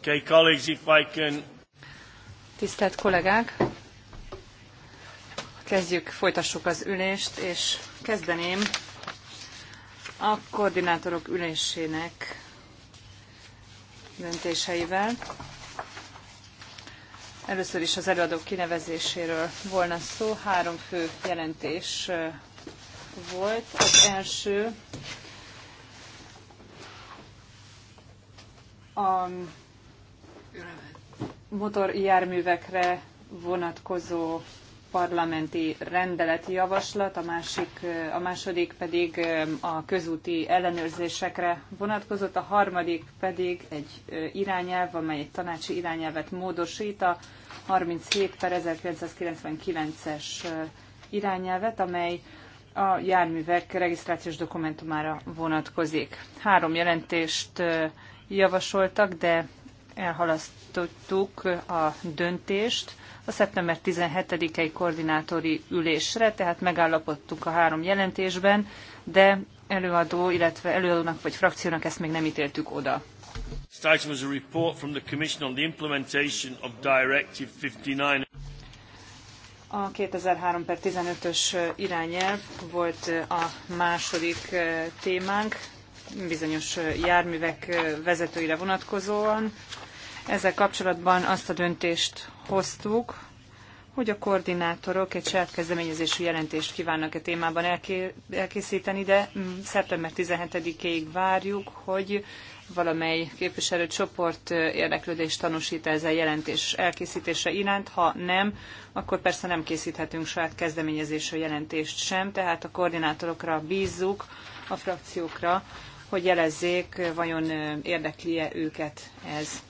Okay, colleagues, if I can... Tisztelt kollégák, kezdjük, folytassuk az ülést, és kezdeném a koordinátorok ülésének döntéseivel. Először is az előadók kinevezéséről volna szó. Három fő jelentés volt. Az első a motorjárművekre vonatkozó parlamenti rendeleti javaslat, a, másik, a második pedig a közúti ellenőrzésekre vonatkozott, a harmadik pedig egy irányelv, amely egy tanácsi irányelvet módosít, a 37 per 1999-es irányelvet, amely a járművek regisztrációs dokumentumára vonatkozik. Három jelentést javasoltak, de elhalasztottuk a döntést a szeptember 17-i koordinátori ülésre, tehát megállapodtuk a három jelentésben, de előadó, illetve előadónak vagy frakciónak ezt még nem ítéltük oda. a A 2003 per 15-ös irányelv volt a második eh, témánk, bizonyos eh, járművek eh, vezetőire vonatkozóan. Ezzel kapcsolatban azt a döntést hoztuk, hogy a koordinátorok egy saját kezdeményezésű jelentést kívánnak a e témában elkészíteni, de mm, szeptember 17-ig várjuk, hogy valamely képviselőcsoport érdeklődést tanúsít -e ezzel jelentés elkészítése iránt, ha nem, akkor persze nem készíthetünk saját kezdeményezésű jelentést sem, tehát a koordinátorokra bízzuk, a frakciókra, hogy jelezzék, vajon érdekli-e őket ez.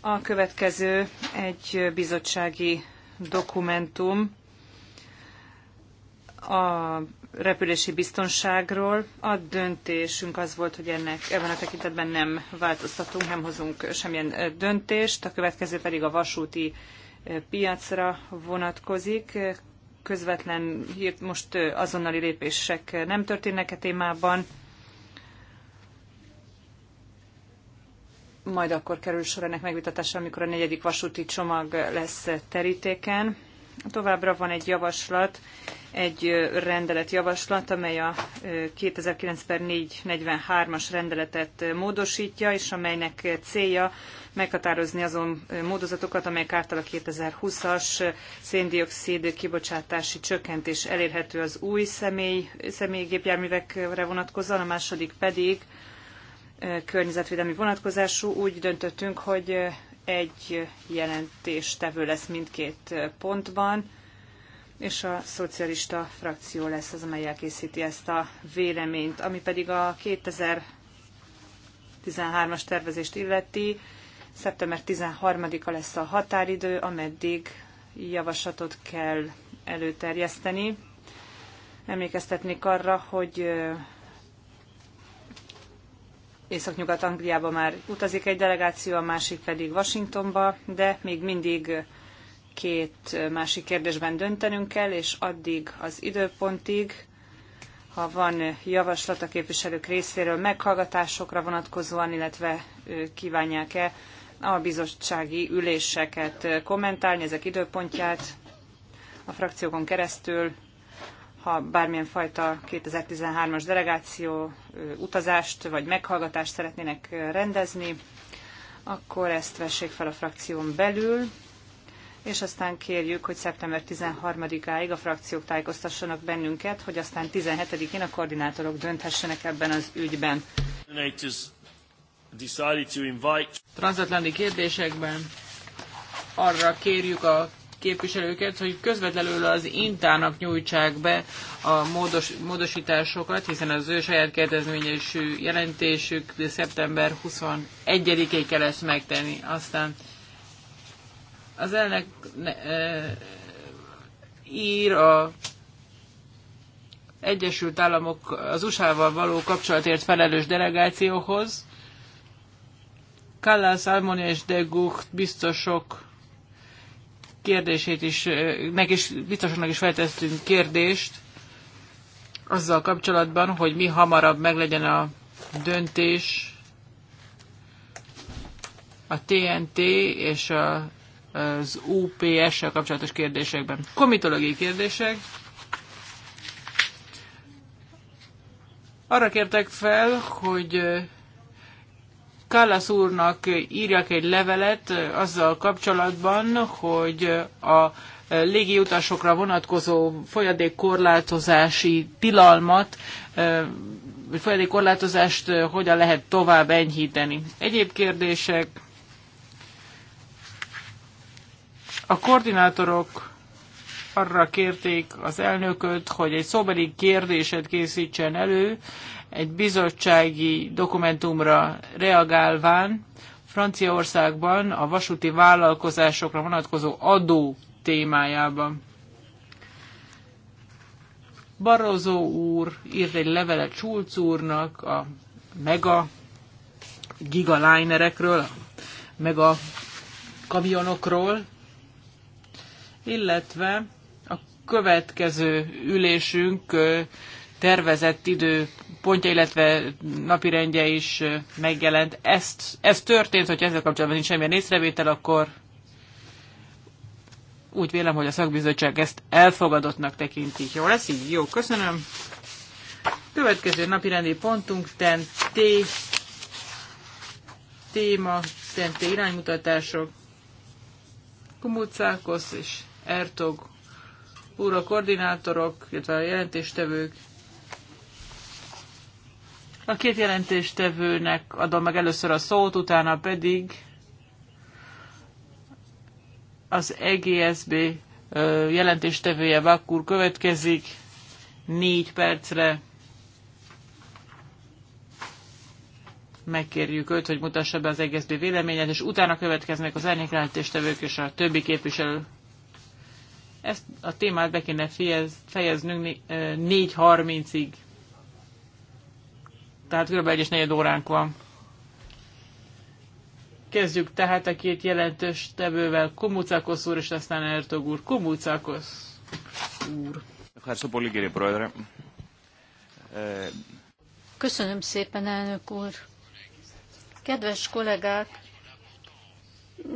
A következő egy bizottsági dokumentum a repülési biztonságról. A döntésünk az volt, hogy ennek ebben a tekintetben nem változtatunk, nem hozunk semmilyen döntést. A következő pedig a vasúti piacra vonatkozik. Közvetlen hírt most azonnali lépések nem történnek a témában. majd akkor kerül sor ennek megvitatásra, amikor a negyedik vasúti csomag lesz terítéken. Továbbra van egy javaslat, egy rendelet javaslat, amely a 2009 per 443-as rendeletet módosítja, és amelynek célja meghatározni azon módozatokat, amelyek által a 2020-as széndiokszid kibocsátási csökkentés elérhető az új személy, személygépjárművekre vonatkozóan, a második pedig környezetvédelmi vonatkozású. Úgy döntöttünk, hogy egy jelentéstevő lesz mindkét pontban, és a szocialista frakció lesz az, amely elkészíti ezt a véleményt. Ami pedig a 2013-as tervezést illeti, szeptember 13-a lesz a határidő, ameddig javaslatot kell előterjeszteni. Emlékeztetnék arra, hogy Észak-Nyugat-Angliába már utazik egy delegáció, a másik pedig Washingtonba, de még mindig két másik kérdésben döntenünk kell, és addig az időpontig, ha van javaslat a képviselők részéről meghallgatásokra vonatkozóan, illetve kívánják-e a bizottsági üléseket kommentálni, ezek időpontját a frakciókon keresztül ha bármilyen fajta 2013-as delegáció utazást vagy meghallgatást szeretnének rendezni, akkor ezt vessék fel a frakción belül, és aztán kérjük, hogy szeptember 13-áig a frakciók tájékoztassanak bennünket, hogy aztán 17-én a koordinátorok dönthessenek ebben az ügyben. Transatlanti kérdésekben arra kérjük a képviselőket, hogy közvetlenül az Intának nyújtsák be a módos, módosításokat, hiszen az ő saját kérdezményes jelentésük szeptember 21-ig kell ezt megtenni. Aztán az elnök ne, e, ír a Egyesült Államok az USA-val való kapcsolatért felelős delegációhoz. Kallas, Almonia és DeGucht biztosok kérdését is, meg is, biztosnak is feltettünk kérdést azzal kapcsolatban, hogy mi hamarabb meglegyen a döntés a TNT és a, az UPS-sel kapcsolatos kérdésekben. Komitológiai kérdések. Arra kértek fel, hogy Kallas úrnak írjak egy levelet azzal kapcsolatban, hogy a légiutasokra vonatkozó folyadékkorlátozási tilalmat, vagy folyadékkorlátozást hogyan lehet tovább enyhíteni. Egyéb kérdések. A koordinátorok arra kérték az elnököt, hogy egy szóbeli kérdéset készítsen elő egy bizottsági dokumentumra reagálván Franciaországban a vasúti vállalkozásokra vonatkozó adó témájában. Barozó úr írt egy levelet Schulz úrnak a mega gigalinerekről, meg a kamionokról, illetve a következő ülésünk tervezett idő pontja, illetve napirendje is megjelent. Ezt, ez történt, hogy ezzel kapcsolatban nincs semmilyen észrevétel, akkor úgy vélem, hogy a szakbizottság ezt elfogadottnak tekinti. Jó lesz így? Jó, köszönöm. Következő napi rendi pontunk, TEN-T téma, TEN-T iránymutatások. Kumucákos és Ertog úr a koordinátorok, illetve a jelentéstevők a két jelentéstevőnek adom meg először a szót, utána pedig az EGSB jelentéstevője Vakkur következik négy percre. Megkérjük őt, hogy mutassa be az EGSB véleményet, és utána következnek az árnyékjelentéstevők és a többi képviselő. Ezt a témát be kéne fejeznünk 4.30-ig tehát kb. egy és negyed óránk van. Kezdjük tehát a két jelentős tevővel, Komucakosz úr és aztán Ertog úr. Komucakosz úr. Eh, Köszönöm szépen, elnök úr. Kedves kollégák,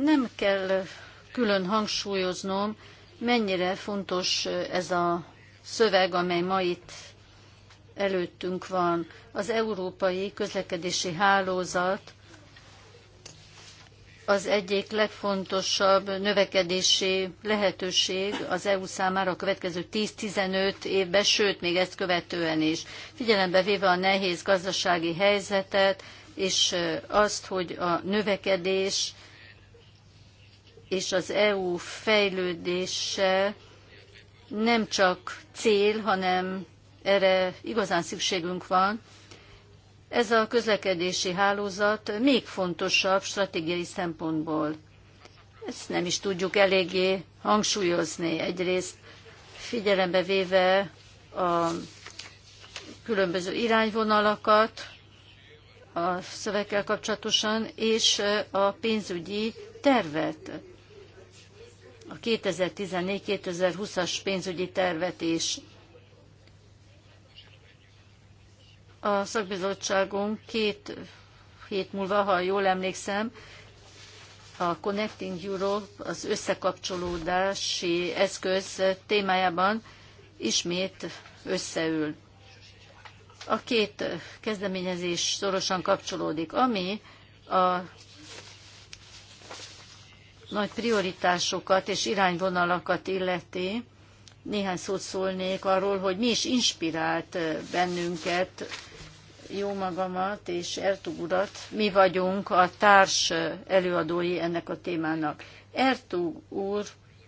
nem kell külön hangsúlyoznom, mennyire fontos ez a szöveg, amely ma itt előttünk van. Az európai közlekedési hálózat az egyik legfontosabb növekedési lehetőség az EU számára a következő 10-15 évben, sőt, még ezt követően is. Figyelembe véve a nehéz gazdasági helyzetet, és azt, hogy a növekedés és az EU fejlődése nem csak cél, hanem erre igazán szükségünk van. Ez a közlekedési hálózat még fontosabb stratégiai szempontból. Ezt nem is tudjuk eléggé hangsúlyozni. Egyrészt figyelembe véve a különböző irányvonalakat a szövekkel kapcsolatosan, és a pénzügyi tervet, a 2014-2020-as pénzügyi tervet is. a szakbizottságunk két hét múlva, ha jól emlékszem, a Connecting Europe, az összekapcsolódási eszköz témájában ismét összeül. A két kezdeményezés szorosan kapcsolódik, ami a nagy prioritásokat és irányvonalakat illeti, néhány szót szólnék arról, hogy mi is inspirált bennünket, jó magamat és Ertug urat. Mi vagyunk a társ előadói ennek a témának. Ertug úr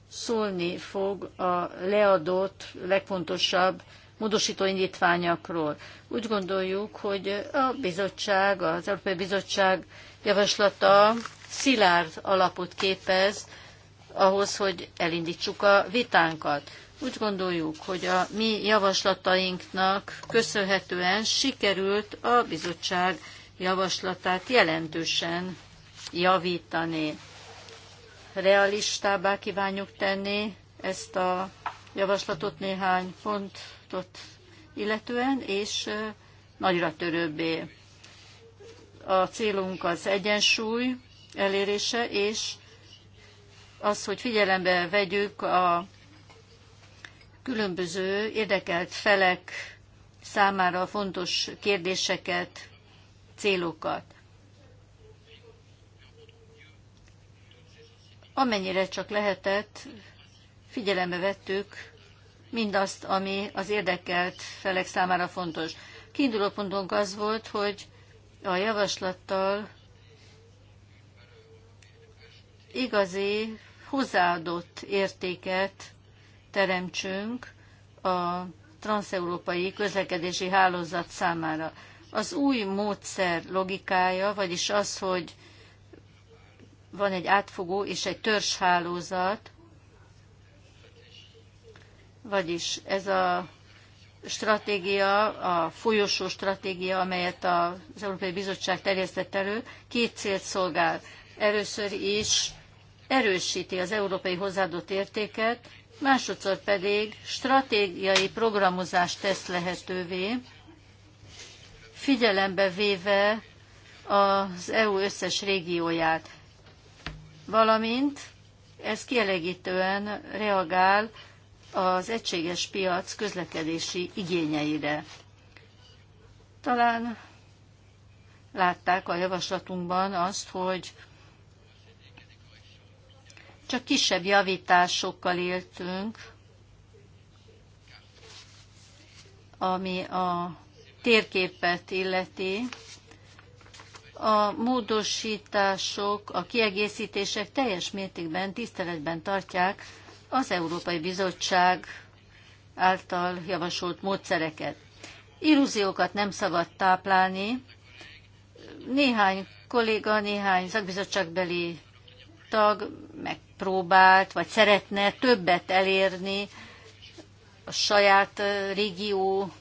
szólni fog a leadott legfontosabb módosító indítványakról. Úgy gondoljuk, hogy a bizottság, az Európai Bizottság javaslata szilárd alapot képez ahhoz, hogy elindítsuk a vitánkat. Úgy gondoljuk, hogy a mi javaslatainknak köszönhetően sikerült a bizottság javaslatát jelentősen javítani. Realistábbá kívánjuk tenni ezt a javaslatot néhány pontot illetően, és nagyra törőbbé. A célunk az egyensúly elérése, és az, hogy figyelembe vegyük a különböző érdekelt felek számára fontos kérdéseket, célokat. Amennyire csak lehetett, figyelembe vettük mindazt, ami az érdekelt felek számára fontos. Kiinduló pontunk az volt, hogy a javaslattal igazi hozzáadott értéket teremtsünk a transeurópai közlekedési hálózat számára. Az új módszer logikája, vagyis az, hogy van egy átfogó és egy törzshálózat, vagyis ez a stratégia, a folyosó stratégia, amelyet az Európai Bizottság terjesztett elő, két célt szolgál. Először is erősíti az európai hozzáadott értéket, másodszor pedig stratégiai programozást tesz lehetővé, figyelembe véve az EU összes régióját, valamint ez kielégítően reagál az egységes piac közlekedési igényeire. Talán látták a javaslatunkban azt, hogy csak kisebb javításokkal éltünk, ami a térképet illeti. A módosítások, a kiegészítések teljes mértékben tiszteletben tartják az Európai Bizottság által javasolt módszereket. Illúziókat nem szabad táplálni. Néhány kolléga, néhány szakbizottságbeli tag meg próbált, vagy szeretne többet elérni a saját régió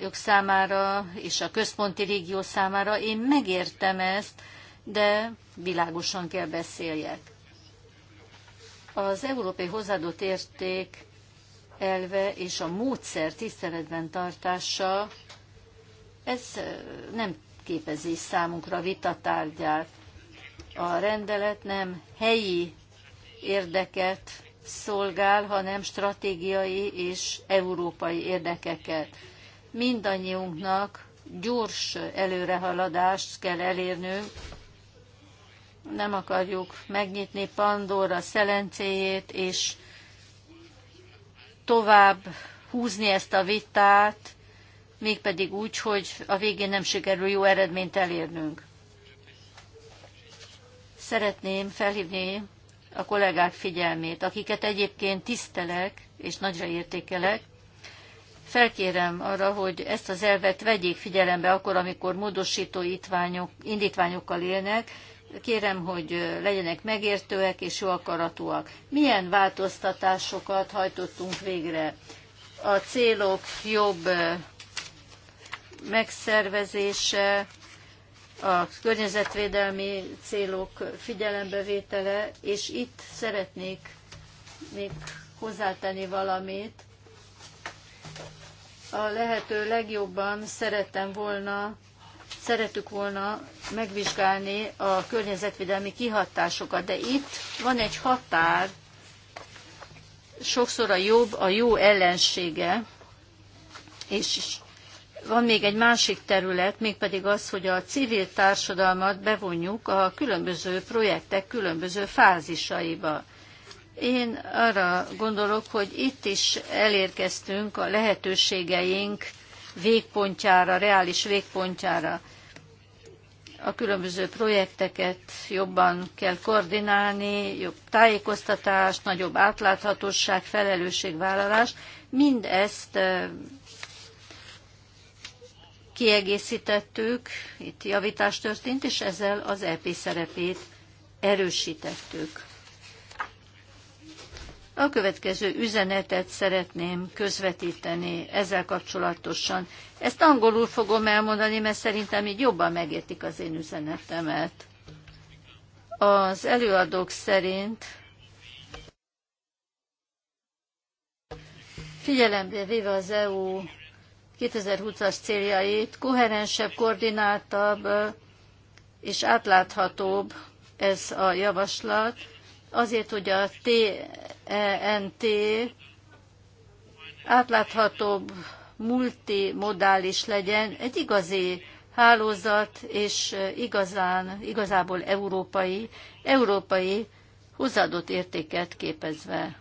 ők számára és a központi régió számára. Én megértem ezt, de világosan kell beszéljek. Az európai hozzáadott érték elve és a módszer tiszteletben tartása, ez nem képezi számunkra vitatárgyát. A rendelet nem helyi érdeket szolgál, hanem stratégiai és európai érdekeket. Mindannyiunknak gyors előrehaladást kell elérnünk, nem akarjuk megnyitni Pandora szelencéjét, és tovább húzni ezt a vitát, mégpedig úgy, hogy a végén nem sikerül jó eredményt elérnünk. Szeretném felhívni a kollégák figyelmét, akiket egyébként tisztelek és nagyra értékelek. Felkérem arra, hogy ezt az elvet vegyék figyelembe akkor, amikor módosító itványok, indítványokkal élnek. Kérem, hogy legyenek megértőek és jó akaratúak. Milyen változtatásokat hajtottunk végre? A célok jobb megszervezése, a környezetvédelmi célok figyelembevétele, és itt szeretnék még hozzátenni valamit. A lehető legjobban szerettem volna, szeretük volna megvizsgálni a környezetvédelmi kihatásokat, de itt van egy határ, sokszor a jobb a jó ellensége, és van még egy másik terület, mégpedig az, hogy a civil társadalmat bevonjuk a különböző projektek különböző fázisaiba. Én arra gondolok, hogy itt is elérkeztünk a lehetőségeink végpontjára, reális végpontjára. A különböző projekteket jobban kell koordinálni, jobb tájékoztatás, nagyobb átláthatóság, felelősségvállalás. Mindezt eh, kiegészítettük, itt javítás történt, és ezzel az EP szerepét erősítettük. A következő üzenetet szeretném közvetíteni ezzel kapcsolatosan. Ezt angolul fogom elmondani, mert szerintem így jobban megértik az én üzenetemet. Az előadók szerint figyelembe véve az EU 2020-as céljait koherensebb, koordináltabb és átláthatóbb ez a javaslat, azért, hogy a TNT e átláthatóbb, multimodális legyen, egy igazi hálózat és igazán, igazából európai, európai hozzáadott értéket képezve.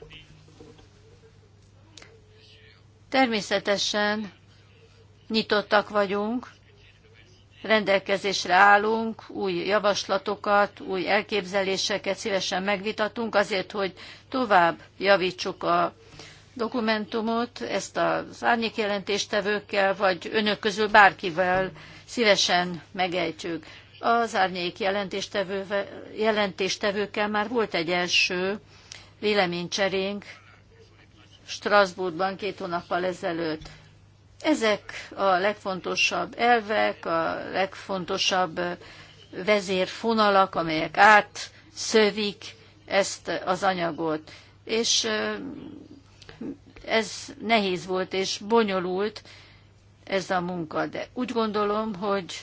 Természetesen nyitottak vagyunk, rendelkezésre állunk, új javaslatokat, új elképzeléseket szívesen megvitatunk azért, hogy tovább javítsuk a dokumentumot, ezt az árnyékjelentéstevőkkel, vagy önök közül bárkivel szívesen megejtjük. Az árnyék jelentéstevőkkel már volt egy első véleménycserénk Strasbourgban két hónappal ezelőtt. Ezek a legfontosabb elvek, a legfontosabb vezérfonalak, amelyek átszövik ezt az anyagot. És ez nehéz volt és bonyolult ez a munka, de úgy gondolom, hogy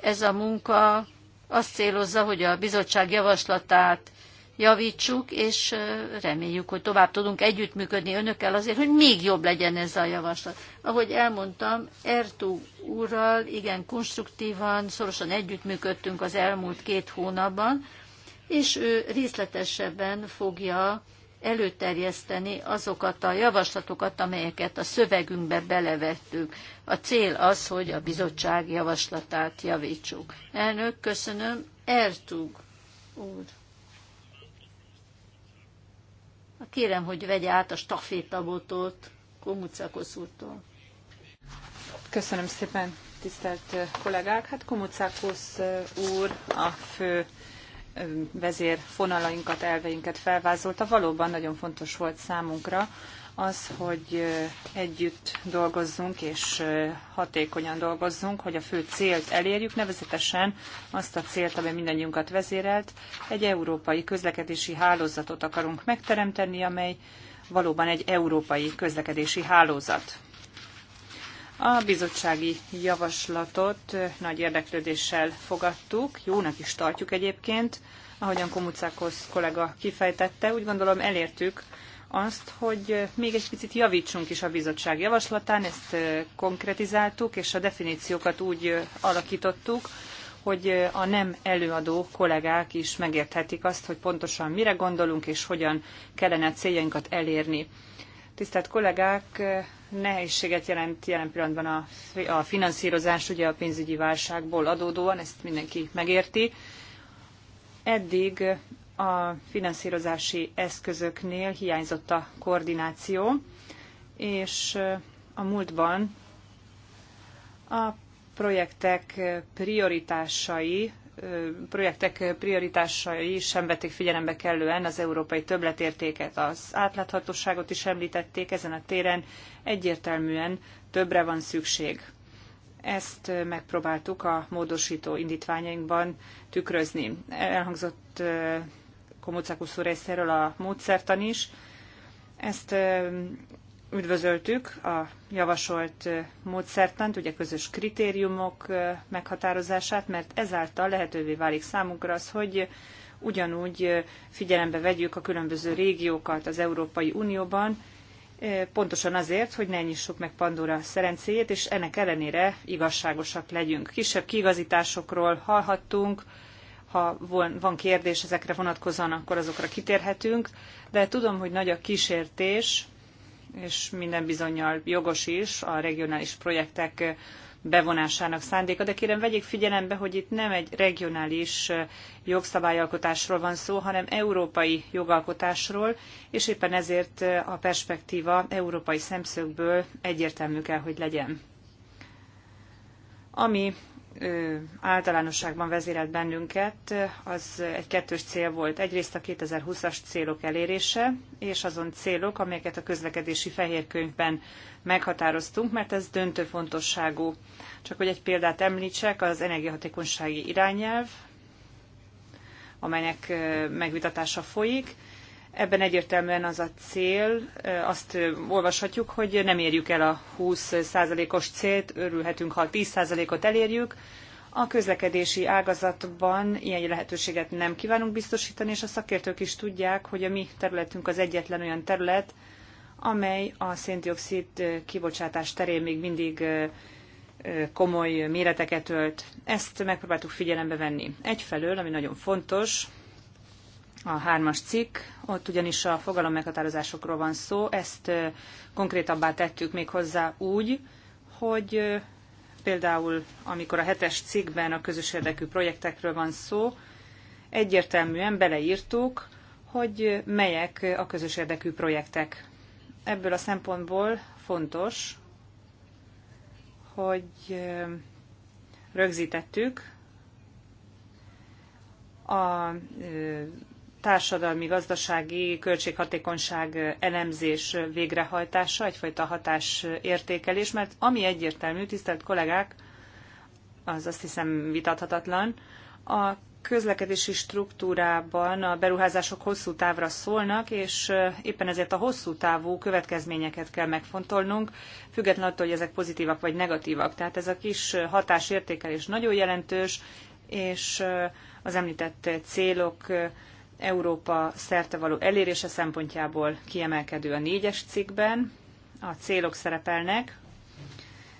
ez a munka azt célozza, hogy a bizottság javaslatát javítsuk, és reméljük, hogy tovább tudunk együttműködni önökkel azért, hogy még jobb legyen ez a javaslat. Ahogy elmondtam, Ertug úrral igen konstruktívan, szorosan együttműködtünk az elmúlt két hónapban, és ő részletesebben fogja előterjeszteni azokat a javaslatokat, amelyeket a szövegünkbe belevettük. A cél az, hogy a bizottság javaslatát javítsuk. Elnök, köszönöm. Ertug úr. Kérem, hogy vegye át a stafétabotot Komucakos úrtól. Köszönöm szépen, tisztelt kollégák. Hát Komucakos úr a fő vezér fonalainkat, elveinket felvázolta. Valóban nagyon fontos volt számunkra, az, hogy együtt dolgozzunk és hatékonyan dolgozzunk, hogy a fő célt elérjük, nevezetesen azt a célt, amely mindannyiunkat vezérelt. Egy európai közlekedési hálózatot akarunk megteremteni, amely valóban egy európai közlekedési hálózat. A bizottsági javaslatot nagy érdeklődéssel fogadtuk, jónak is tartjuk egyébként, ahogyan Komucákos kollega kifejtette, úgy gondolom elértük azt, hogy még egy picit javítsunk is a bizottság javaslatán, ezt konkretizáltuk, és a definíciókat úgy alakítottuk, hogy a nem előadó kollégák is megérthetik azt, hogy pontosan mire gondolunk, és hogyan kellene a céljainkat elérni. Tisztelt kollégák, nehézséget jelent jelen pillanatban a, a finanszírozás, ugye a pénzügyi válságból adódóan, ezt mindenki megérti. Eddig a finanszírozási eszközöknél hiányzott a koordináció, és a múltban a projektek prioritásai projektek prioritásai sem vették figyelembe kellően az európai többletértéket. Az átláthatóságot is említették, ezen a téren egyértelműen többre van szükség. Ezt megpróbáltuk a módosító indítványainkban tükrözni. Elhangzott Komocákusz úr részéről a módszertan is. Ezt üdvözöltük, a javasolt módszertant, ugye közös kritériumok meghatározását, mert ezáltal lehetővé válik számunkra az, hogy ugyanúgy figyelembe vegyük a különböző régiókat az Európai Unióban, pontosan azért, hogy ne nyissuk meg Pandora szerencéjét, és ennek ellenére igazságosak legyünk. Kisebb kigazításokról hallhattunk, ha van kérdés ezekre vonatkozóan, akkor azokra kitérhetünk, de tudom, hogy nagy a kísértés, és minden bizonyal jogos is a regionális projektek bevonásának szándéka, de kérem vegyék figyelembe, hogy itt nem egy regionális jogszabályalkotásról van szó, hanem európai jogalkotásról, és éppen ezért a perspektíva európai szemszögből egyértelmű kell, hogy legyen. Ami általánosságban vezérelt bennünket, az egy kettős cél volt. Egyrészt a 2020-as célok elérése, és azon célok, amelyeket a közlekedési fehérkönyvben meghatároztunk, mert ez döntő fontosságú. Csak hogy egy példát említsek, az energiahatékonysági irányelv, amelynek megvitatása folyik, Ebben egyértelműen az a cél, azt olvashatjuk, hogy nem érjük el a 20%-os célt, örülhetünk, ha a 10%-ot elérjük. A közlekedési ágazatban ilyen lehetőséget nem kívánunk biztosítani, és a szakértők is tudják, hogy a mi területünk az egyetlen olyan terület, amely a széndiokszid kibocsátás terén még mindig komoly méreteket ölt. Ezt megpróbáltuk figyelembe venni. Egyfelől, ami nagyon fontos, a hármas cikk, ott ugyanis a fogalom meghatározásokról van szó, ezt konkrétabbá tettük még hozzá úgy, hogy például amikor a hetes cikkben a közös érdekű projektekről van szó, egyértelműen beleírtuk, hogy melyek a közös érdekű projektek. Ebből a szempontból fontos, hogy rögzítettük a társadalmi-gazdasági költséghatékonyság elemzés végrehajtása, egyfajta hatásértékelés, mert ami egyértelmű, tisztelt kollégák, az azt hiszem vitathatatlan, a közlekedési struktúrában a beruházások hosszú távra szólnak, és éppen ezért a hosszú távú következményeket kell megfontolnunk, függetlenül attól, hogy ezek pozitívak vagy negatívak. Tehát ez a kis hatásértékelés nagyon jelentős, és az említett célok Európa szerte való elérése szempontjából kiemelkedő a négyes cikkben. A célok szerepelnek.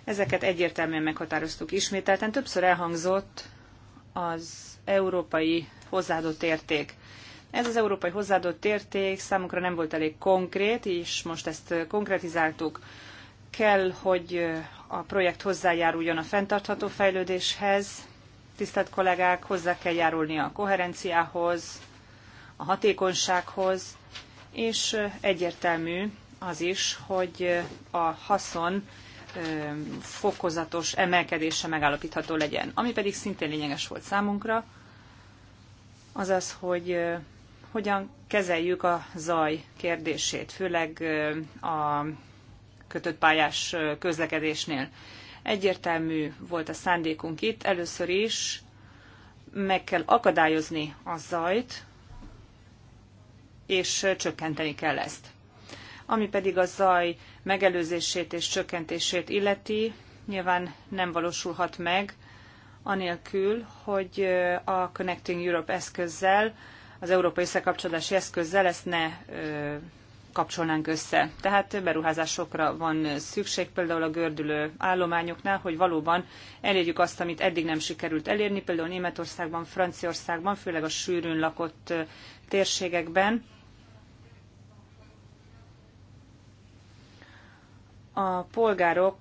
Ezeket egyértelműen meghatároztuk ismételten. Többször elhangzott az európai hozzáadott érték. Ez az európai hozzáadott érték számunkra nem volt elég konkrét, és most ezt konkretizáltuk. Kell, hogy a projekt hozzájáruljon a fenntartható fejlődéshez, tisztelt kollégák, hozzá kell járulni a koherenciához, a hatékonysághoz, és egyértelmű az is, hogy a haszon fokozatos emelkedése megállapítható legyen. Ami pedig szintén lényeges volt számunkra, az az, hogy hogyan kezeljük a zaj kérdését, főleg a kötött pályás közlekedésnél. Egyértelmű volt a szándékunk itt, először is meg kell akadályozni a zajt, és csökkenteni kell ezt. Ami pedig a zaj megelőzését és csökkentését illeti, nyilván nem valósulhat meg, anélkül, hogy a Connecting Europe eszközzel, az európai összekapcsolási eszközzel ezt ne kapcsolnánk össze. Tehát beruházásokra van szükség, például a gördülő állományoknál, hogy valóban elérjük azt, amit eddig nem sikerült elérni, például Németországban, Franciaországban, főleg a sűrűn lakott térségekben. A polgárok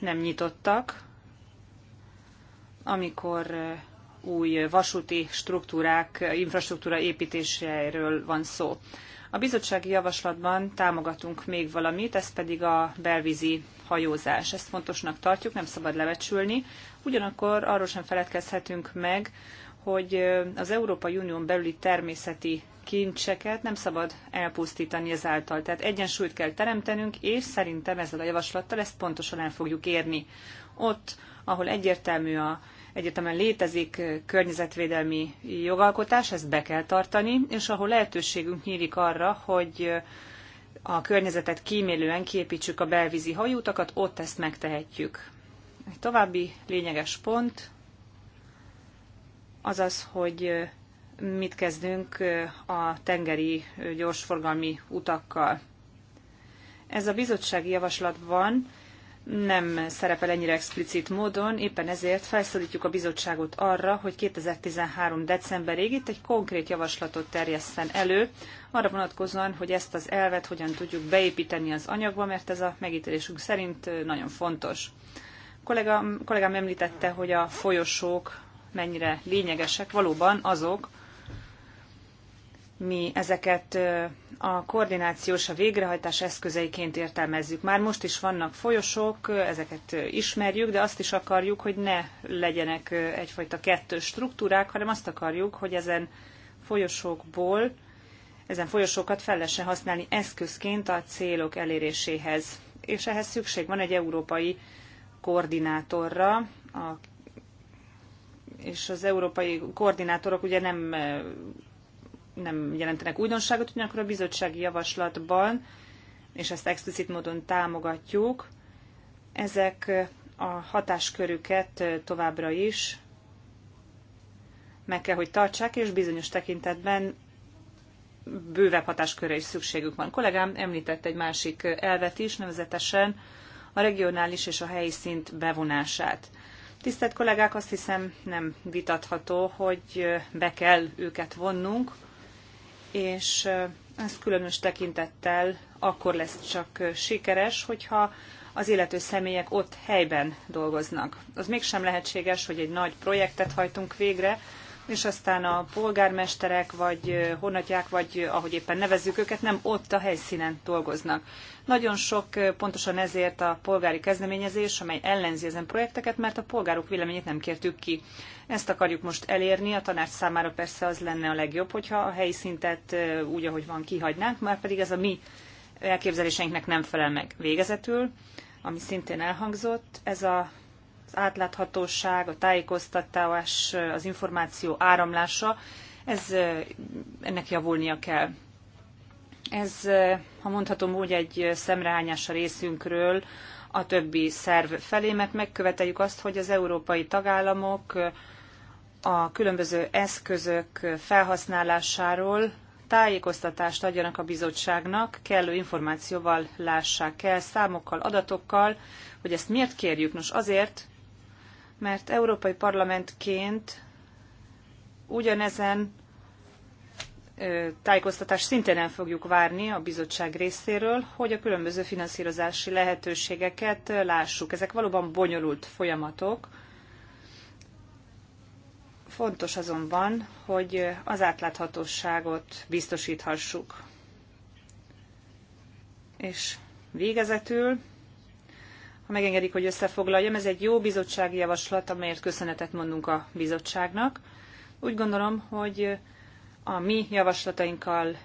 nem nyitottak, amikor új vasúti struktúrák, infrastruktúra építéséről van szó. A bizottsági javaslatban támogatunk még valamit, ez pedig a belvízi hajózás. Ezt fontosnak tartjuk, nem szabad levecsülni. Ugyanakkor arról sem feledkezhetünk meg, hogy az Európai Unión belüli természeti kincseket nem szabad elpusztítani ezáltal. Tehát egyensúlyt kell teremtenünk, és szerintem ezzel a javaslattal ezt pontosan el fogjuk érni. Ott, ahol egyértelmű a egyetemen létezik környezetvédelmi jogalkotás, ezt be kell tartani, és ahol lehetőségünk nyílik arra, hogy a környezetet kímélően képítsük a belvízi hajótakat, ott ezt megtehetjük. Egy további lényeges pont az az, hogy mit kezdünk a tengeri gyorsforgalmi utakkal. Ez a bizottsági javaslatban nem szerepel ennyire explicit módon, éppen ezért felszólítjuk a bizottságot arra, hogy 2013. decemberig itt egy konkrét javaslatot terjesszen elő, arra vonatkozóan, hogy ezt az elvet hogyan tudjuk beépíteni az anyagba, mert ez a megítélésünk szerint nagyon fontos. Kollégám, kollégám említette, hogy a folyosók mennyire lényegesek, valóban azok, mi ezeket a koordinációs, a végrehajtás eszközeiként értelmezzük. Már most is vannak folyosók, ezeket ismerjük, de azt is akarjuk, hogy ne legyenek egyfajta kettős struktúrák, hanem azt akarjuk, hogy ezen folyosókból, ezen folyosókat fel lehessen használni eszközként a célok eléréséhez. És ehhez szükség van egy európai koordinátorra, a és az európai koordinátorok ugye nem nem jelentenek újdonságot, ugyanakkor a bizottsági javaslatban, és ezt explicit módon támogatjuk, ezek a hatáskörüket továbbra is meg kell, hogy tartsák, és bizonyos tekintetben bővebb hatáskörre is szükségük van. A kollégám említett egy másik elvet is, nevezetesen a regionális és a helyi szint bevonását. Tisztelt kollégák, azt hiszem nem vitatható, hogy be kell őket vonnunk, és ez különös tekintettel akkor lesz csak sikeres, hogyha az illető személyek ott helyben dolgoznak. Az mégsem lehetséges, hogy egy nagy projektet hajtunk végre, és aztán a polgármesterek, vagy honatják, vagy ahogy éppen nevezzük őket, nem ott a helyszínen dolgoznak. Nagyon sok pontosan ezért a polgári kezdeményezés, amely ellenzi ezen projekteket, mert a polgárok véleményét nem kértük ki. Ezt akarjuk most elérni, a tanács számára persze az lenne a legjobb, hogyha a helyi szintet úgy, ahogy van, kihagynánk, már pedig ez a mi elképzeléseinknek nem felel meg végezetül, ami szintén elhangzott, ez a az átláthatóság, a tájékoztatás, az információ áramlása, ez, ennek javulnia kell. Ez, ha mondhatom úgy, egy szemrehányás a részünkről a többi szerv felé, mert megköveteljük azt, hogy az európai tagállamok a különböző eszközök felhasználásáról tájékoztatást adjanak a bizottságnak, kellő információval lássák el, számokkal, adatokkal, hogy ezt miért kérjük? Nos azért, mert Európai Parlamentként ugyanezen tájékoztatást szintén el fogjuk várni a bizottság részéről, hogy a különböző finanszírozási lehetőségeket lássuk. Ezek valóban bonyolult folyamatok. Fontos azonban, hogy az átláthatóságot biztosíthassuk. És végezetül ha megengedik, hogy összefoglaljam, ez egy jó bizottsági javaslat, amelyért köszönetet mondunk a bizottságnak. Úgy gondolom, hogy a mi javaslatainkkal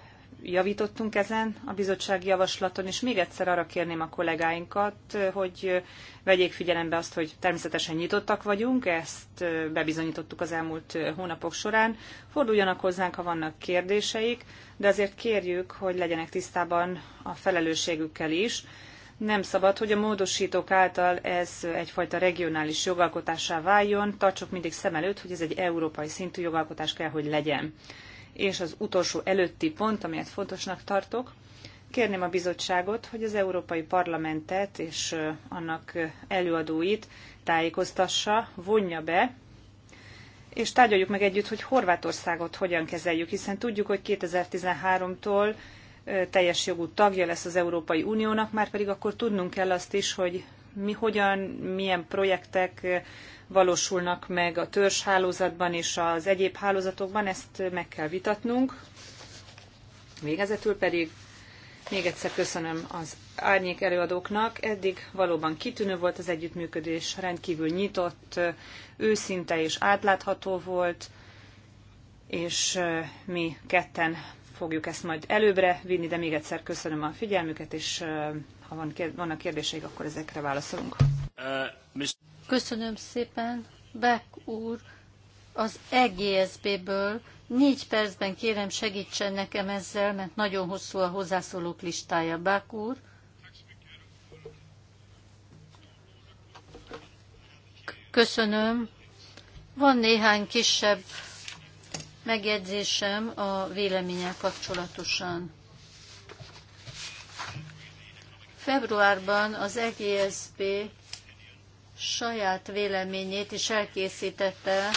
javítottunk ezen a bizottsági javaslaton, és még egyszer arra kérném a kollégáinkat, hogy vegyék figyelembe azt, hogy természetesen nyitottak vagyunk, ezt bebizonyítottuk az elmúlt hónapok során. Forduljanak hozzánk, ha vannak kérdéseik, de azért kérjük, hogy legyenek tisztában a felelősségükkel is, nem szabad, hogy a módosítók által ez egyfajta regionális jogalkotássá váljon. Tartsuk mindig szem előtt, hogy ez egy európai szintű jogalkotás kell, hogy legyen. És az utolsó előtti pont, amelyet fontosnak tartok, kérném a bizottságot, hogy az Európai Parlamentet és annak előadóit tájékoztassa, vonja be, és tárgyaljuk meg együtt, hogy Horvátországot hogyan kezeljük, hiszen tudjuk, hogy 2013-tól teljes jogú tagja lesz az Európai Uniónak, már pedig akkor tudnunk kell azt is, hogy mi hogyan, milyen projektek valósulnak meg a törzshálózatban és az egyéb hálózatokban, ezt meg kell vitatnunk. Végezetül pedig még egyszer köszönöm az árnyék előadóknak. Eddig valóban kitűnő volt az együttműködés, rendkívül nyitott, őszinte és átlátható volt, és mi ketten fogjuk ezt majd előbbre vinni, de még egyszer köszönöm a figyelmüket, és ha van, vannak kérdéseik, akkor ezekre válaszolunk. Köszönöm szépen, Beck úr, az EGSB-ből négy percben kérem segítsen nekem ezzel, mert nagyon hosszú a hozzászólók listája. Beck úr. Köszönöm. Van néhány kisebb megjegyzésem a véleményel kapcsolatosan. Februárban az EGSB saját véleményét is elkészítette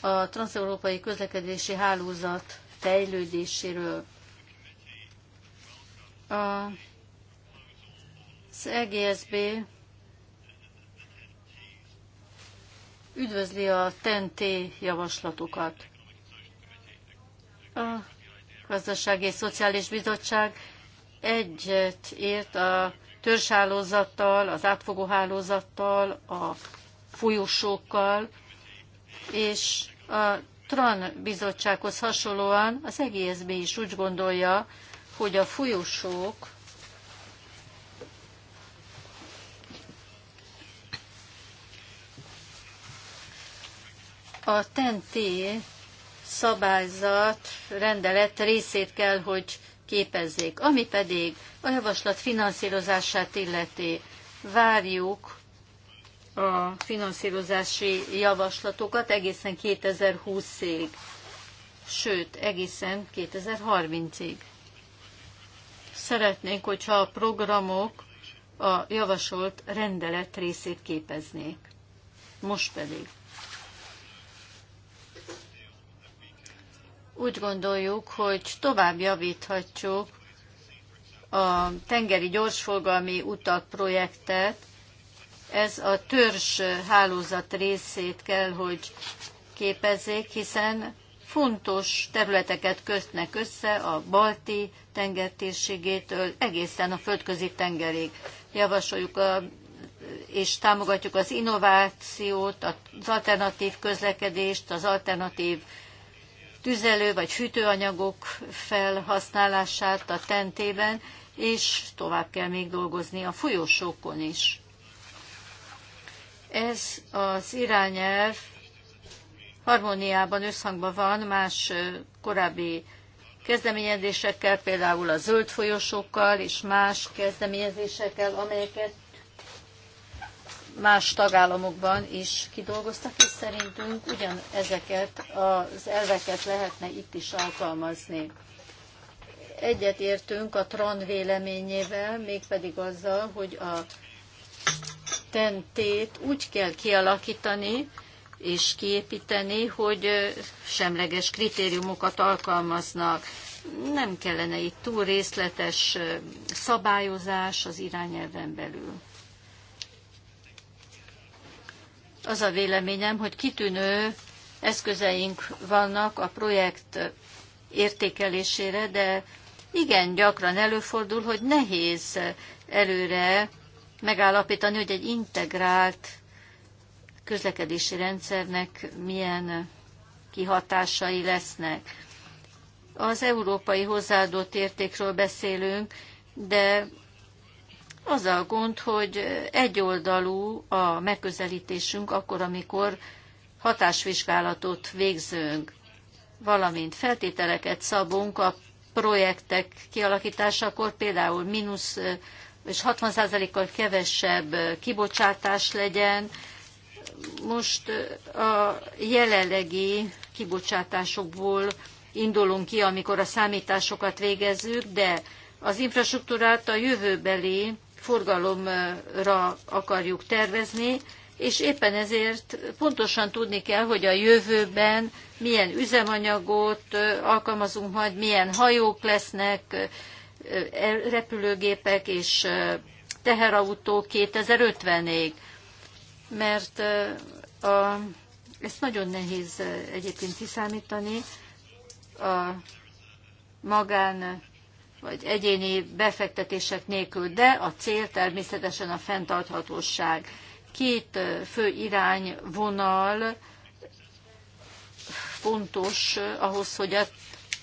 a transeurópai közlekedési hálózat fejlődéséről. A, az EGSB üdvözli a TNT javaslatokat. A Gazdasági és Szociális Bizottság egyet ért a törzshálózattal, az átfogó hálózattal, a folyosókkal, és a TRAN bizottsághoz hasonlóan az EGSB is úgy gondolja, hogy a folyosók a TNT szabályzat, rendelet részét kell, hogy képezzék. Ami pedig a javaslat finanszírozását illeti, várjuk a finanszírozási javaslatokat egészen 2020-ig, sőt, egészen 2030-ig. Szeretnénk, hogyha a programok a javasolt rendelet részét képeznék. Most pedig. úgy gondoljuk, hogy tovább javíthatjuk a tengeri gyorsforgalmi utak projektet. Ez a törzs hálózat részét kell, hogy képezzék, hiszen fontos területeket kötnek össze a balti tenger egészen a földközi tengerig. Javasoljuk a, és támogatjuk az innovációt, az alternatív közlekedést, az alternatív tüzelő vagy fűtőanyagok felhasználását a tentében, és tovább kell még dolgozni a folyosókon is. Ez az irányelv harmóniában, összhangban van más korábbi kezdeményezésekkel, például a zöld folyosókkal és más kezdeményezésekkel, amelyeket más tagállamokban is kidolgoztak, és szerintünk ugyan ezeket az elveket lehetne itt is alkalmazni. Egyetértünk a Tron véleményével, mégpedig azzal, hogy a tentét úgy kell kialakítani és kiépíteni, hogy semleges kritériumokat alkalmaznak. Nem kellene itt túl részletes szabályozás az irányelven belül. az a véleményem, hogy kitűnő eszközeink vannak a projekt értékelésére, de igen gyakran előfordul, hogy nehéz előre megállapítani, hogy egy integrált közlekedési rendszernek milyen kihatásai lesznek. Az európai hozzáadott értékről beszélünk, de az a gond, hogy egyoldalú a megközelítésünk akkor, amikor hatásvizsgálatot végzünk, valamint feltételeket szabunk a projektek kialakításakor, például mínusz és 60%-kal kevesebb kibocsátás legyen. Most a jelenlegi kibocsátásokból indulunk ki, amikor a számításokat végezzük, de az infrastruktúrát a jövőbeli forgalomra akarjuk tervezni, és éppen ezért pontosan tudni kell, hogy a jövőben milyen üzemanyagot alkalmazunk majd, milyen hajók lesznek, e, repülőgépek és teherautók 2050-ig. Mert a, ezt nagyon nehéz egyébként kiszámítani. A magán vagy egyéni befektetések nélkül, de a cél természetesen a fenntarthatóság. Két fő irányvonal fontos ahhoz, hogy a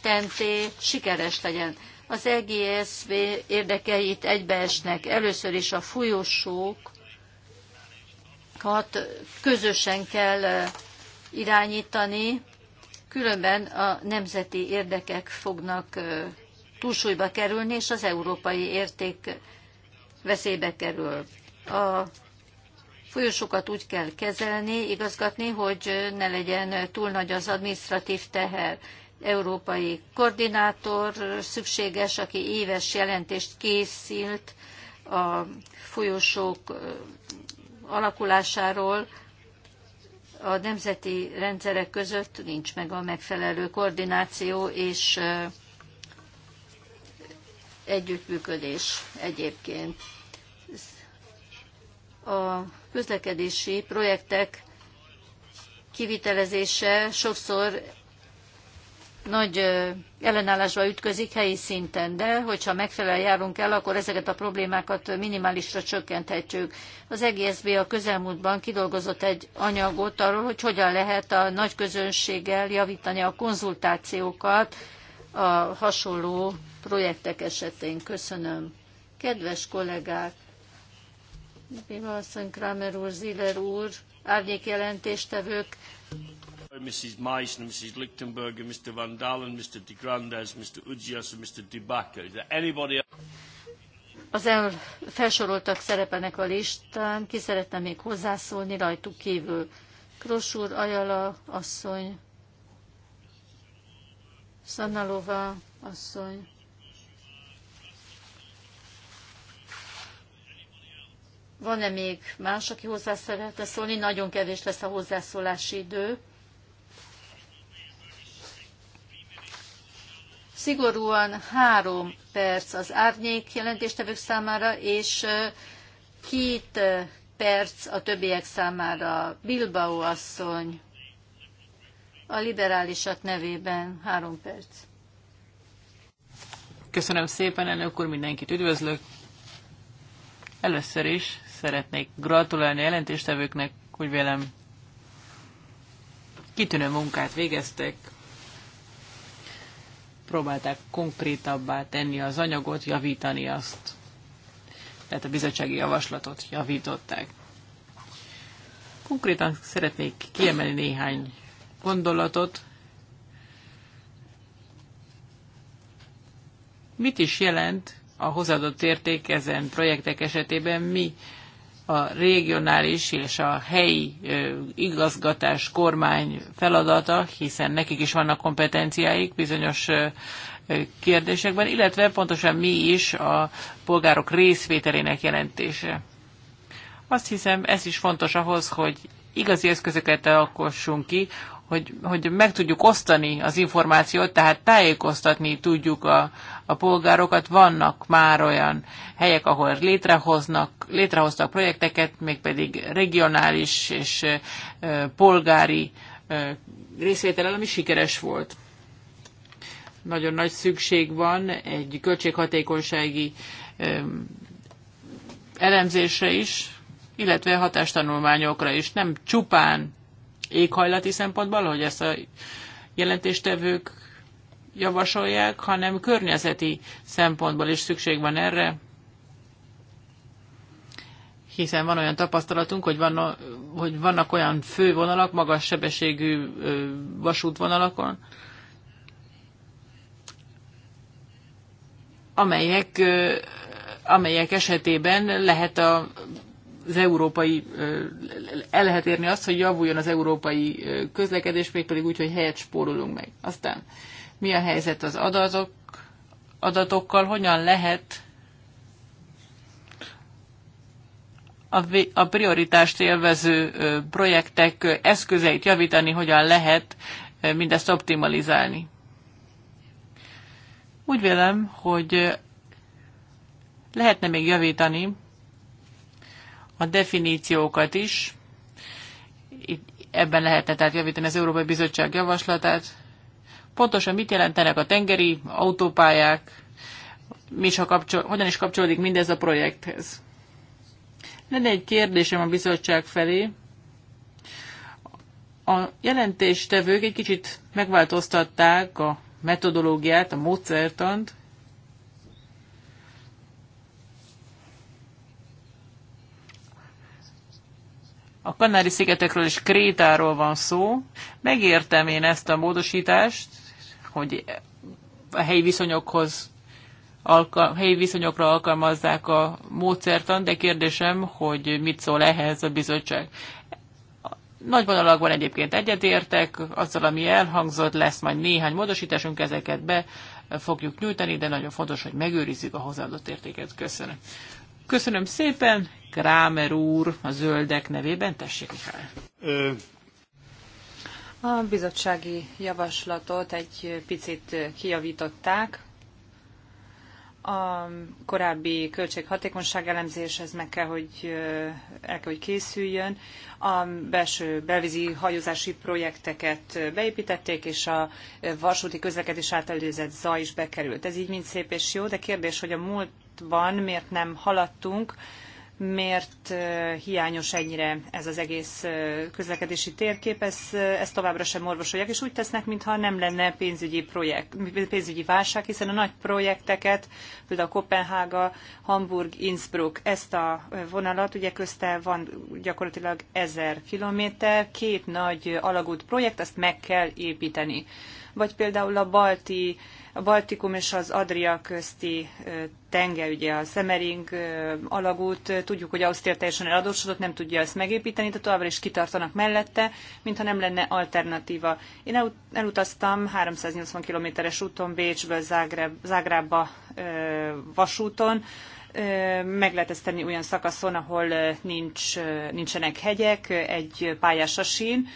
TNT sikeres legyen. Az EGSB érdekeit egybeesnek. Először is a folyosókat közösen kell irányítani, különben a nemzeti érdekek fognak túlsúlyba kerülni, és az európai érték veszélybe kerül. A folyosokat úgy kell kezelni, igazgatni, hogy ne legyen túl nagy az administratív teher. Európai koordinátor szükséges, aki éves jelentést készült a folyosók alakulásáról, a nemzeti rendszerek között nincs meg a megfelelő koordináció és együttműködés egyébként. A közlekedési projektek kivitelezése sokszor nagy ellenállásba ütközik helyi szinten, de hogyha megfelelően járunk el, akkor ezeket a problémákat minimálisra csökkenthetjük. Az EGSB a közelmúltban kidolgozott egy anyagot arról, hogy hogyan lehet a nagy közönséggel javítani a konzultációkat a hasonló projektek esetén. Köszönöm. Kedves kollégák, Bivalszony Kramer úr, Ziller úr, árnyék jelentéstevők. Mrs. Meissner, Mrs. Lichtenberger, Mr. Van Dalen, Mr. de Grandes, Mr. Ugyas, Mr. Dubaka. Is there anybody else? Az el felsoroltak szerepenek a listán, ki szeretne még hozzászólni rajtuk kívül. Kros úr, Ajala asszony, Szannalova asszony. Van-e még más, aki hozzá szeretne szólni? Nagyon kevés lesz a hozzászólási idő. Szigorúan három perc az árnyék jelentéstevők számára, és két perc a többiek számára. Bilbao asszony a liberálisak nevében. Három perc. Köszönöm szépen, elnök úr, mindenkit üdvözlök. Először is szeretnék gratulálni a jelentéstevőknek, hogy velem kitűnő munkát végeztek, próbálták konkrétabbá tenni az anyagot, javítani azt. Tehát a bizottsági javaslatot javították. Konkrétan szeretnék kiemelni néhány gondolatot. Mit is jelent a hozadott érték ezen projektek esetében? Mi a regionális és a helyi igazgatás kormány feladata, hiszen nekik is vannak kompetenciáik bizonyos kérdésekben, illetve pontosan mi is a polgárok részvételének jelentése. Azt hiszem, ez is fontos ahhoz, hogy igazi eszközöket alkossunk ki hogy, hogy meg tudjuk osztani az információt, tehát tájékoztatni tudjuk a, a polgárokat. Vannak már olyan helyek, ahol létrehoznak, létrehoztak projekteket, mégpedig regionális és polgári részvétel, ami sikeres volt. Nagyon nagy szükség van egy költséghatékonysági elemzésre is, illetve hatástanulmányokra is. Nem csupán éghajlati szempontból, hogy ezt a jelentéstevők javasolják, hanem környezeti szempontból is szükség van erre, hiszen van olyan tapasztalatunk, hogy, van, hogy vannak olyan fővonalak, magas sebességű vasútvonalakon, amelyek, amelyek esetében lehet a az európai, el lehet érni azt, hogy javuljon az európai közlekedés, mégpedig úgy, hogy helyet spórolunk meg. Aztán mi a helyzet az adatok, adatokkal, hogyan lehet a prioritást élvező projektek eszközeit javítani, hogyan lehet mindezt optimalizálni. Úgy vélem, hogy lehetne még javítani a definíciókat is. Itt ebben lehetne tehát javítani az Európai Bizottság javaslatát. Pontosan mit jelentenek a tengeri autópályák, mi is a kapcsol, hogyan is kapcsolódik mindez a projekthez. Lenne egy kérdésem a bizottság felé. A jelentéstevők egy kicsit megváltoztatták a metodológiát, a módszertant. A Kanári-szigetekről és Krétáról van szó. Megértem én ezt a módosítást, hogy a helyi viszonyokhoz alkal- helyi viszonyokra alkalmazzák a módszertan, de kérdésem, hogy mit szól ehhez a bizottság. Nagy vonalakban egyébként egyetértek, azzal, ami elhangzott, lesz majd néhány módosításunk, ezeket be fogjuk nyújtani, de nagyon fontos, hogy megőrizzük a hozzáadott értéket. Köszönöm. Köszönöm szépen, Krámer úr a zöldek nevében, tessék Mihály. Ö... A bizottsági javaslatot egy picit kijavították, a korábbi költséghatékonyság elemzés, ez meg kell, hogy el kell, hogy készüljön. A belső belvízi hajózási projekteket beépítették, és a vasúti közlekedés által előzett zaj is bekerült. Ez így mind szép és jó, de kérdés, hogy a múltban miért nem haladtunk, miért hiányos ennyire ez az egész közlekedési térkép, ez, ezt továbbra sem orvosolják, és úgy tesznek, mintha nem lenne pénzügyi, projekt, pénzügyi válság, hiszen a nagy projekteket, például Kopenhága, Hamburg, Innsbruck, ezt a vonalat, ugye közte van gyakorlatilag ezer kilométer, két nagy alagút projekt, ezt meg kell építeni vagy például a balti a Baltikum és az Adria közti tenge, ugye a Szemering alagút, tudjuk, hogy Ausztria teljesen eladósodott, nem tudja ezt megépíteni, de továbbra is kitartanak mellette, mintha nem lenne alternatíva. Én elutaztam 380 kilométeres úton Bécsből Zágráb, Zágrábba vasúton, meg lehet ezt tenni olyan szakaszon, ahol nincs, nincsenek hegyek, egy pályás a sín,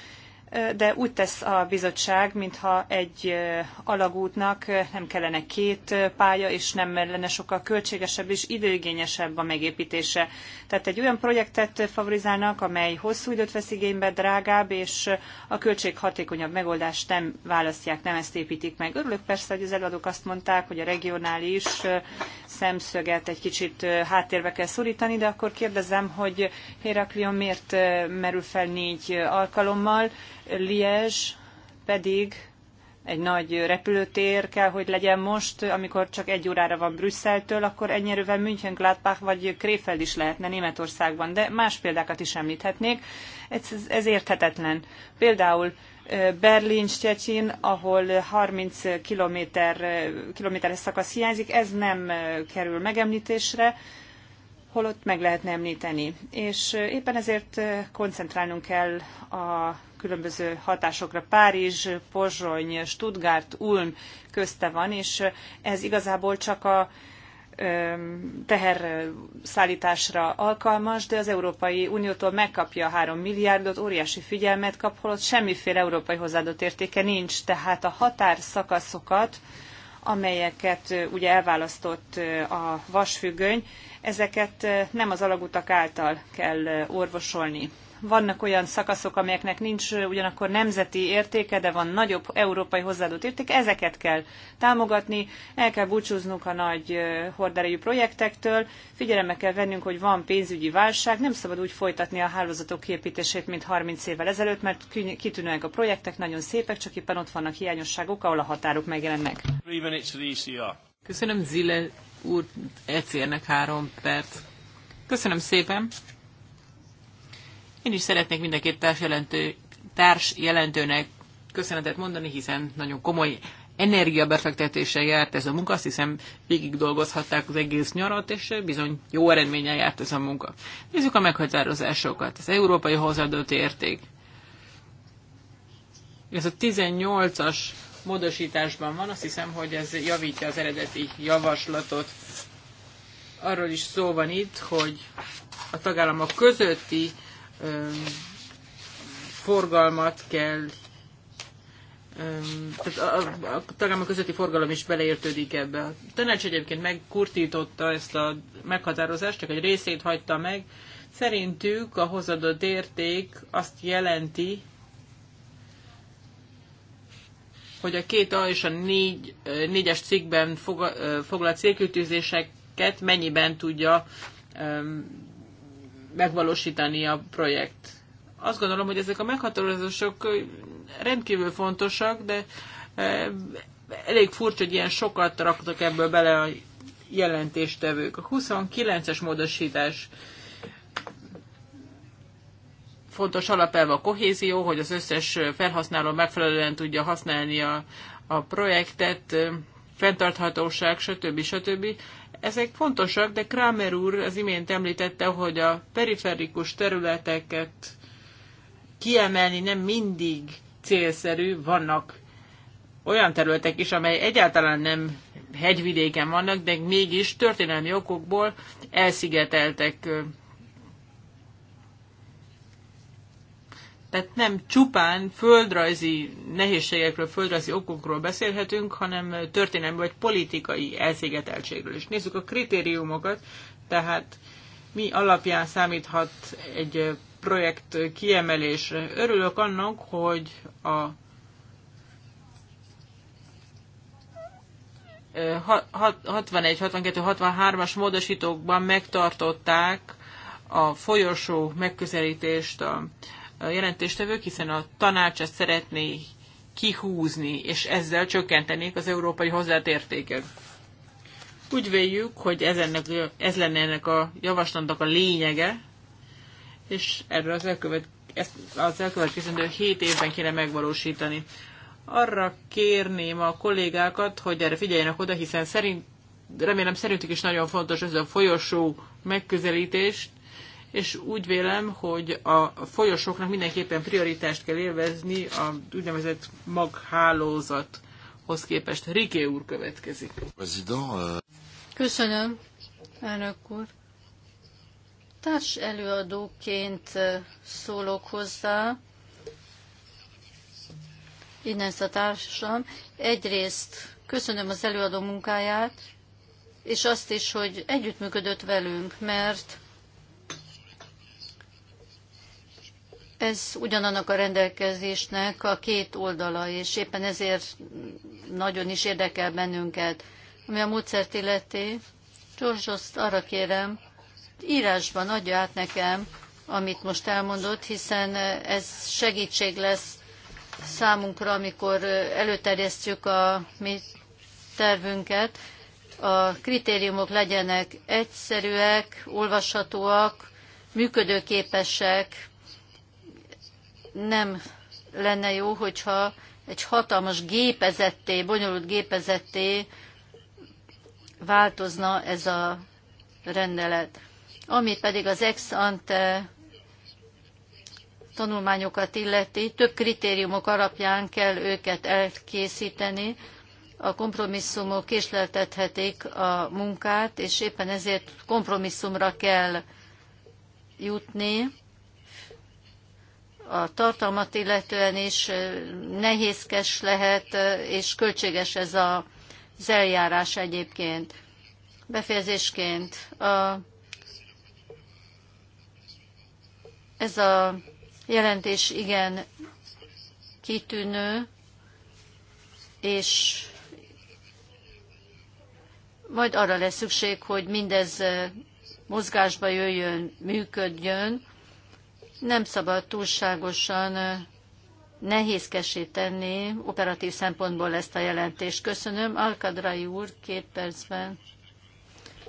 de úgy tesz a bizottság, mintha egy alagútnak nem kellene két pálya, és nem lenne sokkal költségesebb és időigényesebb a megépítése. Tehát egy olyan projektet favorizálnak, amely hosszú időt vesz igénybe, drágább, és a költséghatékonyabb megoldást nem választják, nem ezt építik meg. Örülök persze, hogy az előadók azt mondták, hogy a regionális szemszöget egy kicsit háttérbe kell szorítani, de akkor kérdezem, hogy Héraklion miért merül fel négy alkalommal, Liège pedig egy nagy repülőtér kell, hogy legyen most, amikor csak egy órára van Brüsszeltől, akkor ennyirevel München, Gladbach vagy Krefeld is lehetne Németországban, de más példákat is említhetnék. Ez, ez érthetetlen. Például Berlin, Stettin, ahol 30 kilométer, kilométeres szakasz hiányzik, ez nem kerül megemlítésre, holott meg lehetne említeni. És éppen ezért koncentrálnunk kell a különböző hatásokra. Párizs, Pozsony, Stuttgart, Ulm közte van, és ez igazából csak a teherszállításra alkalmas, de az Európai Uniótól megkapja a 3 milliárdot, óriási figyelmet kap, holott semmiféle európai hozzáadott értéke nincs. Tehát a határszakaszokat amelyeket ugye elválasztott a vasfüggöny, ezeket nem az alagutak által kell orvosolni vannak olyan szakaszok, amelyeknek nincs ugyanakkor nemzeti értéke, de van nagyobb európai hozzáadott érték, ezeket kell támogatni, el kell búcsúznunk a nagy horderejű projektektől, figyelembe kell vennünk, hogy van pénzügyi válság, nem szabad úgy folytatni a hálózatok kiépítését, mint 30 évvel ezelőtt, mert kitűnőek a projektek, nagyon szépek, csak éppen ott vannak hiányosságok, ahol a határok megjelennek. E Köszönöm Zile úr, ecr három perc. Köszönöm szépen! Én is szeretnék mind a két társ, jelentő, társ jelentőnek köszönetet mondani, hiszen nagyon komoly energiabefektetése járt ez a munka, azt hiszem végig dolgozhatták az egész nyarat, és bizony jó eredménnyel járt ez a munka. Nézzük a meghatározásokat. Ez európai hozzáadott érték. Ez a 18-as módosításban van, azt hiszem, hogy ez javítja az eredeti javaslatot. Arról is szó van itt, hogy a tagállamok közötti forgalmat kell, tehát a, a, a tagállamok közötti forgalom is beleértődik ebbe. A tanács egyébként megkurtította ezt a meghatározást, csak egy részét hagyta meg. Szerintük a hozadott érték azt jelenti, hogy a két A és a négy, négyes cikkben foglalt célkültűzéseket mennyiben tudja megvalósítani a projekt. Azt gondolom, hogy ezek a meghatározások rendkívül fontosak, de e, elég furcsa, hogy ilyen sokat raktak ebből bele a jelentéstevők. A 29-es módosítás fontos alapelve a kohézió, hogy az összes felhasználó megfelelően tudja használni a, a projektet, fenntarthatóság, stb. stb. Ezek fontosak, de Kramer úr az imént említette, hogy a periferikus területeket kiemelni nem mindig célszerű, vannak olyan területek is, amely egyáltalán nem hegyvidéken vannak, de mégis történelmi okokból elszigeteltek Tehát nem csupán földrajzi nehézségekről, földrajzi okokról beszélhetünk, hanem történelmi vagy politikai elszigeteltségről is. Nézzük a kritériumokat, tehát mi alapján számíthat egy projekt kiemelésre. Örülök annak, hogy a Ha, 61, 62, 63-as módosítókban megtartották a folyosó megközelítést a, jelentéstevők, hiszen a tanács ezt szeretné kihúzni, és ezzel csökkentenék az európai értéket. Úgy véljük, hogy ez, ennek, ez lenne ennek a javaslatnak a lényege, és erről az, elkövet, ezt az elkövetkezendő 7 évben kéne megvalósítani. Arra kérném a kollégákat, hogy erre figyeljenek oda, hiszen szerint, remélem szerintük is nagyon fontos ez a folyosó megközelítés, és úgy vélem, hogy a folyosóknak mindenképpen prioritást kell élvezni a úgynevezett maghálózathoz képest. Riké úr következik. Euh, köszönöm, elnök úr. Társ előadóként euh, szólok hozzá, innen a társam. Egyrészt köszönöm az előadó munkáját, és azt is, hogy együttműködött velünk, mert Ez ugyanannak a rendelkezésnek a két oldala, és éppen ezért nagyon is érdekel bennünket. Ami a módszert illeti, George, azt arra kérem, írásban adja át nekem, amit most elmondott, hiszen ez segítség lesz számunkra, amikor előterjesztjük a mi tervünket. A kritériumok legyenek egyszerűek, olvashatóak, működőképesek, nem lenne jó, hogyha egy hatalmas gépezetté, bonyolult gépezetté változna ez a rendelet. Ami pedig az ex ante tanulmányokat illeti, több kritériumok alapján kell őket elkészíteni, a kompromisszumok késleltethetik a munkát, és éppen ezért kompromisszumra kell jutni a tartalmat illetően is nehézkes lehet, és költséges ez a, az eljárás egyébként. Befejezésként a, ez a jelentés igen kitűnő, és majd arra lesz szükség, hogy mindez mozgásba jöjjön, működjön, nem szabad túlságosan nehézkesé tenni operatív szempontból ezt a jelentést. Köszönöm. Alkadrai úr, két percben.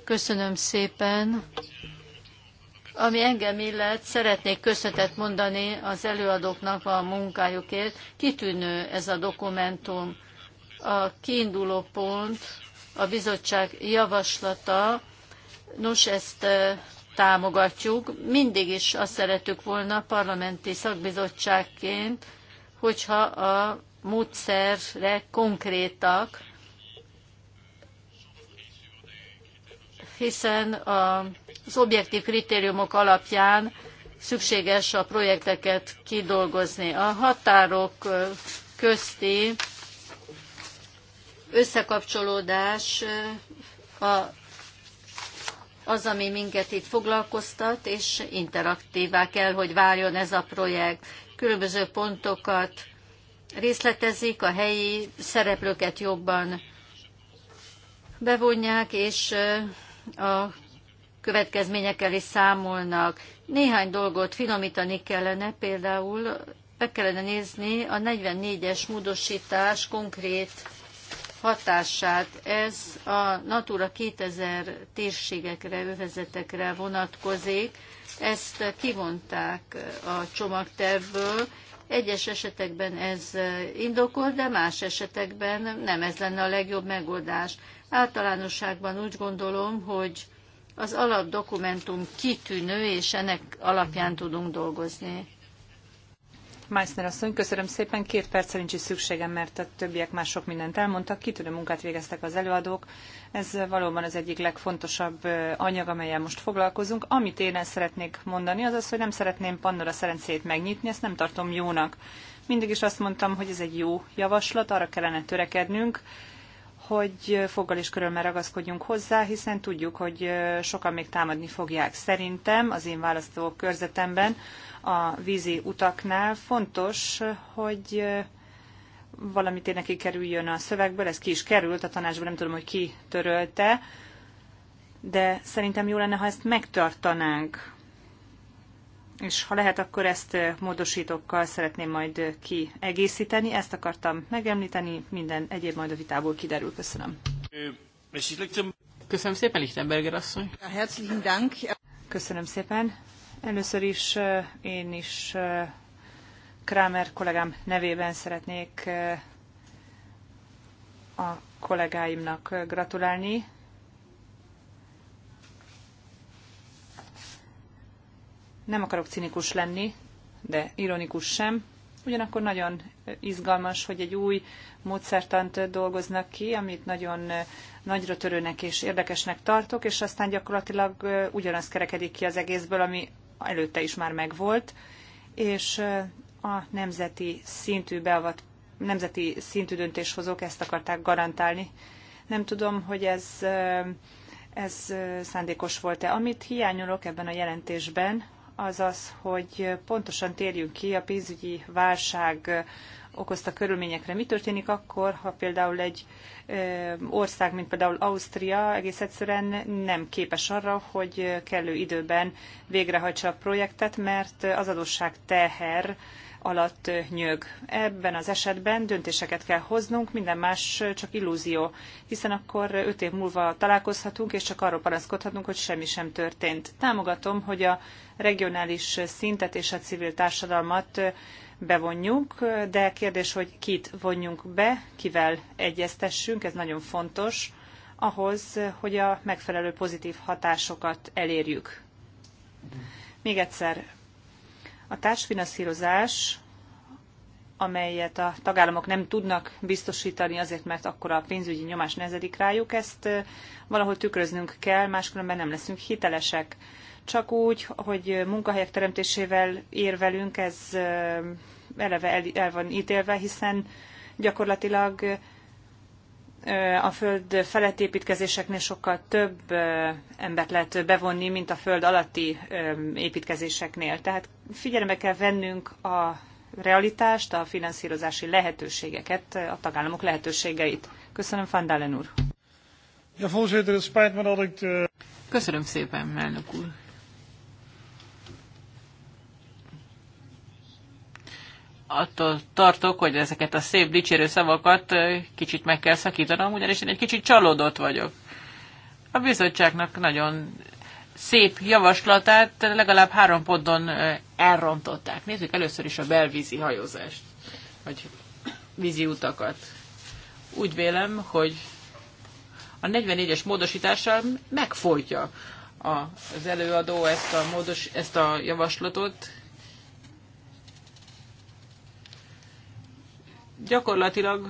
Köszönöm szépen. Ami engem illet, szeretnék köszönetet mondani az előadóknak a munkájukért. Kitűnő ez a dokumentum. A kiinduló pont a bizottság javaslata. Nos, ezt támogatjuk. Mindig is azt szeretük volna parlamenti szakbizottságként, hogyha a módszerre konkrétak, hiszen az objektív kritériumok alapján szükséges a projekteket kidolgozni. A határok közti összekapcsolódás a az, ami minket itt foglalkoztat, és interaktívá kell, hogy váljon ez a projekt. Különböző pontokat részletezik, a helyi szereplőket jobban bevonják, és a következményekkel is számolnak. Néhány dolgot finomítani kellene, például meg kellene nézni a 44-es módosítás konkrét hatását. Ez a Natura 2000 térségekre, övezetekre vonatkozik. Ezt kivonták a csomagtervből. Egyes esetekben ez indokol, de más esetekben nem ez lenne a legjobb megoldás. Általánosságban úgy gondolom, hogy az alapdokumentum kitűnő, és ennek alapján tudunk dolgozni. Meissner asszony, köszönöm szépen. Két percre nincs is szükségem, mert a többiek már sok mindent elmondtak. Kitűnő munkát végeztek az előadók. Ez valóban az egyik legfontosabb anyag, amelyel most foglalkozunk. Amit én el szeretnék mondani, az az, hogy nem szeretném Pandora szerencét megnyitni, ezt nem tartom jónak. Mindig is azt mondtam, hogy ez egy jó javaslat, arra kellene törekednünk, hogy foggal és körömmel ragaszkodjunk hozzá, hiszen tudjuk, hogy sokan még támadni fogják. Szerintem az én választók körzetemben a vízi utaknál fontos, hogy valamit tényleg kikerüljön a szövegből, ez ki is került, a tanácsból, nem tudom, hogy ki törölte, de szerintem jó lenne, ha ezt megtartanánk és ha lehet, akkor ezt módosítókkal szeretném majd kiegészíteni. Ezt akartam megemlíteni, minden egyéb majd a vitából kiderül. Köszönöm. Köszönöm szépen, Lichtenberger asszony. Herzlichen Dank. Köszönöm szépen. Először is én is Kramer kollégám nevében szeretnék a kollégáimnak gratulálni Nem akarok cinikus lenni, de ironikus sem. Ugyanakkor nagyon izgalmas, hogy egy új módszertant dolgoznak ki, amit nagyon nagyra törőnek és érdekesnek tartok, és aztán gyakorlatilag ugyanaz kerekedik ki az egészből, ami előtte is már megvolt, és a nemzeti szintű beavat, nemzeti szintű döntéshozók ezt akarták garantálni. Nem tudom, hogy ez, ez szándékos volt-e. Amit hiányolok ebben a jelentésben, az az, hogy pontosan térjünk ki a pénzügyi válság okozta körülményekre. Mi történik akkor, ha például egy ország, mint például Ausztria egész egyszerűen nem képes arra, hogy kellő időben végrehajtsa a projektet, mert az adósság teher alatt nyög. Ebben az esetben döntéseket kell hoznunk, minden más csak illúzió, hiszen akkor öt év múlva találkozhatunk, és csak arról panaszkodhatunk, hogy semmi sem történt. Támogatom, hogy a regionális szintet és a civil társadalmat bevonjuk, de kérdés, hogy kit vonjunk be, kivel egyeztessünk, ez nagyon fontos ahhoz, hogy a megfelelő pozitív hatásokat elérjük. Még egyszer a társfinanszírozás, amelyet a tagállamok nem tudnak biztosítani azért, mert akkor a pénzügyi nyomás nehezedik rájuk, ezt valahol tükröznünk kell, máskülönben nem leszünk hitelesek. Csak úgy, hogy munkahelyek teremtésével érvelünk, ez eleve el, el van ítélve, hiszen gyakorlatilag a föld felett építkezéseknél sokkal több embert lehet bevonni, mint a föld alatti építkezéseknél. Tehát figyelembe kell vennünk a realitást, a finanszírozási lehetőségeket, a tagállamok lehetőségeit. Köszönöm, Van úr. Ja, voorzitter, het spijt me dat ik... Eh, Köszönöm szépen, elnök úr. attól tartok, hogy ezeket a szép dicsérő szavakat kicsit meg kell szakítanom, ugyanis én egy kicsit csalódott vagyok. A bizottságnak nagyon szép javaslatát legalább három ponton elrontották. Nézzük először is a belvízi hajózást, vagy vízi utakat. Úgy vélem, hogy a 44-es módosítással megfolytja az előadó ezt a, módos, ezt a javaslatot, gyakorlatilag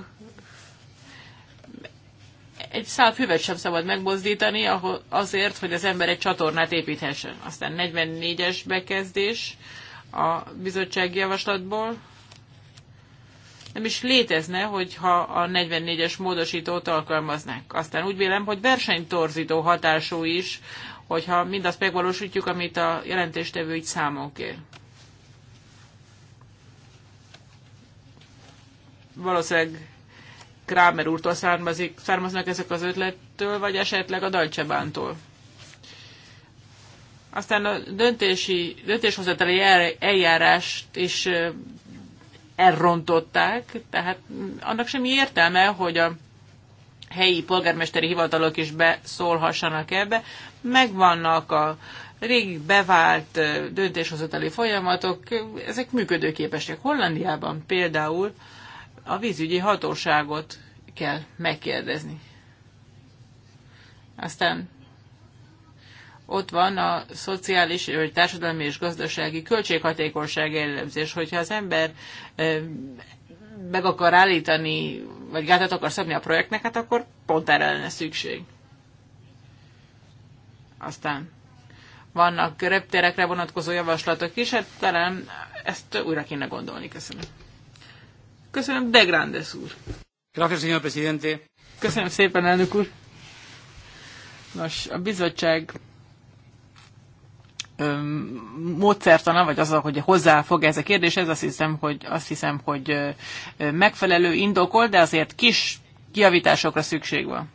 egy szál füvet sem szabad megmozdítani azért, hogy az ember egy csatornát építhessen. Aztán 44-es bekezdés a bizottsági javaslatból. Nem is létezne, hogyha a 44-es módosítót alkalmaznák. Aztán úgy vélem, hogy versenytorzító hatású is, hogyha mindazt megvalósítjuk, amit a jelentéstevő így számon kér. valószínűleg Kramer úrtól származik, származnak ezek az ötlettől, vagy esetleg a Dalcsebántól. Aztán a döntési, döntéshozatali eljárást is elrontották, tehát annak semmi értelme, hogy a helyi polgármesteri hivatalok is beszólhassanak ebbe. Megvannak a régi bevált döntéshozatali folyamatok, ezek működőképesek. Hollandiában például a vízügyi hatóságot kell megkérdezni. Aztán ott van a szociális, vagy társadalmi és gazdasági költséghatékonyság ellenzés, hogyha az ember meg akar állítani, vagy gátat akar szabni a projektnek, hát akkor pont erre lenne szükség. Aztán vannak reptérekre vonatkozó javaslatok is, hát talán ezt újra kéne gondolni. Köszönöm. Köszönöm, De Grandes úr. Gracias, señor presidente. Köszönöm szépen, elnök úr. Nos, a bizottság módszertana, vagy az, hogy hozzá fog ez a kérdés, ez azt hiszem, hogy, azt hiszem, hogy megfelelő indokol, de azért kis kiavításokra szükség van.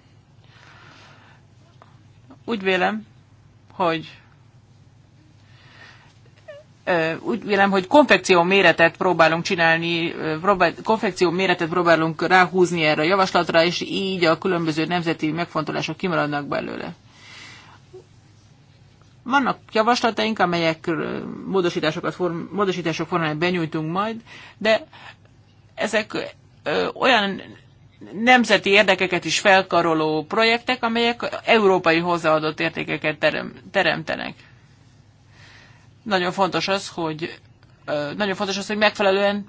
Úgy vélem, hogy úgy vélem, hogy konfekció méretet próbálunk csinálni, próbál, konfekció méretet próbálunk ráhúzni erre a javaslatra, és így a különböző nemzeti megfontolások kimaradnak belőle. Vannak javaslataink, amelyek módosításokat form, módosítások formájában benyújtunk majd, de ezek ö, olyan nemzeti érdekeket is felkaroló projektek, amelyek európai hozzáadott értékeket terem, teremtenek nagyon fontos az, hogy nagyon fontos az, hogy megfelelően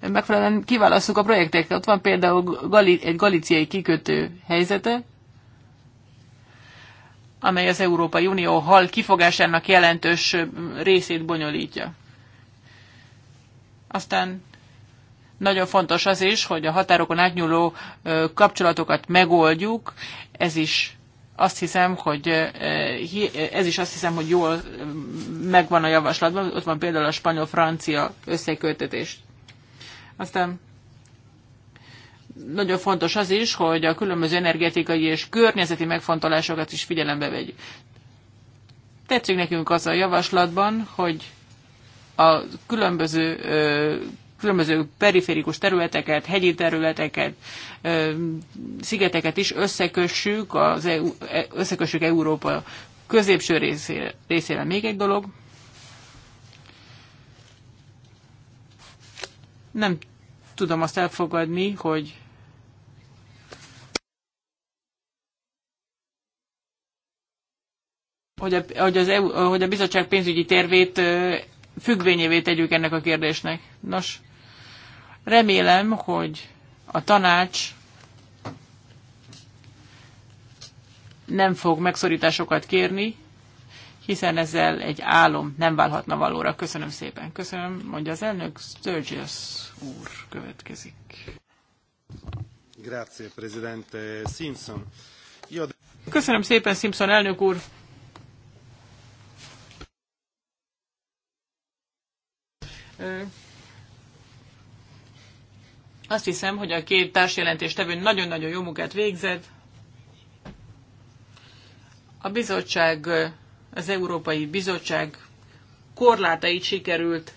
megfelelően kiválasztjuk a projekteket. Ott van például egy galiciai kikötő helyzete, amely az Európai Unió hal kifogásának jelentős részét bonyolítja. Aztán nagyon fontos az is, hogy a határokon átnyúló kapcsolatokat megoldjuk, ez is azt hiszem, hogy ez is azt hiszem, hogy jól megvan a javaslatban, ott van például a spanyol-francia összeköltetés. Aztán nagyon fontos az is, hogy a különböző energetikai és környezeti megfontolásokat is figyelembe vegyük. Tetszik nekünk az a javaslatban, hogy a különböző különböző periférikus területeket, hegyi területeket, szigeteket is összekössük, az EU, e, összekössük Európa középső részére, részére. Még egy dolog, nem tudom azt elfogadni, hogy hogy, a, hogy, az EU, hogy a bizottság pénzügyi tervét függvényévé tegyük ennek a kérdésnek. Nos, Remélem, hogy a tanács nem fog megszorításokat kérni, hiszen ezzel egy álom nem válhatna valóra. Köszönöm szépen. Köszönöm, mondja az elnök. Sturgis úr következik. Grazie, Presidente Simpson. Io... Köszönöm szépen, Simpson elnök úr. Uh... Azt hiszem, hogy a két társjelentéstevő nagyon-nagyon jó munkát végzett. A bizottság, az Európai Bizottság korlátait sikerült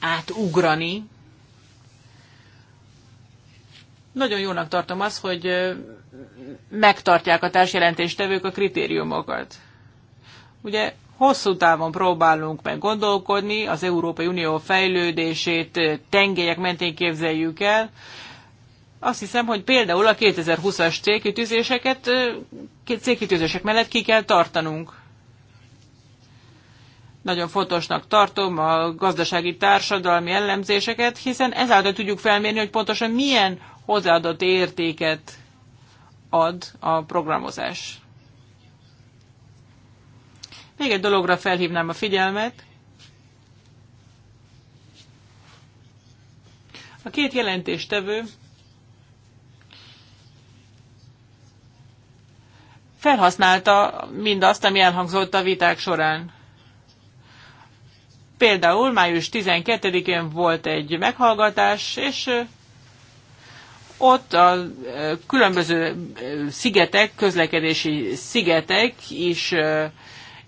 átugrani. Nagyon jónak tartom azt, hogy megtartják a társjelentéstevők a kritériumokat. Ugye hosszú távon próbálunk meg gondolkodni, az Európai Unió fejlődését eh, tengelyek mentén képzeljük el. Azt hiszem, hogy például a 2020-as célkitűzéseket eh, célkitűzések mellett ki kell tartanunk. Nagyon fontosnak tartom a gazdasági társadalmi ellenzéseket, hiszen ezáltal tudjuk felmérni, hogy pontosan milyen hozzáadott értéket ad a programozás. Még egy dologra felhívnám a figyelmet. A két jelentéstevő felhasználta mindazt, ami elhangzott a viták során. Például május 12-én volt egy meghallgatás, és ott a különböző szigetek, közlekedési szigetek is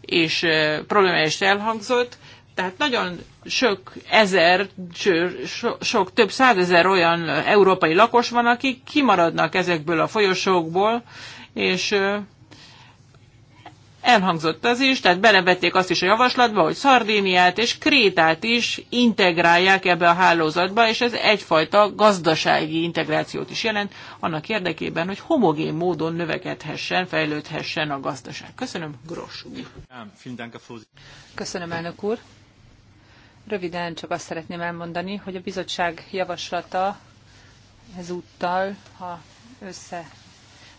és problémája is elhangzott, tehát nagyon sok ezer, sok, sok több százezer olyan európai lakos van, akik kimaradnak ezekből a folyosókból, és Elhangzott az is, tehát belevették azt is a javaslatba, hogy Szardéniát és Krétát is integrálják ebbe a hálózatba, és ez egyfajta gazdasági integrációt is jelent, annak érdekében, hogy homogén módon növekedhessen, fejlődhessen a gazdaság. Köszönöm, Gross úr. Köszönöm, elnök úr. Röviden csak azt szeretném elmondani, hogy a bizottság javaslata ezúttal, ha össze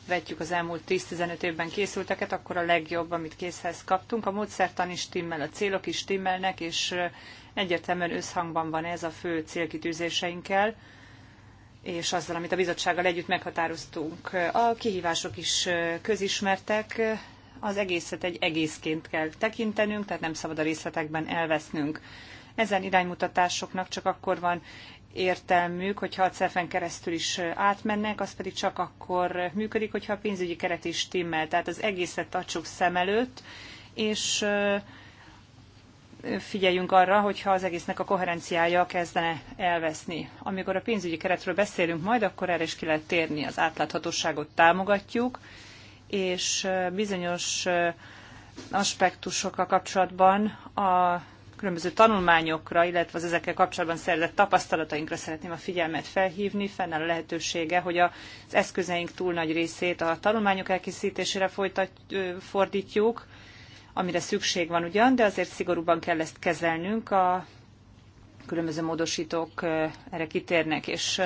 vetjük az elmúlt 10-15 évben készülteket, akkor a legjobb, amit készhez kaptunk. A módszertan is stimmel, a célok is stimmelnek, és egyértelműen összhangban van ez a fő célkitűzéseinkkel és azzal, amit a bizottsággal együtt meghatároztunk. A kihívások is közismertek, az egészet egy egészként kell tekintenünk, tehát nem szabad a részletekben elvesznünk. Ezen iránymutatásoknak csak akkor van értelmük, hogyha a CEF-en keresztül is átmennek, az pedig csak akkor működik, hogyha a pénzügyi keret is timmel. Tehát az egészet tartsuk szem előtt, és figyeljünk arra, hogyha az egésznek a koherenciája kezdene elveszni. Amikor a pénzügyi keretről beszélünk majd, akkor erre is ki lehet térni. Az átláthatóságot támogatjuk, és bizonyos aspektusokkal kapcsolatban a különböző tanulmányokra, illetve az ezekkel kapcsolatban szerzett tapasztalatainkra szeretném a figyelmet felhívni. Fennáll a lehetősége, hogy az eszközeink túl nagy részét a tanulmányok elkészítésére folytat, fordítjuk, amire szükség van ugyan, de azért szigorúban kell ezt kezelnünk. A különböző módosítók erre kitérnek, és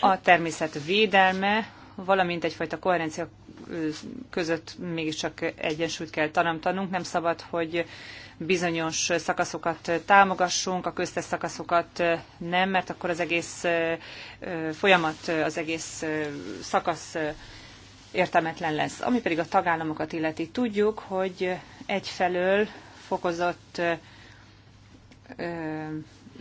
a természet védelme, valamint egyfajta koherencia között mégiscsak egyensúlyt kell teremtenünk. Nem szabad, hogy bizonyos szakaszokat támogassunk, a köztes szakaszokat nem, mert akkor az egész folyamat, az egész szakasz értelmetlen lesz. Ami pedig a tagállamokat illeti, tudjuk, hogy egyfelől fokozott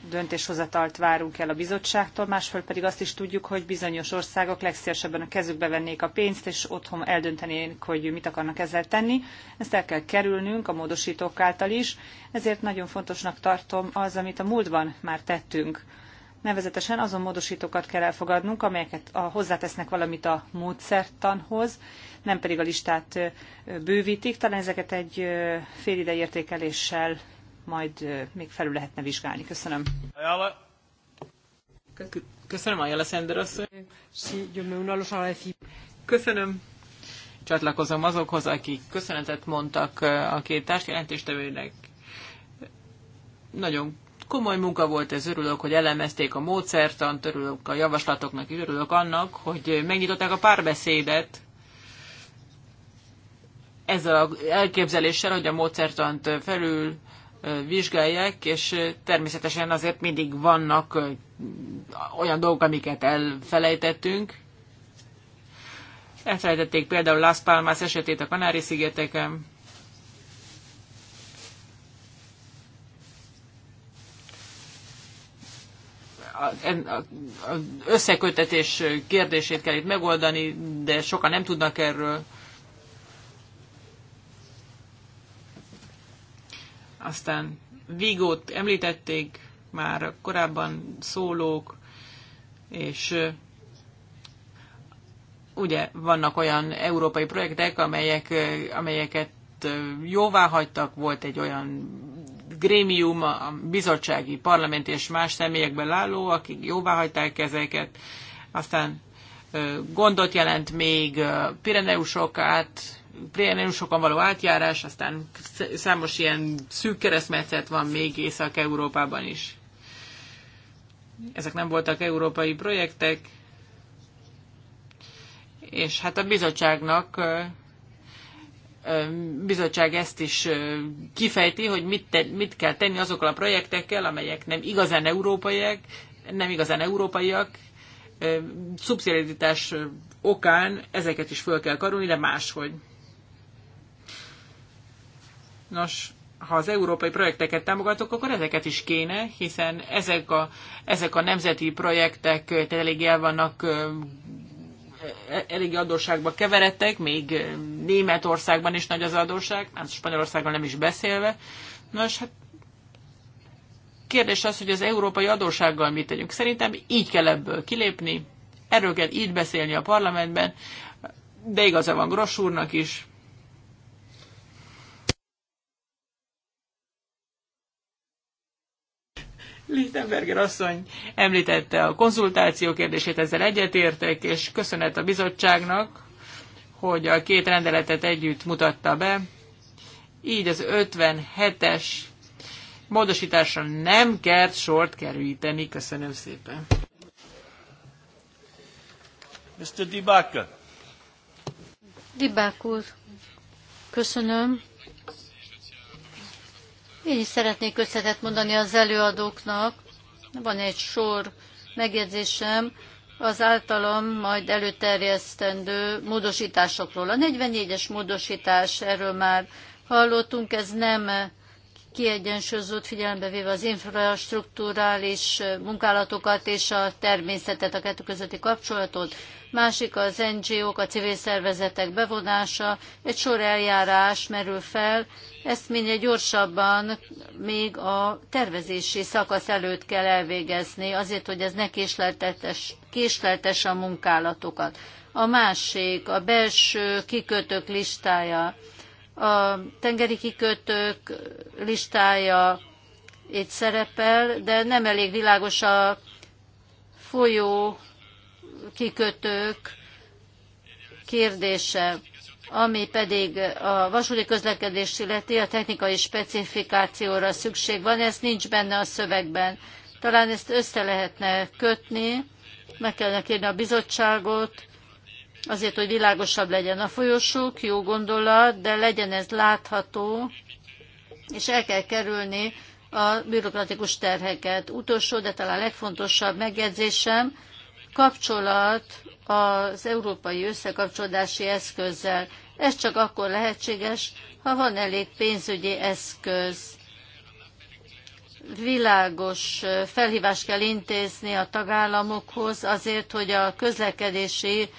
döntéshozatalt várunk el a bizottságtól, másfél pedig azt is tudjuk, hogy bizonyos országok legszívesebben a kezükbe vennék a pénzt, és otthon eldöntenék, hogy mit akarnak ezzel tenni. Ezt el kell kerülnünk a módosítók által is, ezért nagyon fontosnak tartom az, amit a múltban már tettünk. Nevezetesen azon módosítókat kell elfogadnunk, amelyeket a, hozzátesznek valamit a módszertanhoz, nem pedig a listát bővítik. Talán ezeket egy félideértékeléssel majd még felül lehetne vizsgálni. Köszönöm. Köszönöm, Ajala Szenderasszony. asszony. Köszönöm. Csatlakozom azokhoz, akik köszönetet mondtak a két társjelentéstevőnek. Nagyon komoly munka volt ez, örülök, hogy elemezték a módszertant, örülök a javaslatoknak, örülök annak, hogy megnyitották a párbeszédet ezzel az elképzeléssel, hogy a módszertant felül vizsgálják, és természetesen azért mindig vannak olyan dolgok, amiket elfelejtettünk. Elfelejtették például Las Palmas esetét a Kanári-szigeteken. összekötetés kérdését kell itt megoldani, de sokan nem tudnak erről. Aztán Vigót említették már korábban szólók, és ugye vannak olyan európai projektek, amelyek, amelyeket jóvá hagytak, volt egy olyan grémium, a bizottsági, parlamenti és más személyekben álló, akik jóvá hagyták ezeket, aztán gondot jelent még Pireneusok át sokan való átjárás, aztán számos ilyen szűk keresztmetszet van még Észak-Európában is. Ezek nem voltak európai projektek, és hát a bizottságnak bizottság ezt is kifejti, hogy mit, te, mit kell tenni azokkal a projektekkel, amelyek nem igazán európaiak, nem igazán európaiak, szubszidiaritás okán ezeket is föl kell karolni, de máshogy. Nos, ha az európai projekteket támogatok, akkor ezeket is kéne, hiszen ezek a, ezek a nemzeti projektek elég el vannak e, e, elég adósságba keveredtek, még Németországban is nagy az adósság, hát Spanyolországban nem is beszélve. Nos, hát kérdés az, hogy az európai adósággal mit tegyünk. Szerintem így kell ebből kilépni, erről kell így beszélni a parlamentben, de igaza van Gross úrnak is, Lichtenberger asszony említette a konzultáció kérdését, ezzel egyetértek, és köszönet a bizottságnak, hogy a két rendeletet együtt mutatta be. Így az 57-es módosításra nem kell sort kerülteni. Köszönöm szépen. Mr. Dibáka. Dibák úr, köszönöm. Én is szeretnék köszönetet mondani az előadóknak. Van egy sor megjegyzésem az általam majd előterjesztendő módosításokról. A 44-es módosítás, erről már hallottunk, ez nem kiegyensúlyozott figyelembe véve az infrastruktúrális munkálatokat és a természetet, a kettő közötti kapcsolatot. Másik az NGO-k, a civil szervezetek bevonása, egy sor eljárás merül fel, ezt minél gyorsabban még a tervezési szakasz előtt kell elvégezni, azért, hogy ez ne késleltes a munkálatokat. A másik, a belső kikötők listája a tengeri kikötők listája itt szerepel, de nem elég világos a folyó kikötők kérdése, ami pedig a vasúti közlekedés illeti a technikai specifikációra szükség van, ez nincs benne a szövegben. Talán ezt össze lehetne kötni, meg kellene kérni a bizottságot, azért, hogy világosabb legyen a folyosók, jó gondolat, de legyen ez látható, és el kell kerülni a bürokratikus terheket. Utolsó, de talán legfontosabb megjegyzésem, kapcsolat az európai összekapcsolódási eszközzel. Ez csak akkor lehetséges, ha van elég pénzügyi eszköz. Világos felhívást kell intézni a tagállamokhoz azért, hogy a közlekedési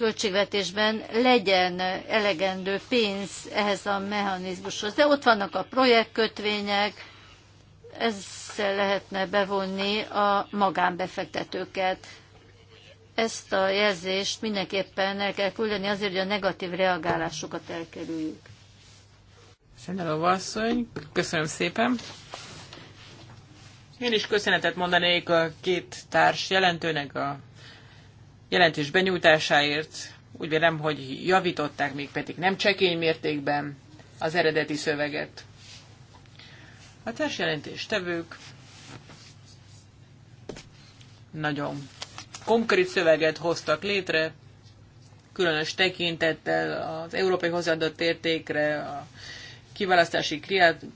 költségvetésben legyen elegendő pénz ehhez a mechanizmushoz. De ott vannak a projektkötvények, ezzel lehetne bevonni a magánbefektetőket. Ezt a jelzést mindenképpen el kell küldeni azért, hogy a negatív reagálásokat elkerüljük. Szendeló asszony, köszönöm szépen. Én is köszönetet mondanék a két társ jelentőnek, a jelentés benyújtásáért. Úgy vélem, hogy javították még pedig nem csekény mértékben az eredeti szöveget. A társjelentés tevők nagyon konkrét szöveget hoztak létre, különös tekintettel az európai hozzáadott értékre, a kiválasztási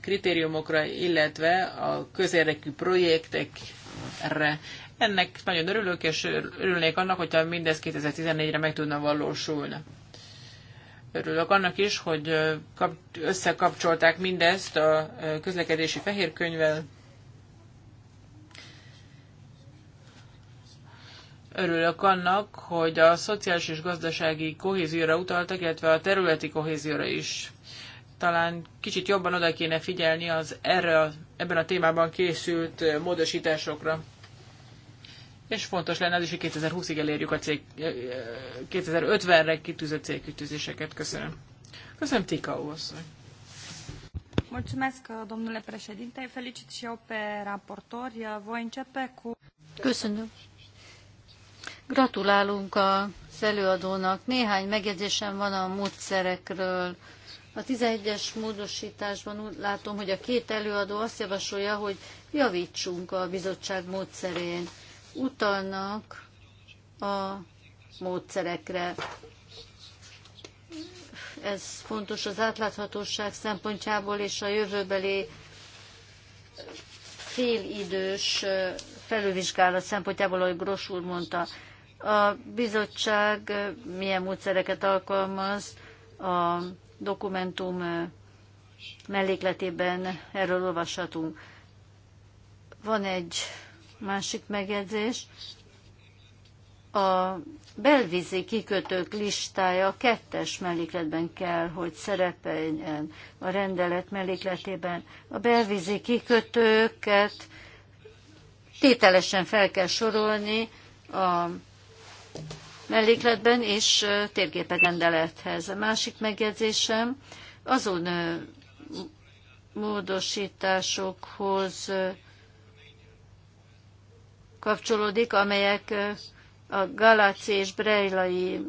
kritériumokra, illetve a közérdekű projektekre ennek nagyon örülök, és örülnék annak, hogyha mindez 2014-re meg tudna valósulni. Örülök annak is, hogy összekapcsolták mindezt a közlekedési fehérkönyvvel. Örülök annak, hogy a szociális és gazdasági kohézióra utaltak, illetve a területi kohézióra is. Talán kicsit jobban oda kéne figyelni az erre, ebben a témában készült módosításokra és fontos lenne az is, hogy 2020-ig elérjük a cég, 2050-re kitűzött célkütőzéseket. Köszönöm. Köszönöm, Tika asszony. Mulțumesc, domnule președinte. Felicit și eu pe raportori. Voi începe cu... Köszönöm. Gratulálunk az előadónak. Néhány megjegyzésem van a módszerekről. A 11-es módosításban úgy látom, hogy a két előadó azt javasolja, hogy javítsunk a bizottság módszerén utalnak a módszerekre. Ez fontos az átláthatóság szempontjából és a jövőbeli félidős felülvizsgálat szempontjából, ahogy Gros úr mondta. A bizottság milyen módszereket alkalmaz a dokumentum mellékletében, erről olvashatunk. Van egy Másik megjegyzés, a belvízi kikötők listája kettes mellékletben kell, hogy szerepeljen a rendelet mellékletében. A belvízi kikötőket tételesen fel kell sorolni a mellékletben és térgépek rendelethez. A másik megjegyzésem azon módosításokhoz kapcsolódik, amelyek a Galáci és Brejlai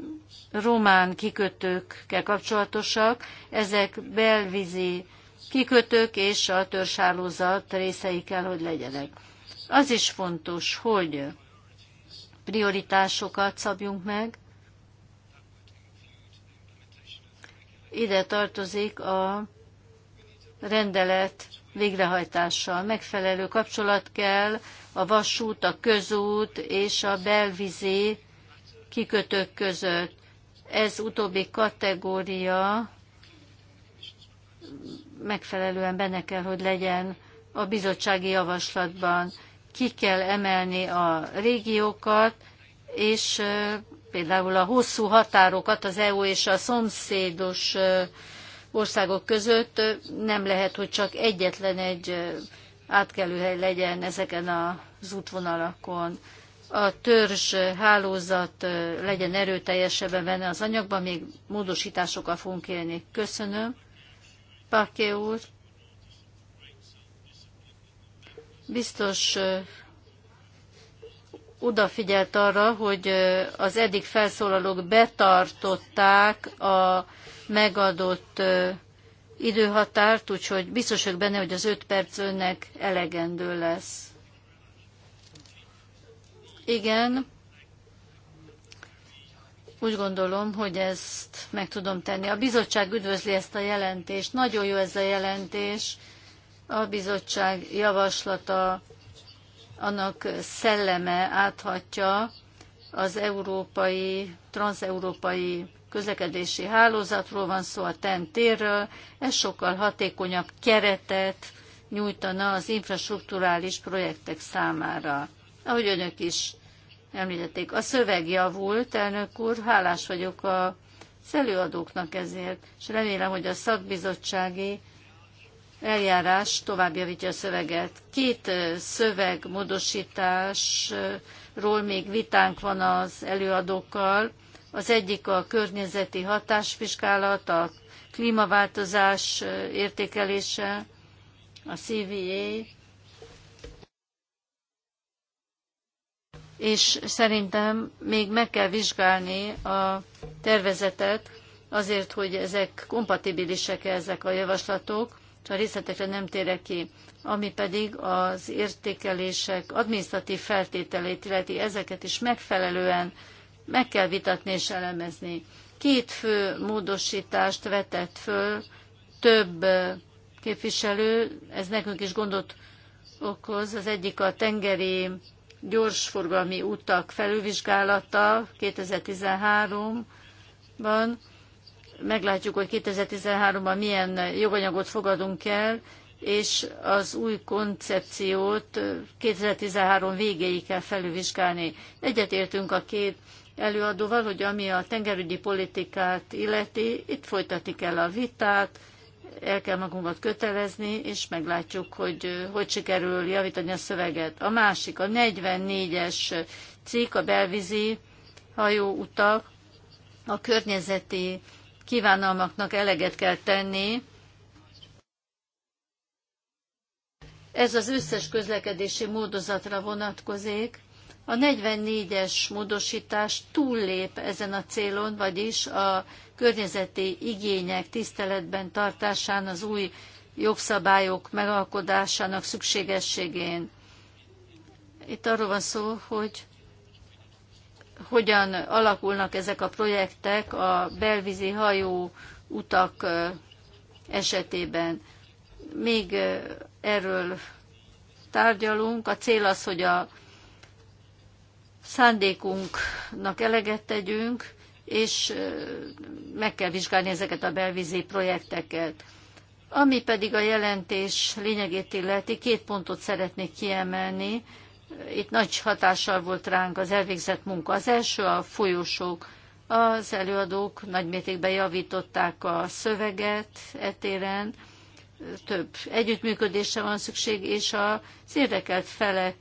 román kikötőkkel kapcsolatosak. Ezek belvízi kikötők és a törzshálózat részei kell, hogy legyenek. Az is fontos, hogy prioritásokat szabjunk meg. Ide tartozik a rendelet végrehajtása. Megfelelő kapcsolat kell a vasút, a közút és a belvízi kikötők között. Ez utóbbi kategória megfelelően benne kell, hogy legyen a bizottsági javaslatban. Ki kell emelni a régiókat, és például a hosszú határokat az EU és a szomszédos országok között nem lehet, hogy csak egyetlen egy átkelőhely legyen ezeken az útvonalakon. A törzs hálózat legyen erőteljesebben benne az anyagban, még módosításokkal fogunk élni. Köszönöm. Paké úr. Biztos odafigyelt arra, hogy az eddig felszólalók betartották a megadott időhatárt, úgyhogy biztos vagyok benne, hogy az öt perc önnek elegendő lesz. Igen, úgy gondolom, hogy ezt meg tudom tenni. A bizottság üdvözli ezt a jelentést. Nagyon jó ez a jelentés. A bizottság javaslata annak szelleme áthatja az európai, transeurópai közlekedési hálózatról van szó, a TEN-térről, ez sokkal hatékonyabb keretet nyújtana az infrastruktúrális projektek számára. Ahogy önök is említették, a szöveg javult, elnök úr, hálás vagyok a előadóknak ezért, és remélem, hogy a szakbizottsági eljárás továbbjavítja a szöveget. Két szövegmódosításról még vitánk van az előadókkal. Az egyik a környezeti hatásvizsgálat, a klímaváltozás értékelése, a CVA, és szerintem még meg kell vizsgálni a tervezetet azért, hogy ezek kompatibilisek -e ezek a javaslatok, a részletekre nem térek ki, ami pedig az értékelések adminisztratív feltételét illeti, ezeket is megfelelően meg kell vitatni és elemezni. Két fő módosítást vetett föl több képviselő, ez nekünk is gondot okoz. Az egyik a tengeri gyorsforgalmi utak felülvizsgálata 2013-ban, meglátjuk, hogy 2013-ban milyen joganyagot fogadunk el, és az új koncepciót 2013 végéig kell felülvizsgálni. Egyetértünk a két előadóval, hogy ami a tengerügyi politikát illeti, itt folytatni kell a vitát, el kell magunkat kötelezni, és meglátjuk, hogy hogy sikerül javítani a szöveget. A másik, a 44-es cikk, a belvízi hajóutak, a környezeti kívánalmaknak eleget kell tenni. Ez az összes közlekedési módozatra vonatkozik. A 44-es módosítás túllép ezen a célon, vagyis a környezeti igények tiszteletben tartásán az új jogszabályok megalkodásának szükségességén. Itt arról van szó, hogy hogyan alakulnak ezek a projektek a belvízi hajó utak esetében. Még erről tárgyalunk. A cél az, hogy a szándékunknak eleget tegyünk, és meg kell vizsgálni ezeket a belvízi projekteket. Ami pedig a jelentés lényegét illeti, két pontot szeretnék kiemelni itt nagy hatással volt ránk az elvégzett munka. Az első a folyosók. Az előadók nagymértékben javították a szöveget etéren, több együttműködésre van szükség, és az érdekelt felek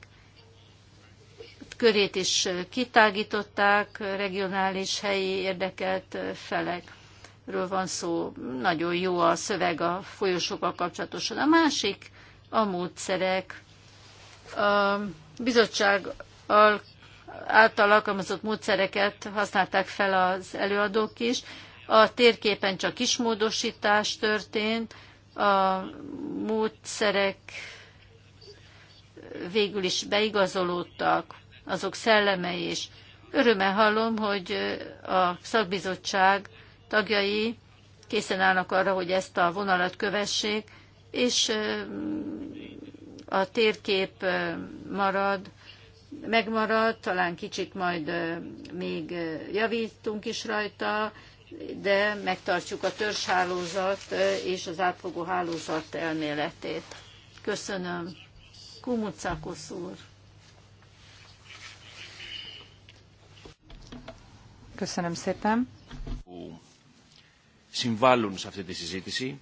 körét is kitágították, regionális, helyi érdekelt felekről van szó. Nagyon jó a szöveg a folyosókkal kapcsolatosan. A másik a módszerek. A bizottság által alkalmazott módszereket használták fel az előadók is. A térképen csak kis módosítás történt, a módszerek végül is beigazolódtak, azok szelleme is. Örömmel hallom, hogy a szakbizottság tagjai készen állnak arra, hogy ezt a vonalat kövessék, és a térkép marad, megmarad, talán kicsit majd még javítunk is rajta, de megtartjuk a törzshálózat és az átfogó hálózat elméletét. Köszönöm. Kumucakos úr. Köszönöm szépen. Συμβάλλουν σε αυτή τη συζήτηση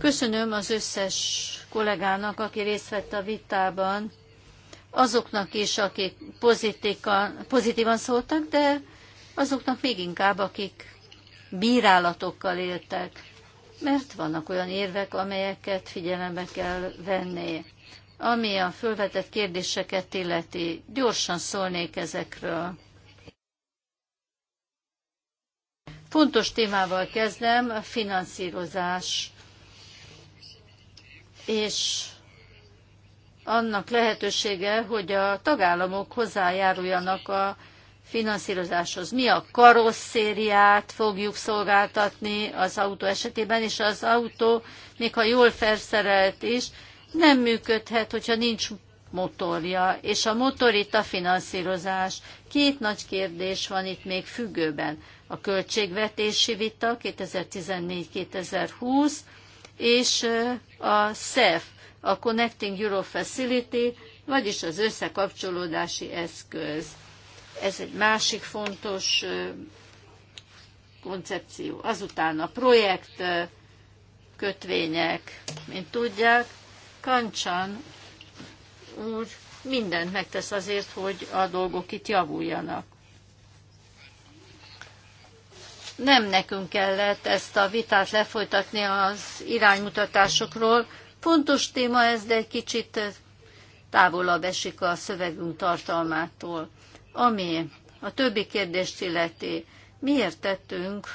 Köszönöm az összes kollégának, aki részt vett a vitában, azoknak is, akik pozitívan szóltak, de azoknak még inkább, akik bírálatokkal éltek, mert vannak olyan érvek, amelyeket figyelembe kell venni. Ami a fölvetett kérdéseket illeti, gyorsan szólnék ezekről. Fontos témával kezdem, a finanszírozás és annak lehetősége, hogy a tagállamok hozzájáruljanak a finanszírozáshoz. Mi a karosszériát fogjuk szolgáltatni az autó esetében, és az autó, még ha jól felszerelt is, nem működhet, hogyha nincs motorja, és a motor itt a finanszírozás. Két nagy kérdés van itt még függőben. A költségvetési vita 2014-2020, és a CEF, a Connecting Europe Facility, vagyis az összekapcsolódási eszköz. Ez egy másik fontos koncepció. Azután a projekt kötvények, mint tudják, Kancsan úr mindent megtesz azért, hogy a dolgok itt javuljanak nem nekünk kellett ezt a vitát lefolytatni az iránymutatásokról. Fontos téma ez, de egy kicsit távolabb esik a szövegünk tartalmától. Ami a többi kérdést illeti, miért tettünk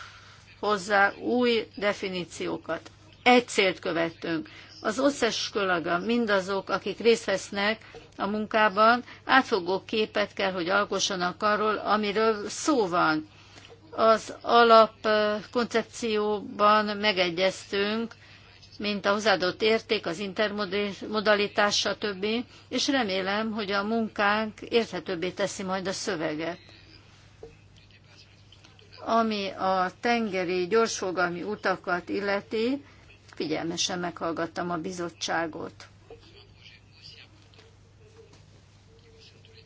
hozzá új definíciókat? Egy célt követtünk. Az összes kollega, mindazok, akik részt vesznek a munkában, átfogó képet kell, hogy alkossanak arról, amiről szó van az alapkoncepcióban megegyeztünk, mint a hozzáadott érték, az intermodalitás, stb. És remélem, hogy a munkánk érthetőbbé teszi majd a szöveget. Ami a tengeri gyorsfogalmi utakat illeti, figyelmesen meghallgattam a bizottságot.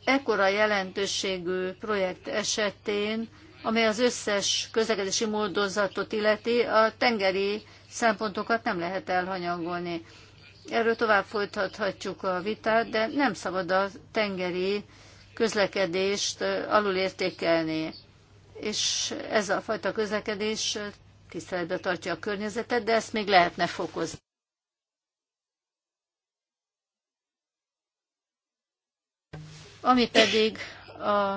Ekkora jelentőségű projekt esetén amely az összes közlekedési módozatot illeti, a tengeri szempontokat nem lehet elhanyagolni. Erről tovább folytathatjuk a vitát, de nem szabad a tengeri közlekedést alulértékelni. És ez a fajta közlekedés tiszteletbe tartja a környezetet, de ezt még lehetne fokozni. Ami pedig a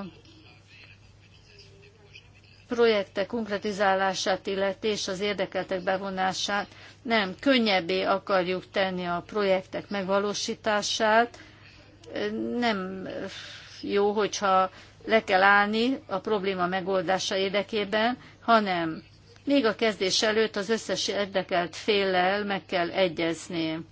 projektek konkretizálását illeti és az érdekeltek bevonását, nem, könnyebbé akarjuk tenni a projektek megvalósítását. Nem jó, hogyha le kell állni a probléma megoldása érdekében, hanem még a kezdés előtt az összes érdekelt féllel meg kell egyezni.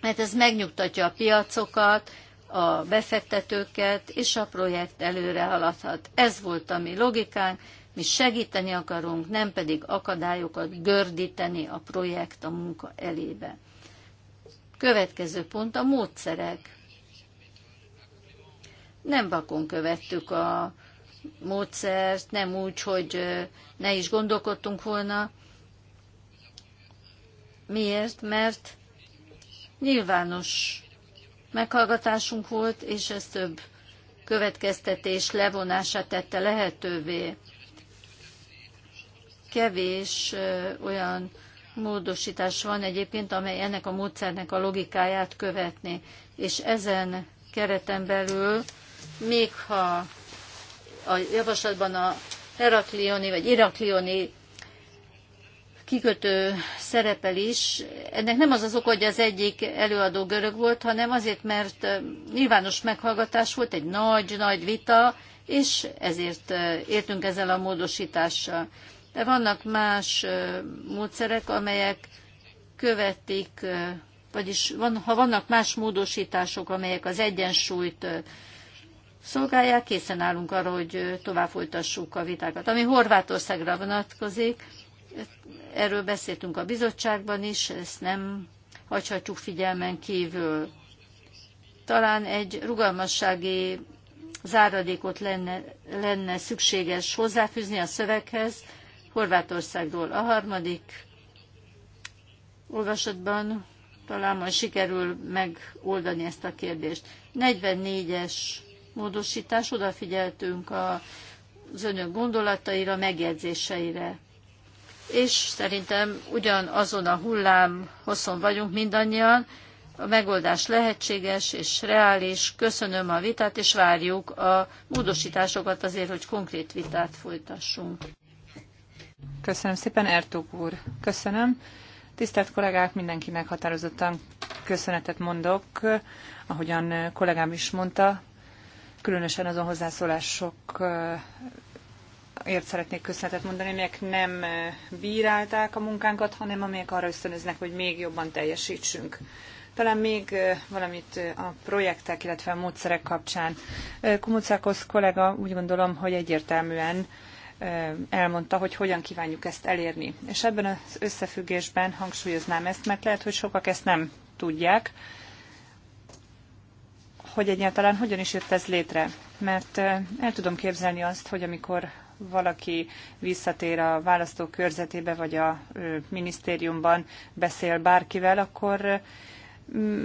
Mert ez megnyugtatja a piacokat, a befektetőket, és a projekt előre haladhat. Ez volt a mi logikánk, mi segíteni akarunk, nem pedig akadályokat gördíteni a projekt a munka elébe. Következő pont a módszerek. Nem vakon követtük a módszert, nem úgy, hogy ne is gondolkodtunk volna. Miért? Mert nyilvános meghallgatásunk volt, és ez több következtetés levonását tette lehetővé kevés olyan módosítás van egyébként, amely ennek a módszernek a logikáját követni. És ezen kereten belül, még ha a javaslatban a heraklioni vagy iraklioni kikötő szerepel is. Ennek nem az az oka, hogy az egyik előadó görög volt, hanem azért, mert nyilvános meghallgatás volt, egy nagy-nagy vita, és ezért értünk ezzel a módosítással de vannak más módszerek, amelyek követik, vagyis van, ha vannak más módosítások, amelyek az egyensúlyt szolgálják, készen állunk arra, hogy tovább folytassuk a vitákat. Ami Horvátországra vonatkozik, erről beszéltünk a bizottságban is, ezt nem hagyhatjuk figyelmen kívül. Talán egy rugalmassági záradékot lenne, lenne szükséges hozzáfűzni a szöveghez, Horvátországról. A harmadik olvasatban talán majd sikerül megoldani ezt a kérdést. 44-es módosítás, odafigyeltünk a, az önök gondolataira, megjegyzéseire. És szerintem ugyanazon a hullám hosszon vagyunk mindannyian, a megoldás lehetséges és reális. Köszönöm a vitát, és várjuk a módosításokat azért, hogy konkrét vitát folytassunk. Köszönöm szépen, Ertug úr. Köszönöm. Tisztelt kollégák, mindenkinek határozottan köszönetet mondok, ahogyan kollégám is mondta, különösen azon hozzászólásokért szeretnék köszönetet mondani, amelyek nem bírálták a munkánkat, hanem amelyek arra ösztönöznek, hogy még jobban teljesítsünk. Talán még valamit a projektek, illetve a módszerek kapcsán. Kumucákos kollega úgy gondolom, hogy egyértelműen elmondta, hogy hogyan kívánjuk ezt elérni. És ebben az összefüggésben hangsúlyoznám ezt, mert lehet, hogy sokak ezt nem tudják, hogy egyáltalán hogyan is jött ez létre. Mert el tudom képzelni azt, hogy amikor valaki visszatér a választókörzetébe vagy a minisztériumban beszél bárkivel, akkor Mm,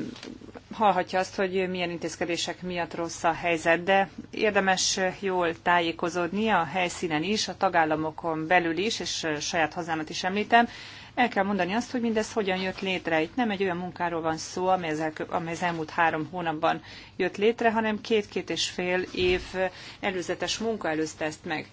hallhatja azt, hogy milyen intézkedések miatt rossz a helyzet, de érdemes jól tájékozódni a helyszínen is, a tagállamokon belül is, és saját hazámat is említem. El kell mondani azt, hogy mindez hogyan jött létre. Itt nem egy olyan munkáról van szó, amely az, elkö- amely az elmúlt három hónapban jött létre, hanem két-két és fél év előzetes munka előzte ezt meg.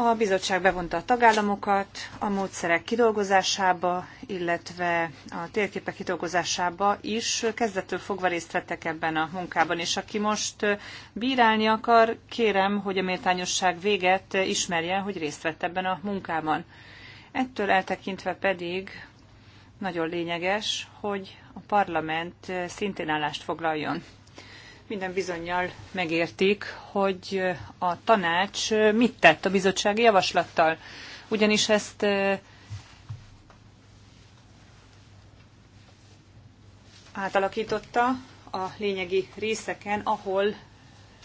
A bizottság bevonta a tagállamokat a módszerek kidolgozásába, illetve a térképek kidolgozásába is kezdettől fogva részt vettek ebben a munkában, és aki most bírálni akar, kérem, hogy a méltányosság véget ismerje, hogy részt vett ebben a munkában. Ettől eltekintve pedig nagyon lényeges, hogy a parlament szintén állást foglaljon minden bizonyal megértik, hogy a tanács mit tett a bizottsági javaslattal. Ugyanis ezt átalakította a lényegi részeken, ahol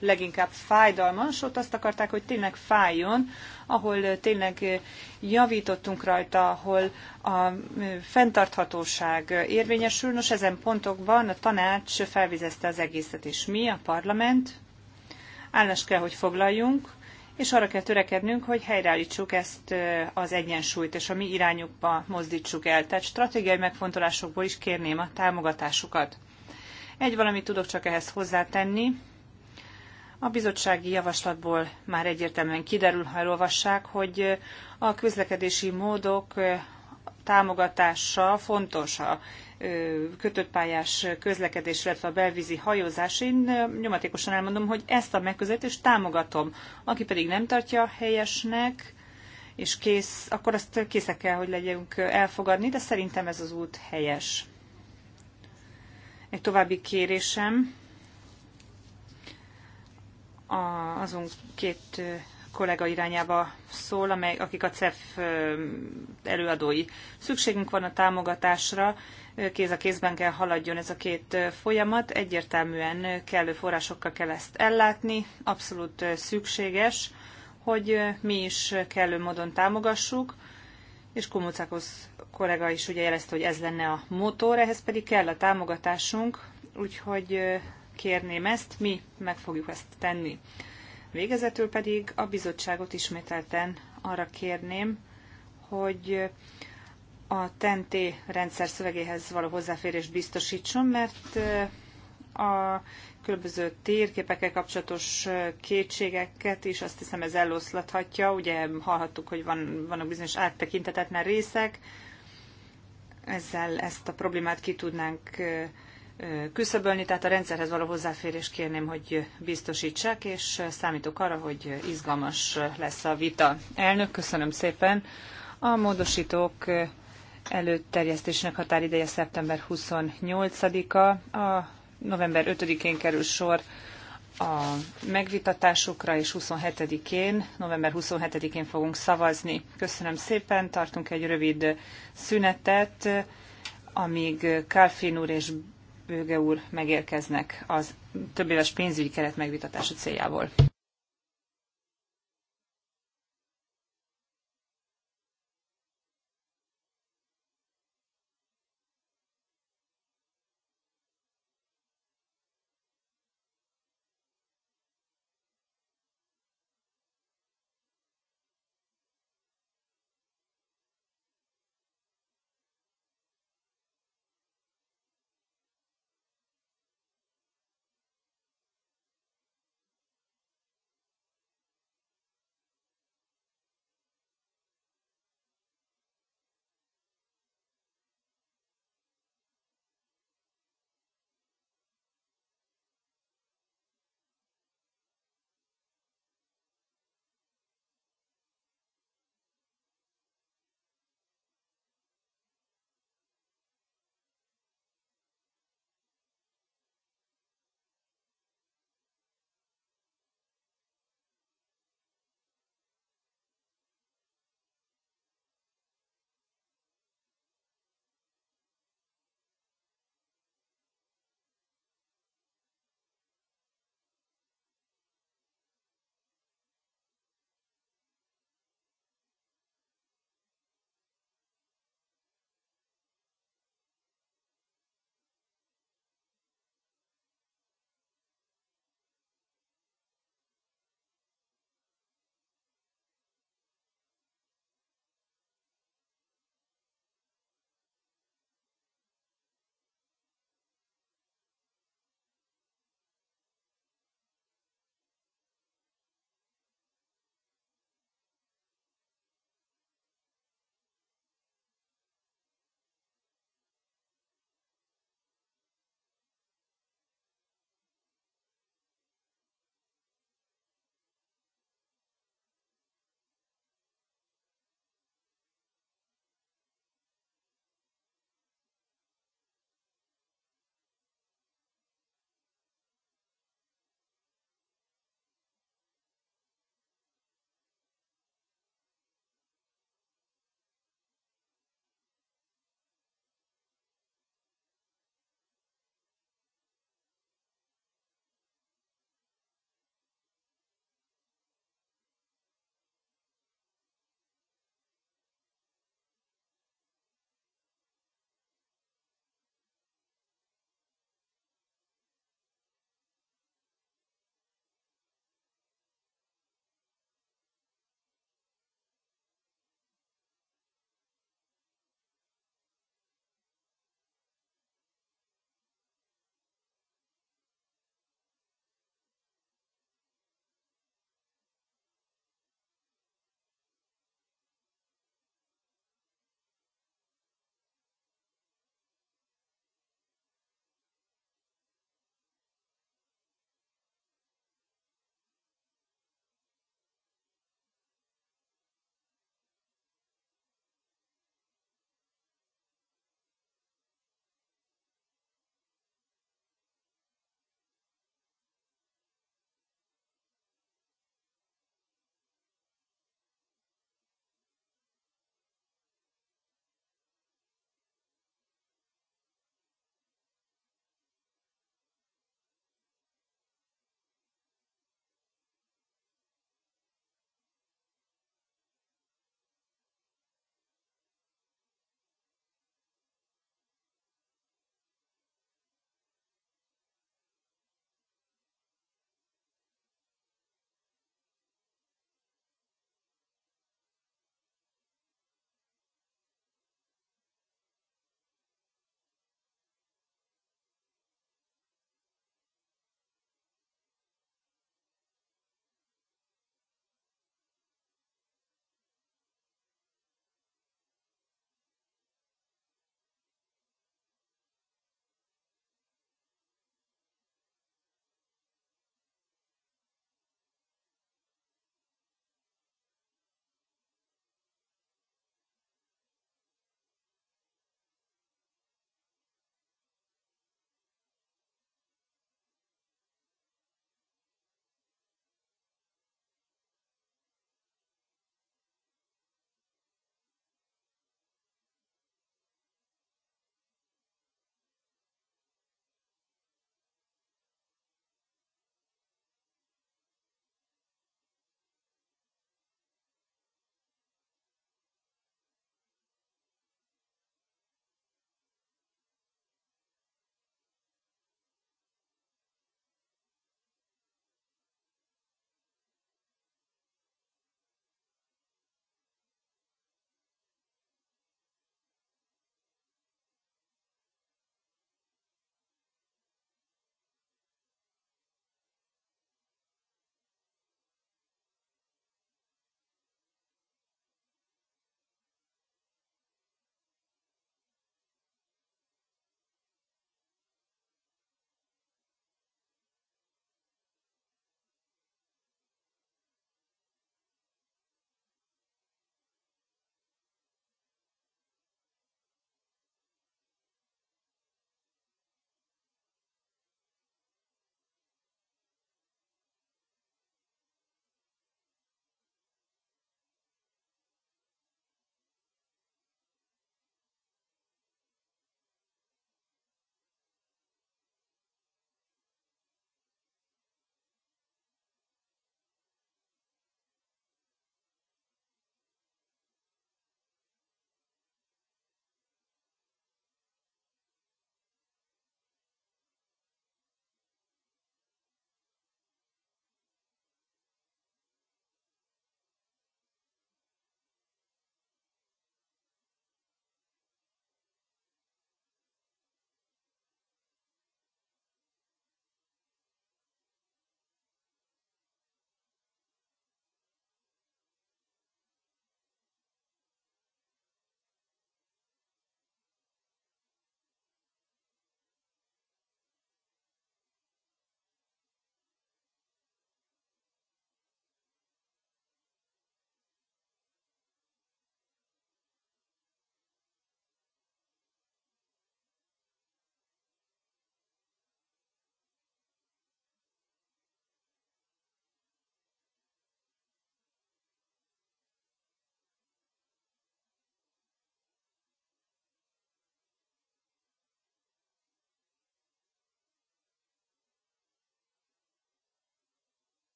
leginkább fájdalmas, ott azt akarták, hogy tényleg fájjon, ahol tényleg javítottunk rajta, ahol a fenntarthatóság érvényesül. Nos, ezen pontokban a tanács felvizezte az egészet, és mi, a parlament, állást kell, hogy foglaljunk, és arra kell törekednünk, hogy helyreállítsuk ezt az egyensúlyt, és a mi irányukba mozdítsuk el. Tehát stratégiai megfontolásokból is kérném a támogatásukat. Egy valamit tudok csak ehhez hozzátenni, a bizottsági javaslatból már egyértelműen kiderül, ha elolvassák, hogy a közlekedési módok támogatása fontos a kötött pályás közlekedés, illetve a belvízi hajózás. Én nyomatékosan elmondom, hogy ezt a megközelítést támogatom. Aki pedig nem tartja helyesnek, és kész, akkor azt készek kell, hogy legyünk elfogadni, de szerintem ez az út helyes. Egy további kérésem a, azon két kollega irányába szól, amely, akik a CEF előadói. Szükségünk van a támogatásra, kéz a kézben kell haladjon ez a két folyamat, egyértelműen kellő forrásokkal kell ezt ellátni, abszolút szükséges, hogy mi is kellő módon támogassuk, és Kumucákos kollega is ugye jelezte, hogy ez lenne a motor, ehhez pedig kell a támogatásunk, úgyhogy kérném ezt, mi meg fogjuk ezt tenni. Végezetül pedig a bizottságot ismételten arra kérném, hogy a TNT rendszer szövegéhez való hozzáférést biztosítson, mert a különböző térképekkel kapcsolatos kétségeket is azt hiszem ez eloszlathatja. Ugye hallhattuk, hogy van, vannak bizonyos áttekintetetlen részek, ezzel ezt a problémát ki tudnánk küszöbölni, tehát a rendszerhez való hozzáférést kérném, hogy biztosítsák, és számítok arra, hogy izgalmas lesz a vita. Elnök, köszönöm szépen. A módosítók előterjesztésnek határideje szeptember 28-a, a november 5-én kerül sor a megvitatásukra, és 27-én, november 27-én fogunk szavazni. Köszönöm szépen, tartunk egy rövid szünetet, amíg Kálfin úr és Bőge úr megérkeznek az többéves pénzügyi keret megvitatása céljából.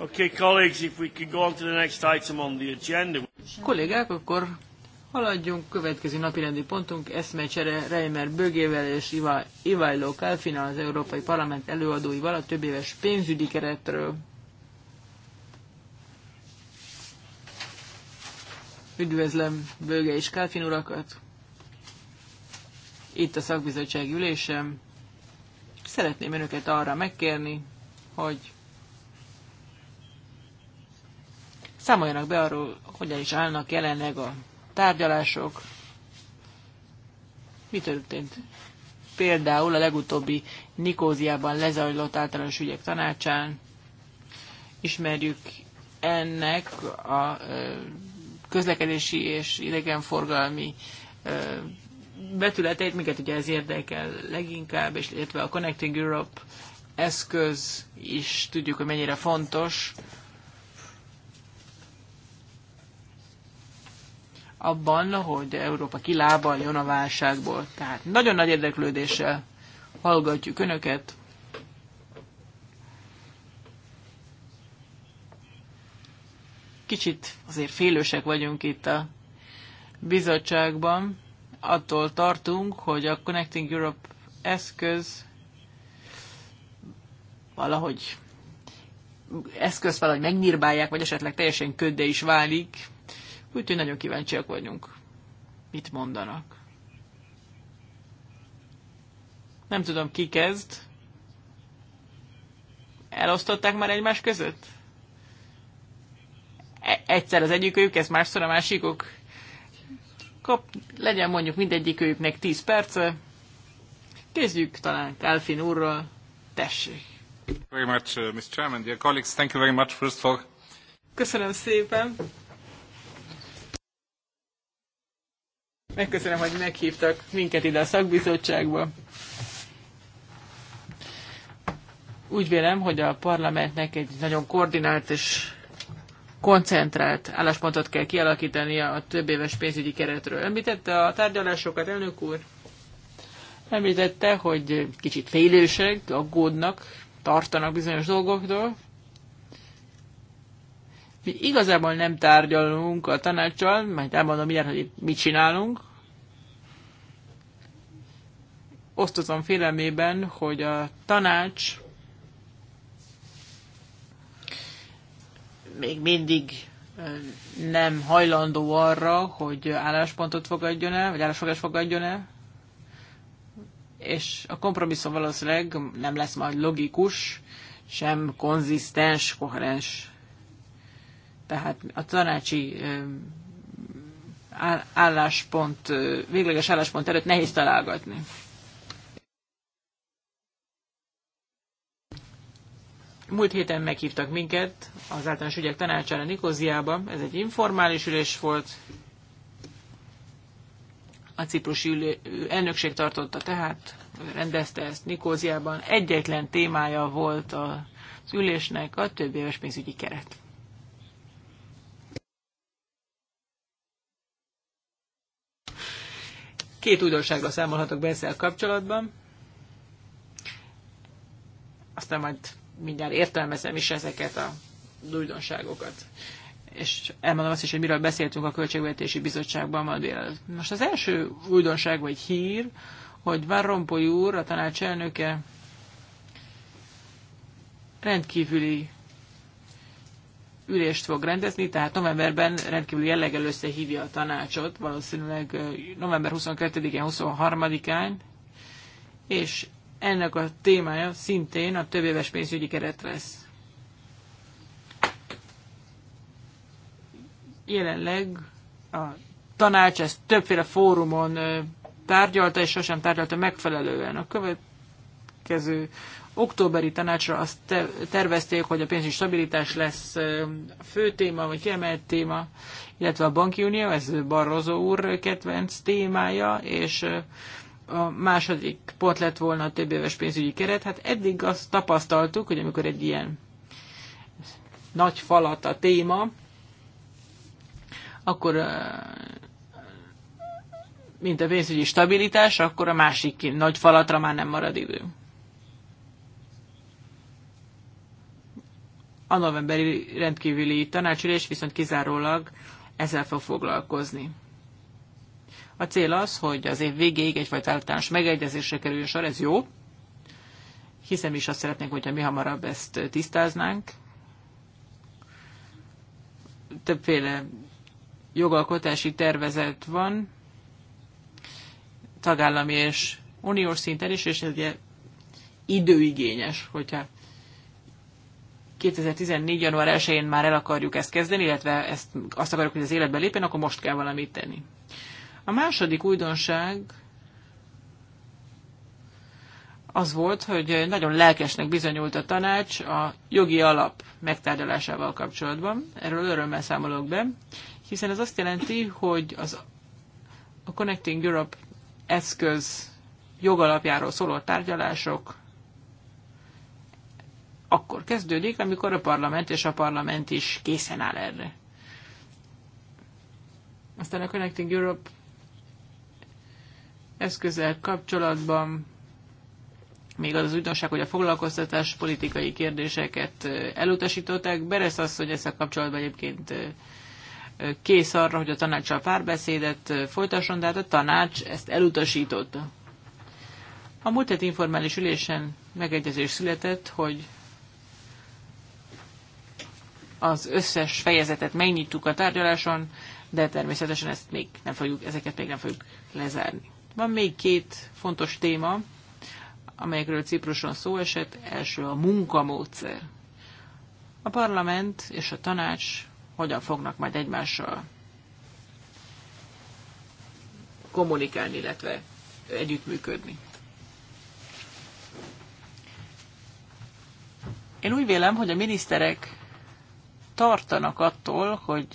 Okay, colleagues, if we could go on to the next item on the agenda. Kollégák, akkor haladjunk. Következő napi rendi pontunk eszmecsere Reimer Bögével és Iva, Ivajló az Európai Parlament előadóival a éves pénzügyi keretről. Üdvözlöm Böge és Kálfin urakat. Itt a szakbizottság ülésem. Szeretném önöket arra megkérni, hogy Számoljanak be arról, hogyan is állnak jelenleg a tárgyalások. Mi történt? Például a legutóbbi Nikóziában lezajlott általános ügyek tanácsán. Ismerjük ennek a közlekedési és idegenforgalmi betületeit, minket ugye ez érdekel leginkább, és illetve a Connecting Europe eszköz is tudjuk, hogy mennyire fontos abban, hogy Európa kilábaljon a válságból. Tehát nagyon nagy érdeklődéssel hallgatjuk Önöket. Kicsit azért félősek vagyunk itt a bizottságban. Attól tartunk, hogy a Connecting Europe eszköz valahogy eszköz valahogy megnyírbálják, vagy esetleg teljesen köddé is válik, Úgyhogy nagyon kíváncsiak vagyunk, mit mondanak. Nem tudom, ki kezd. Elosztották már egymás között? E egyszer az egyikőjük, ez másszor a másikok. Kap, legyen mondjuk mindegyikőjüknek 10 perce. Kezdjük talán Kálfin úrral. Tessék. Very much, uh, Mr. Chairman, dear colleagues, thank you very much first for... Köszönöm szépen. Megköszönöm, hogy meghívtak minket ide a szakbizottságba. Úgy vélem, hogy a parlamentnek egy nagyon koordinált és koncentrált álláspontot kell kialakítania a több éves pénzügyi keretről. Említette a tárgyalásokat, elnök úr? Említette, hogy kicsit félősek, aggódnak, tartanak bizonyos dolgoktól. Mi igazából nem tárgyalunk a tanácssal, majd elmondom mindjárt, hogy mit csinálunk. osztozom félelmében, hogy a tanács még mindig nem hajlandó arra, hogy álláspontot fogadjon el, vagy állásfogást fogadjon el, és a kompromisszum valószínűleg nem lesz majd logikus, sem konzisztens, koherens. Tehát a tanácsi álláspont, végleges álláspont előtt nehéz találgatni. Múlt héten meghívtak minket az általános ügyek tanácsára Nikóziába, ez egy informális ülés volt, a ciprusi ülő, elnökség tartotta tehát, rendezte ezt Nikóziában. Egyetlen témája volt az ülésnek a több éves pénzügyi keret. Két újdonságra számolhatok be ezzel kapcsolatban. Aztán majd mindjárt értelmezem is ezeket a újdonságokat. És elmondom azt is, hogy miről beszéltünk a Költségvetési Bizottságban ma délelőtt. Most az első újdonság vagy hír, hogy Van Rompuy úr, a tanács elnöke rendkívüli ülést fog rendezni, tehát novemberben rendkívül jelleggel összehívja a tanácsot, valószínűleg november 22-én, 23-án, és ennek a témája szintén a éves pénzügyi keret lesz. Jelenleg a tanács ezt többféle fórumon tárgyalta, és sosem tárgyalta megfelelően. A következő októberi tanácsra azt tervezték, hogy a pénzügyi stabilitás lesz fő téma, vagy kiemelt téma, illetve a banki unió, ez Barroso úr kedvenc témája, és a második pont lett volna a több éves pénzügyi keret. Hát eddig azt tapasztaltuk, hogy amikor egy ilyen nagy falat a téma, akkor mint a pénzügyi stabilitás, akkor a másik nagy falatra már nem marad idő. A novemberi rendkívüli tanácsülés viszont kizárólag ezzel fog foglalkozni. A cél az, hogy az év végéig egyfajta általános megegyezésre kerüljön sor, ez jó, hiszen is azt szeretnénk, hogyha mi hamarabb ezt tisztáznánk. Többféle jogalkotási tervezet van, tagállami és uniós szinten is, és ez ugye időigényes, hogyha 2014. január 1-én már el akarjuk ezt kezdeni, illetve ezt azt akarjuk, hogy az életbe lépjen, akkor most kell valamit tenni. A második újdonság az volt, hogy nagyon lelkesnek bizonyult a tanács a jogi alap megtárgyalásával kapcsolatban. Erről örömmel számolok be, hiszen ez azt jelenti, hogy az, a Connecting Europe eszköz jogalapjáról szóló tárgyalások akkor kezdődik, amikor a parlament és a parlament is készen áll erre. Aztán a Connecting Europe eszközzel kapcsolatban még az, az újdonság, hogy a foglalkoztatás politikai kérdéseket elutasították. Beresz az, hogy ezzel kapcsolatban egyébként kész arra, hogy a tanácssal párbeszédet folytasson, de hát a tanács ezt elutasította. A múlt heti informális ülésen megegyezés született, hogy az összes fejezetet megnyitjuk a tárgyaláson, de természetesen ezt még nem fogjuk, ezeket még nem fogjuk lezárni. Van még két fontos téma, amelyekről Cipruson szó esett. Első a munkamódszer. A parlament és a tanács hogyan fognak majd egymással kommunikálni, illetve együttműködni. Én úgy vélem, hogy a miniszterek tartanak attól, hogy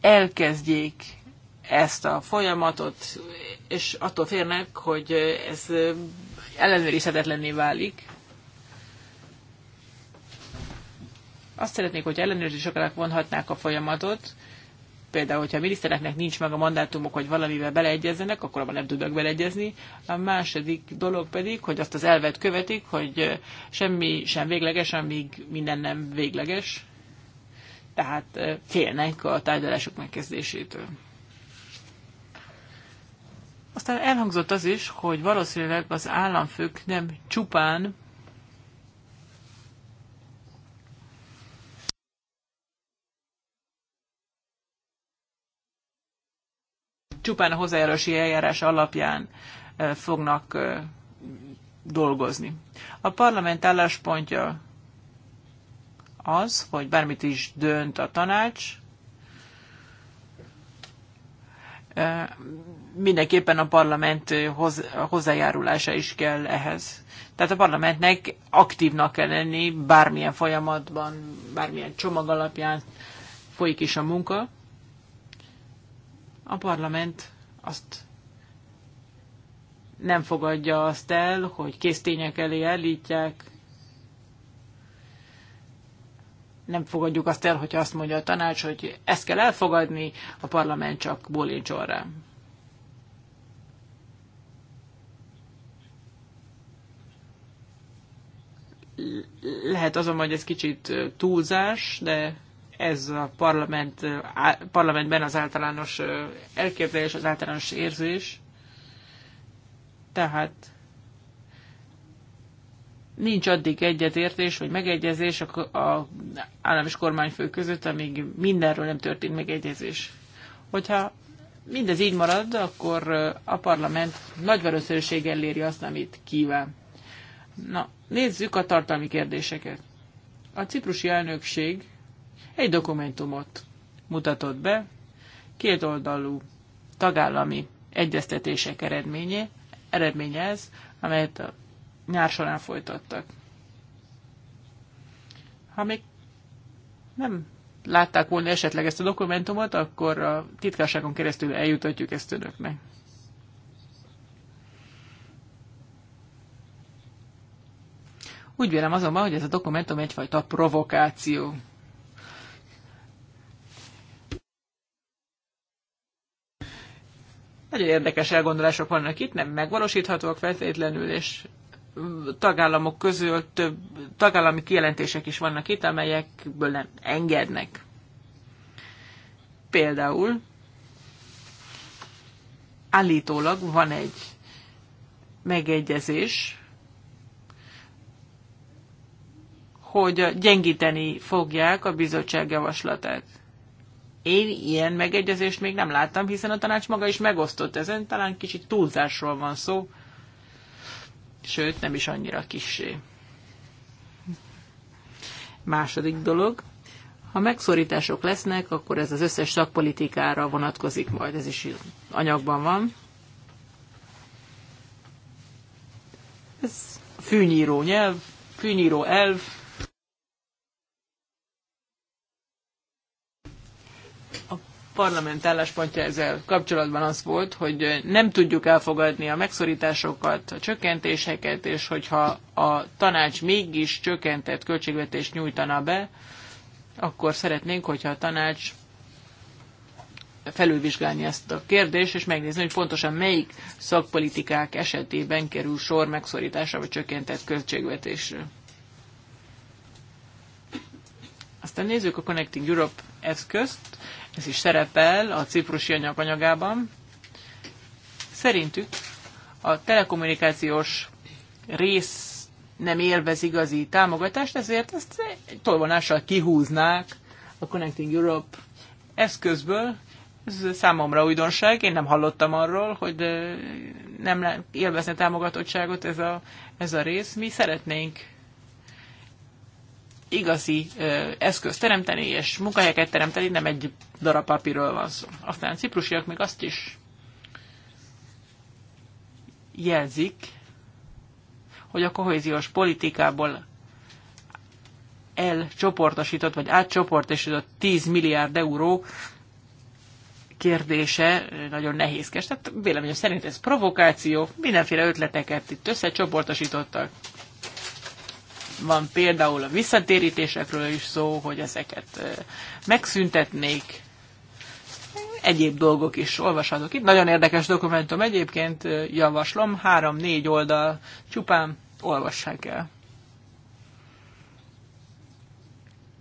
elkezdjék ezt a folyamatot, és attól félnek, hogy ez ellenőrizhetetlenné válik. Azt szeretnék, hogy ellenőrzések alá vonhatnák a folyamatot, például, hogyha a minisztereknek nincs meg a mandátumok, hogy valamivel beleegyezzenek, akkor abban nem tudnak beleegyezni. A második dolog pedig, hogy azt az elvet követik, hogy semmi sem végleges, amíg minden nem végleges. Tehát eh, félnek a tárgyalások megkezdésétől. Aztán elhangzott az is, hogy valószínűleg az államfők nem csupán csupán a hozzájárulási eljárás alapján fognak dolgozni. A parlament álláspontja az, hogy bármit is dönt a tanács, mindenképpen a parlament hoz, hozzájárulása is kell ehhez. Tehát a parlamentnek aktívnak kell lenni bármilyen folyamatban, bármilyen csomag alapján folyik is a munka. A parlament azt nem fogadja azt el, hogy késztények elé állítják, nem fogadjuk azt el, hogyha azt mondja a tanács, hogy ezt kell elfogadni, a parlament csak bólincson rá. Lehet azon, hogy ez kicsit túlzás, de ez a parlament, parlamentben az általános elképzelés, az általános érzés. Tehát nincs addig egyetértés vagy megegyezés a, a állam és kormányfő között, amíg mindenről nem történt megegyezés. Hogyha mindez így marad, akkor a parlament nagy valószínűséggel léri azt, amit kíván. Na, nézzük a tartalmi kérdéseket. A ciprusi elnökség egy dokumentumot mutatott be, kétoldalú tagállami egyeztetések eredménye, eredménye ez, amelyet a nyár során folytattak. Ha még nem látták volna esetleg ezt a dokumentumot, akkor a titkárságon keresztül eljutatjuk ezt önöknek. Úgy vélem azonban, hogy ez a dokumentum egyfajta provokáció. Nagyon érdekes elgondolások vannak itt, nem megvalósíthatóak feltétlenül, és tagállamok közül több tagállami kijelentések is vannak itt, amelyekből nem engednek. Például állítólag van egy megegyezés hogy gyengíteni fogják a bizottság javaslatát. Én ilyen megegyezést még nem láttam, hiszen a tanács maga is megosztott ezen, talán kicsit túlzásról van szó, sőt nem is annyira kissé. Második dolog, ha megszorítások lesznek, akkor ez az összes szakpolitikára vonatkozik majd, ez is anyagban van. Ez fűnyíró nyelv, fűnyíró elv, A parlament álláspontja ezzel kapcsolatban az volt, hogy nem tudjuk elfogadni a megszorításokat, a csökkentéseket, és hogyha a tanács mégis csökkentett költségvetést nyújtana be, akkor szeretnénk, hogyha a tanács felülvizsgálni ezt a kérdést, és megnézni, hogy pontosan melyik szakpolitikák esetében kerül sor megszorításra vagy csökkentett költségvetésre. Aztán nézzük a Connecting Europe eszközt ez is szerepel a ciprusi anyaganyagában. Szerintük a telekommunikációs rész nem élvez igazi támogatást, ezért ezt egy tolvonással kihúznák a Connecting Europe eszközből. Ez számomra újdonság, én nem hallottam arról, hogy nem élvezne támogatottságot ez a, ez a rész. Mi szeretnénk igazi eszközt teremteni, és munkahelyeket teremteni, nem egy darab papírról van szó. Aztán ciprusiak még azt is jelzik, hogy a kohéziós politikából elcsoportosított, vagy átcsoportosított 10 milliárd euró kérdése nagyon nehézkes. Tehát véleményem szerint ez provokáció, mindenféle ötleteket itt összecsoportosítottak van például a visszatérítésekről is szó, hogy ezeket megszüntetnék, egyéb dolgok is olvashatok itt. Nagyon érdekes dokumentum egyébként, javaslom, három-négy oldal csupán olvassák el.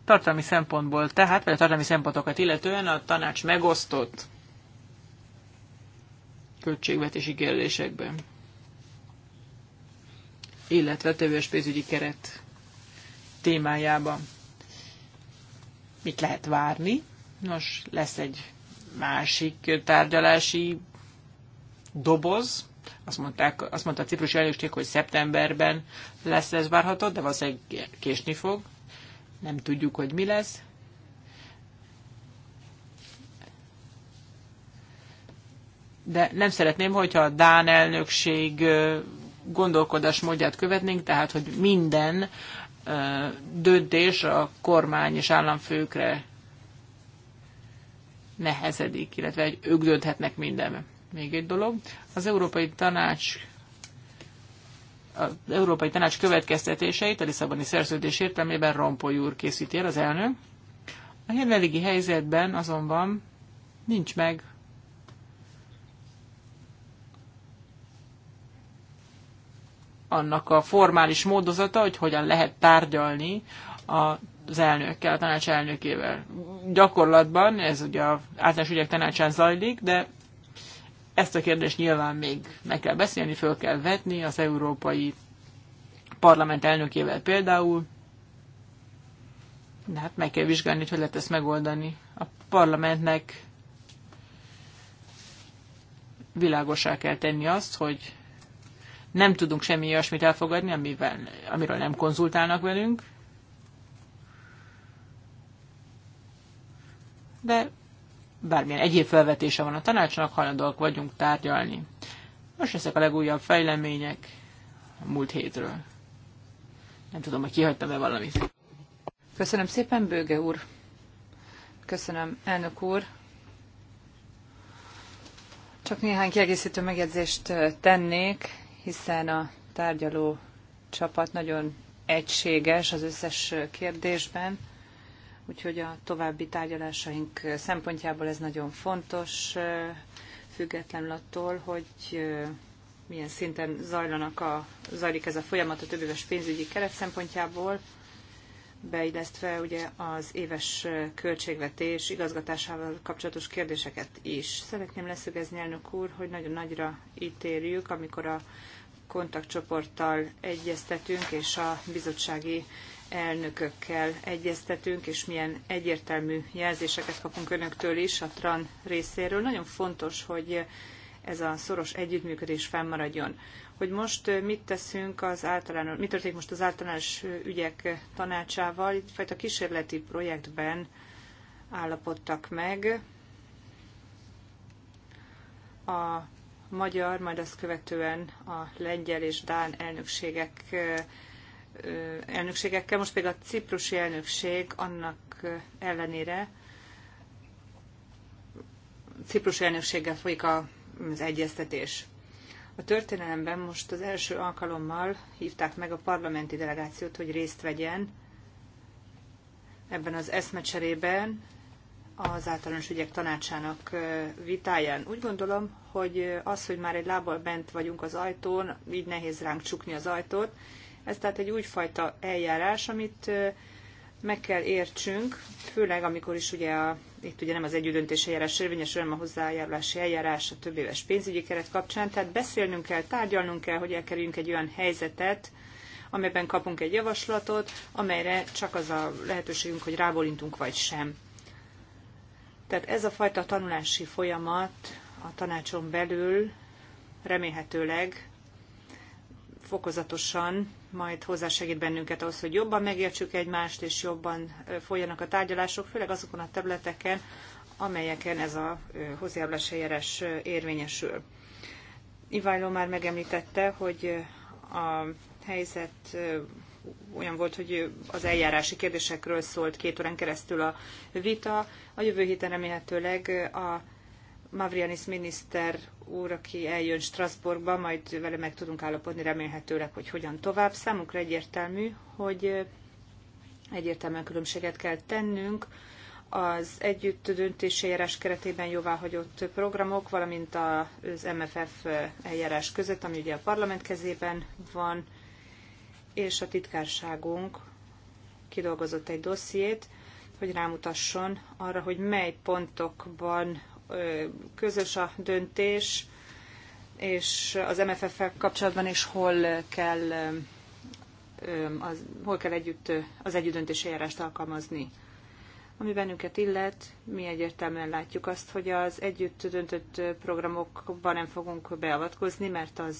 Tartalmi szempontból tehát, vagy a tartalmi szempontokat illetően a tanács megosztott költségvetési kérdésekben, illetve tevős pénzügyi keret témájában. Mit lehet várni? Nos, lesz egy másik tárgyalási doboz. Azt, mondták, azt mondta a ciprusi elnökség, hogy szeptemberben lesz ez várható, de valószínűleg késni fog. Nem tudjuk, hogy mi lesz. De nem szeretném, hogyha a Dán elnökség gondolkodás módját követnénk, tehát hogy minden döntés a kormány és államfőkre nehezedik, illetve hogy ők dönthetnek minden. Még egy dolog. Az Európai Tanács az Európai Tanács következtetéseit a Lisszaboni szerződés értelmében Rompoly úr készíti el az elnök. A jelenlegi helyzetben azonban nincs meg annak a formális módozata, hogy hogyan lehet tárgyalni az elnökkel, a tanács elnökével. Gyakorlatban ez ugye az általános ügyek tanácsán zajlik, de ezt a kérdést nyilván még meg kell beszélni, föl kell vetni az európai parlament elnökével például, de hát meg kell vizsgálni, hogy hogy lehet ezt megoldani. A parlamentnek világosá kell tenni azt, hogy nem tudunk semmi olyasmit elfogadni, amivel, amiről nem konzultálnak velünk. De bármilyen egyéb felvetése van a tanácsnak, hajlandóak vagyunk tárgyalni. Most ezek a legújabb fejlemények a múlt hétről. Nem tudom, hogy kihagytam-e valamit. Köszönöm szépen, Bőge úr. Köszönöm, elnök úr. Csak néhány kiegészítő megjegyzést eh, tennék hiszen a tárgyaló csapat nagyon egységes az összes kérdésben, úgyhogy a további tárgyalásaink szempontjából ez nagyon fontos, függetlenül attól, hogy milyen szinten zajlanak a, zajlik ez a folyamat a többéves pénzügyi keret szempontjából beillesztve ugye az éves költségvetés igazgatásával kapcsolatos kérdéseket is. Szeretném leszögezni, elnök úr, hogy nagyon nagyra ítérjük, amikor a kontaktcsoporttal egyeztetünk, és a bizottsági elnökökkel egyeztetünk, és milyen egyértelmű jelzéseket kapunk önöktől is a TRAN részéről. Nagyon fontos, hogy ez a szoros együttműködés fennmaradjon hogy most mit teszünk az általános, mi történik most az általános ügyek tanácsával. Itt fajta kísérleti projektben állapodtak meg a magyar, majd azt követően a lengyel és dán elnökségek elnökségekkel. Most pedig a ciprusi elnökség annak ellenére ciprusi elnökséggel folyik az egyeztetés. A történelemben most az első alkalommal hívták meg a parlamenti delegációt, hogy részt vegyen ebben az eszmecserében az általános ügyek tanácsának vitáján. Úgy gondolom, hogy az, hogy már egy lábbal bent vagyunk az ajtón, így nehéz ránk csukni az ajtót, ez tehát egy újfajta eljárás, amit meg kell értsünk, főleg amikor is ugye a, itt ugye nem az együttdöntés eljárás érvényes, hanem a hozzájárulási eljárás a több éves pénzügyi keret kapcsán, tehát beszélnünk kell, tárgyalnunk kell, hogy elkerüljünk egy olyan helyzetet, amelyben kapunk egy javaslatot, amelyre csak az a lehetőségünk, hogy rábólintunk vagy sem. Tehát ez a fajta tanulási folyamat a tanácson belül remélhetőleg fokozatosan majd hozzásegít bennünket ahhoz, hogy jobban megértsük egymást, és jobban folyjanak a tárgyalások, főleg azokon a területeken, amelyeken ez a hozzájárulás eljárás érvényesül. Ivajló már megemlítette, hogy a helyzet olyan volt, hogy az eljárási kérdésekről szólt két órán keresztül a vita. A jövő héten remélhetőleg a Mavrianis miniszter úr, aki eljön Strasbourgba, majd vele meg tudunk állapodni remélhetőleg, hogy hogyan tovább. Számunkra egyértelmű, hogy egyértelműen különbséget kell tennünk az együtt döntési eljárás keretében jóváhagyott programok, valamint az MFF eljárás között, ami ugye a parlament kezében van, és a titkárságunk kidolgozott egy dossziét, hogy rámutasson arra, hogy mely pontokban közös a döntés, és az MFF-fel kapcsolatban is hol kell, az, hol kell együtt, az együttdöntési eljárást alkalmazni. Ami bennünket illet, mi egyértelműen látjuk azt, hogy az együtt döntött programokban nem fogunk beavatkozni, mert az,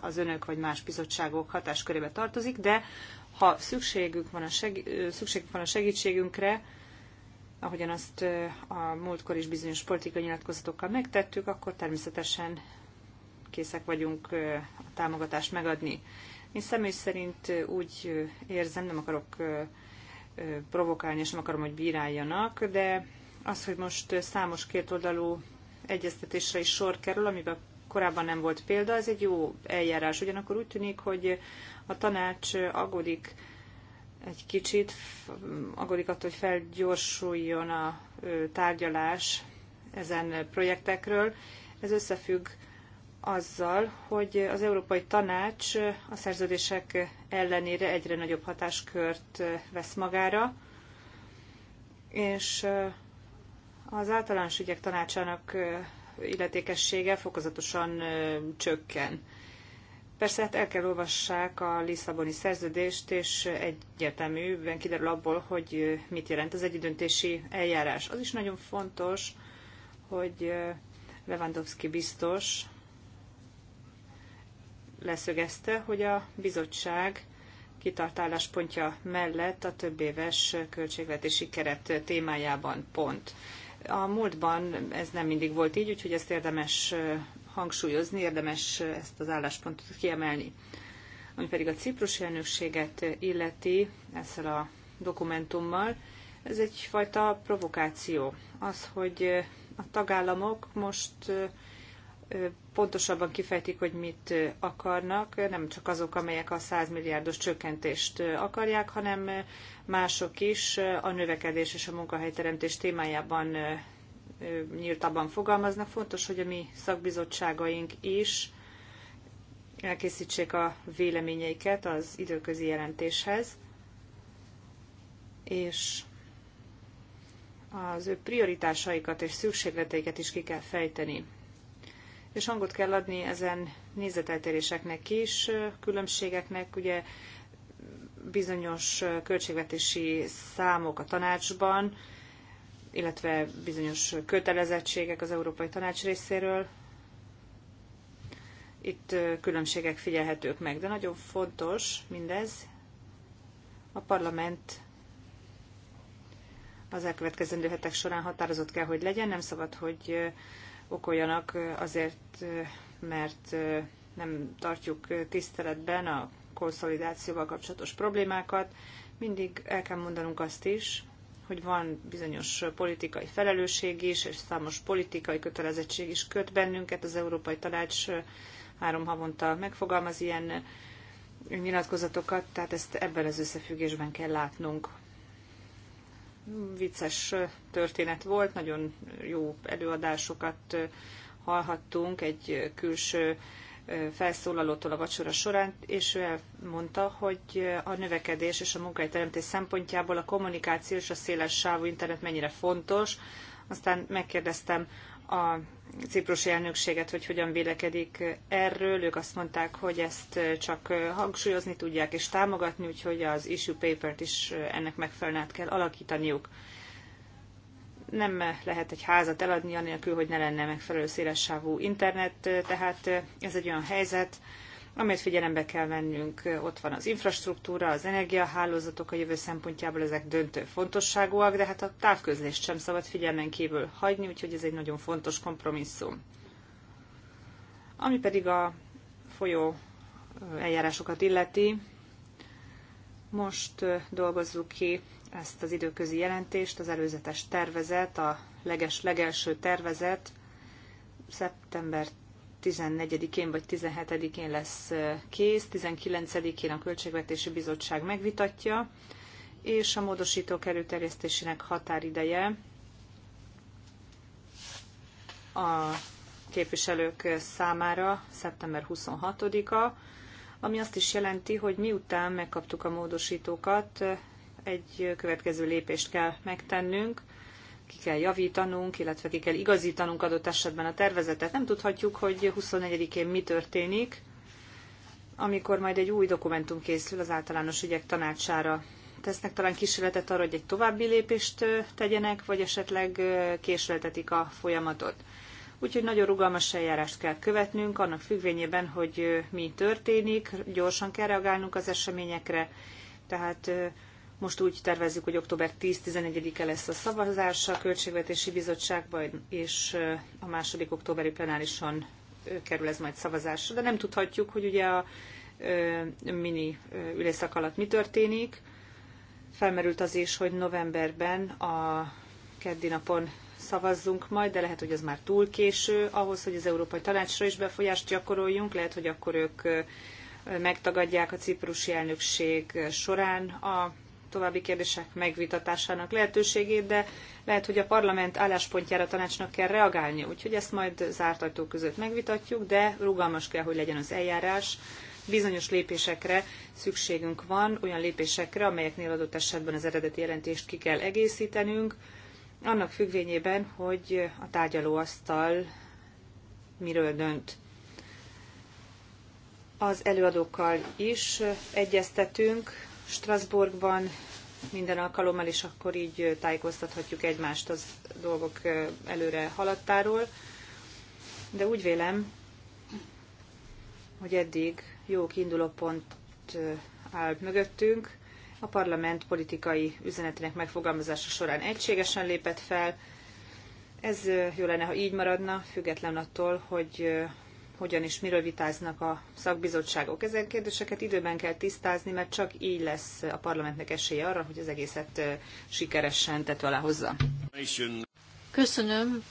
az önök vagy más bizottságok hatáskörébe tartozik, de ha szükségünk van a, seg, szükségünk van a segítségünkre, ahogyan azt a múltkor is bizonyos politikai nyilatkozatokkal megtettük, akkor természetesen készek vagyunk a támogatást megadni. Én személy szerint úgy érzem, nem akarok provokálni, és nem akarom, hogy bíráljanak, de az, hogy most számos kétoldalú egyeztetésre is sor kerül, amiben korábban nem volt példa, ez egy jó eljárás. Ugyanakkor úgy tűnik, hogy a tanács aggódik egy kicsit, aggódik attól, hogy felgyorsuljon a tárgyalás ezen projektekről. Ez összefügg azzal, hogy az Európai Tanács a szerződések ellenére egyre nagyobb hatáskört vesz magára, és az általános ügyek tanácsának illetékessége fokozatosan csökken. Persze hát el kell olvassák a Lisszaboni szerződést, és egyértelműen kiderül abból, hogy mit jelent az egyidöntési eljárás. Az is nagyon fontos, hogy Lewandowski biztos leszögezte, hogy a bizottság kitartáláspontja mellett a több éves költségvetési keret témájában pont. A múltban ez nem mindig volt így, úgyhogy ezt érdemes hangsúlyozni, érdemes ezt az álláspontot kiemelni. Ami pedig a ciprusi elnökséget illeti ezzel a dokumentummal, ez egyfajta provokáció. Az, hogy a tagállamok most pontosabban kifejtik, hogy mit akarnak, nem csak azok, amelyek a 100 milliárdos csökkentést akarják, hanem mások is a növekedés és a munkahelyteremtés témájában nyíltabban fogalmaznak. Fontos, hogy a mi szakbizottságaink is elkészítsék a véleményeiket az időközi jelentéshez, és az ő prioritásaikat és szükségleteiket is ki kell fejteni. És hangot kell adni ezen nézeteltéréseknek is, különbségeknek, ugye bizonyos költségvetési számok a tanácsban, illetve bizonyos kötelezettségek az Európai Tanács részéről. Itt különbségek figyelhetők meg, de nagyon fontos mindez. A parlament az elkövetkezendő hetek során határozott kell, hogy legyen. Nem szabad, hogy okoljanak azért, mert nem tartjuk tiszteletben a konszolidációval kapcsolatos problémákat. Mindig el kell mondanunk azt is, hogy van bizonyos politikai felelősség is, és számos politikai kötelezettség is köt bennünket. Az Európai Tanács három havonta megfogalmaz ilyen nyilatkozatokat, tehát ezt ebben az összefüggésben kell látnunk. Vicces történet volt, nagyon jó előadásokat hallhattunk, egy külső felszólalótól a vacsora során, és ő elmondta, hogy a növekedés és a munkahelyteremtés szempontjából a kommunikáció és a széles sávú internet mennyire fontos. Aztán megkérdeztem a ciprusi elnökséget, hogy hogyan vélekedik erről. Ők azt mondták, hogy ezt csak hangsúlyozni tudják és támogatni, úgyhogy az issue paper-t is ennek megfelelően át kell alakítaniuk nem lehet egy házat eladni, anélkül, hogy ne lenne megfelelő szélessávú internet, tehát ez egy olyan helyzet, amit figyelembe kell vennünk. Ott van az infrastruktúra, az energiahálózatok a jövő szempontjából, ezek döntő fontosságúak, de hát a távközlést sem szabad figyelmen kívül hagyni, úgyhogy ez egy nagyon fontos kompromisszum. Ami pedig a folyó eljárásokat illeti, most dolgozzuk ki ezt az időközi jelentést, az előzetes tervezet, a leges, legelső tervezet szeptember 14-én vagy 17-én lesz kész, 19-én a Költségvetési Bizottság megvitatja, és a módosítók előterjesztésének határideje a képviselők számára szeptember 26-a, ami azt is jelenti, hogy miután megkaptuk a módosítókat, egy következő lépést kell megtennünk, ki kell javítanunk, illetve ki kell igazítanunk adott esetben a tervezetet. Nem tudhatjuk, hogy 24-én mi történik, amikor majd egy új dokumentum készül az általános ügyek tanácsára. Tesznek talán kísérletet arra, hogy egy további lépést tegyenek, vagy esetleg késleltetik a folyamatot. Úgyhogy nagyon rugalmas eljárást kell követnünk, annak függvényében, hogy mi történik, gyorsan kell reagálnunk az eseményekre, tehát most úgy tervezzük, hogy október 10-11-e lesz a szavazás a Költségvetési Bizottságban, és a második októberi plenárison kerül ez majd szavazásra. De nem tudhatjuk, hogy ugye a mini ülésszak alatt mi történik. Felmerült az is, hogy novemberben a keddi napon szavazzunk majd, de lehet, hogy ez már túl késő ahhoz, hogy az Európai Tanácsra is befolyást gyakoroljunk. Lehet, hogy akkor ők megtagadják a ciprusi elnökség során a további kérdések megvitatásának lehetőségét, de lehet, hogy a parlament álláspontjára tanácsnak kell reagálni, úgyhogy ezt majd zárt ajtók között megvitatjuk, de rugalmas kell, hogy legyen az eljárás. Bizonyos lépésekre szükségünk van, olyan lépésekre, amelyeknél adott esetben az eredeti jelentést ki kell egészítenünk, annak függvényében, hogy a tárgyalóasztal miről dönt az előadókkal is egyeztetünk, Strasbourgban minden alkalommal, és akkor így tájékoztathatjuk egymást az dolgok előre haladtáról. De úgy vélem, hogy eddig jó kiindulópont áll mögöttünk. A parlament politikai üzenetének megfogalmazása során egységesen lépett fel. Ez jó lenne, ha így maradna, független attól, hogy hogyan és miről vitáznak a szakbizottságok. Ezen kérdéseket időben kell tisztázni, mert csak így lesz a parlamentnek esélye arra, hogy az egészet sikeresen tető alá hozza. Köszönöm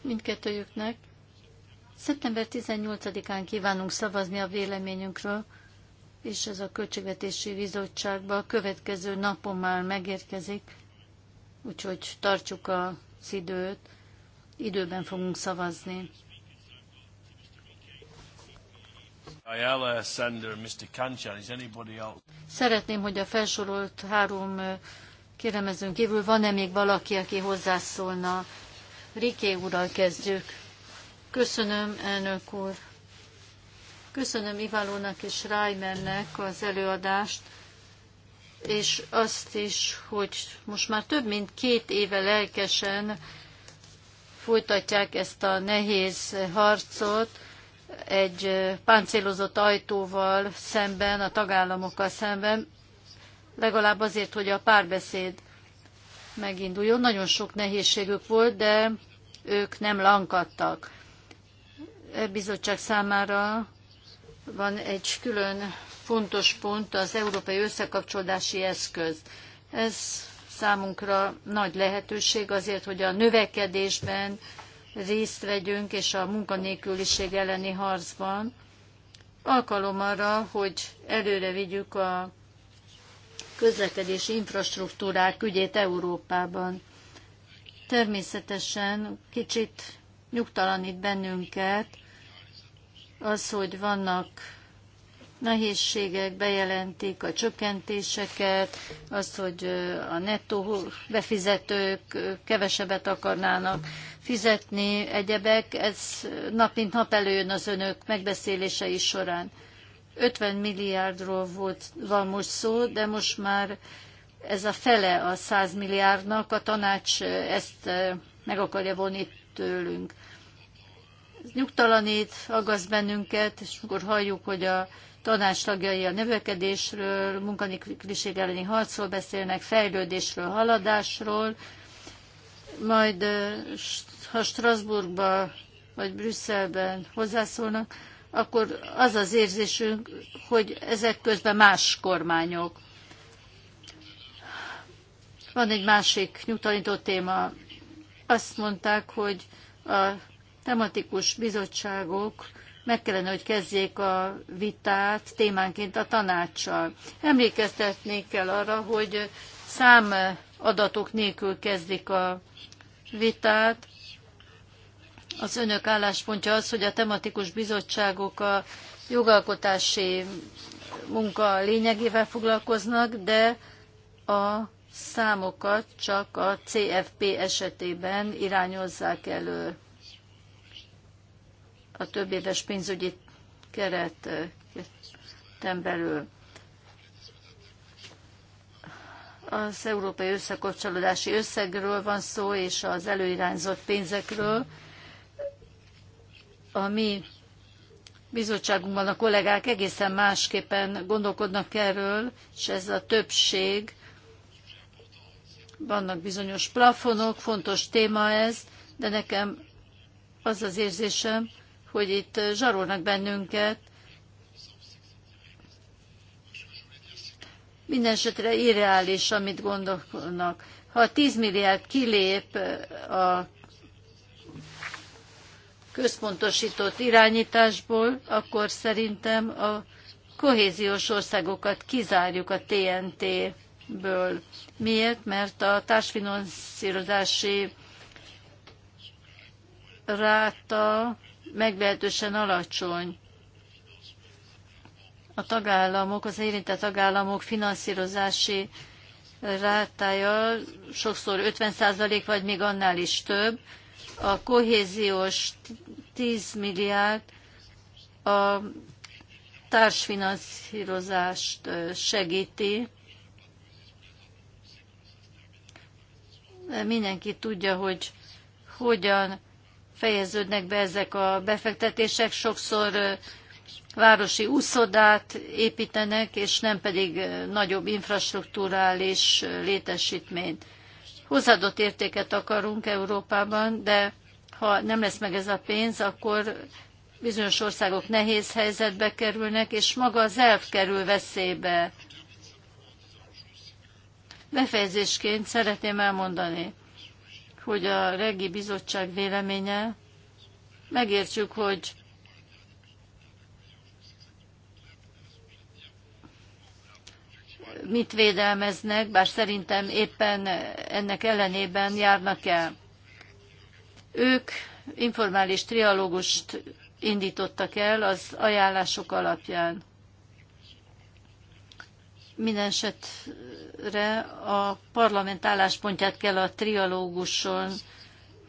mindkettőjüknek. Szeptember 18-án kívánunk szavazni a véleményünkről, és ez a Költségvetési Bizottságba a következő napon már megérkezik, úgyhogy tartsuk az időt, időben fogunk szavazni. Szeretném, hogy a felsorolt három kéremezőn kívül van-e még valaki, aki hozzászólna. Riké úrral kezdjük. Köszönöm, elnök úr. Köszönöm Iválónak és Rájmennek az előadást, és azt is, hogy most már több mint két éve lelkesen folytatják ezt a nehéz harcot, egy páncélozott ajtóval szemben, a tagállamokkal szemben, legalább azért, hogy a párbeszéd meginduljon. Nagyon sok nehézségük volt, de ők nem lankadtak. E bizottság számára van egy külön fontos pont az európai összekapcsolódási eszköz. Ez számunkra nagy lehetőség azért, hogy a növekedésben, részt vegyünk, és a munkanélküliség elleni harcban. Alkalom arra, hogy előre vigyük a közlekedési infrastruktúrák ügyét Európában. Természetesen kicsit nyugtalanít bennünket az, hogy vannak nehézségek, bejelentik a csökkentéseket, az, hogy a nettó befizetők kevesebbet akarnának fizetni egyebek, ez nap mint nap előjön az önök megbeszélései során. 50 milliárdról volt, van most szó, de most már ez a fele a 100 milliárdnak, a tanács ezt eh, meg akarja vonni tőlünk. Ez nyugtalanít, aggaszt bennünket, és akkor halljuk, hogy a tanács tagjai a növekedésről, munkanikliség elleni harcról beszélnek, fejlődésről, haladásról, majd eh, ha Strasbourgba vagy Brüsszelben hozzászólnak, akkor az az érzésünk, hogy ezek közben más kormányok. Van egy másik nyugtalanító téma. Azt mondták, hogy a tematikus bizottságok meg kellene, hogy kezdjék a vitát témánként a tanácssal. Emlékeztetnék kell arra, hogy szám adatok nélkül kezdik a vitát, az önök álláspontja az, hogy a tematikus bizottságok a jogalkotási munka lényegével foglalkoznak, de a számokat csak a CFP esetében irányozzák elő a több éves pénzügyi kereten belül. Az európai összekapcsolódási összegről van szó, és az előirányzott pénzekről, a mi bizottságunkban a kollégák egészen másképpen gondolkodnak erről, és ez a többség, vannak bizonyos plafonok, fontos téma ez, de nekem az az érzésem, hogy itt zsarolnak bennünket. Mindenesetre irreális, amit gondolnak. Ha 10 milliárd kilép a központosított irányításból, akkor szerintem a kohéziós országokat kizárjuk a TNT-ből. Miért? Mert a társfinanszírozási ráta meglehetősen alacsony. A tagállamok, az érintett tagállamok finanszírozási rátája sokszor 50% vagy még annál is több, a kohéziós 10 milliárd a társfinanszírozást segíti. Mindenki tudja, hogy hogyan fejeződnek be ezek a befektetések. Sokszor városi úszodát építenek, és nem pedig nagyobb infrastruktúrális létesítményt hozzáadott értéket akarunk Európában, de ha nem lesz meg ez a pénz, akkor bizonyos országok nehéz helyzetbe kerülnek, és maga az elv kerül veszélybe. Befejezésként szeretném elmondani, hogy a Regi Bizottság véleménye megértsük, hogy mit védelmeznek, bár szerintem éppen ennek ellenében járnak el. Ők informális trialógust indítottak el az ajánlások alapján. Mindenesetre a parlament álláspontját kell a trialóguson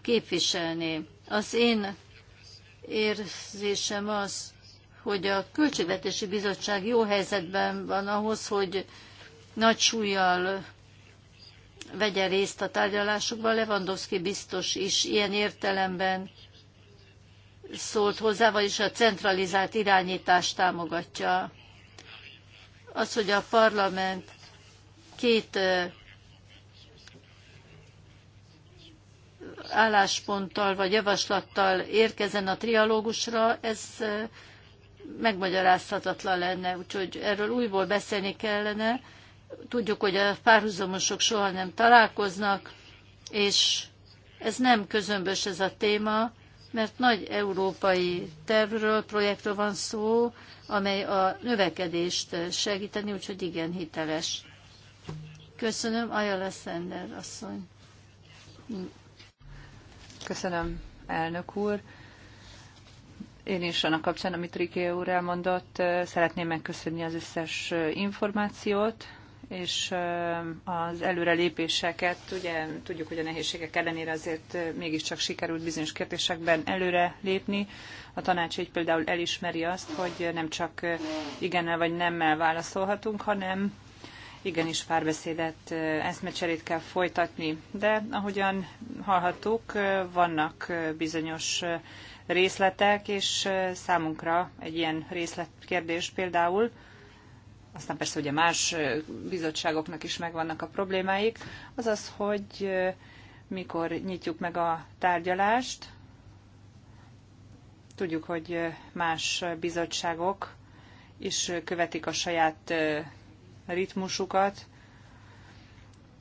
képviselni. Az én érzésem az, hogy a Költségvetési Bizottság jó helyzetben van ahhoz, hogy nagy súlyjal vegye részt a tárgyalásokban. Lewandowski biztos is ilyen értelemben szólt hozzá, vagyis a centralizált irányítást támogatja. Az, hogy a parlament két állásponttal vagy javaslattal érkezen a trialógusra, ez megmagyarázhatatlan lenne, úgyhogy erről újból beszélni kellene, Tudjuk, hogy a párhuzamosok soha nem találkoznak, és ez nem közömbös ez a téma, mert nagy európai tervről, projektről van szó, amely a növekedést segíteni, úgyhogy igen, hiteles. Köszönöm, Aja Leszender asszony. Köszönöm, elnök úr. Én is annak kapcsán, amit Riké úr elmondott, szeretném megköszönni az összes információt, és az előrelépéseket, ugye tudjuk, hogy a nehézségek ellenére azért mégiscsak sikerült bizonyos kérdésekben előre lépni. A tanács így például elismeri azt, hogy nem csak igennel vagy nemmel válaszolhatunk, hanem igenis párbeszédet, eszmecserét kell folytatni. De ahogyan hallhattuk, vannak bizonyos részletek, és számunkra egy ilyen részletkérdés például, aztán persze ugye más bizottságoknak is megvannak a problémáik, az az, hogy mikor nyitjuk meg a tárgyalást, tudjuk, hogy más bizottságok is követik a saját ritmusukat,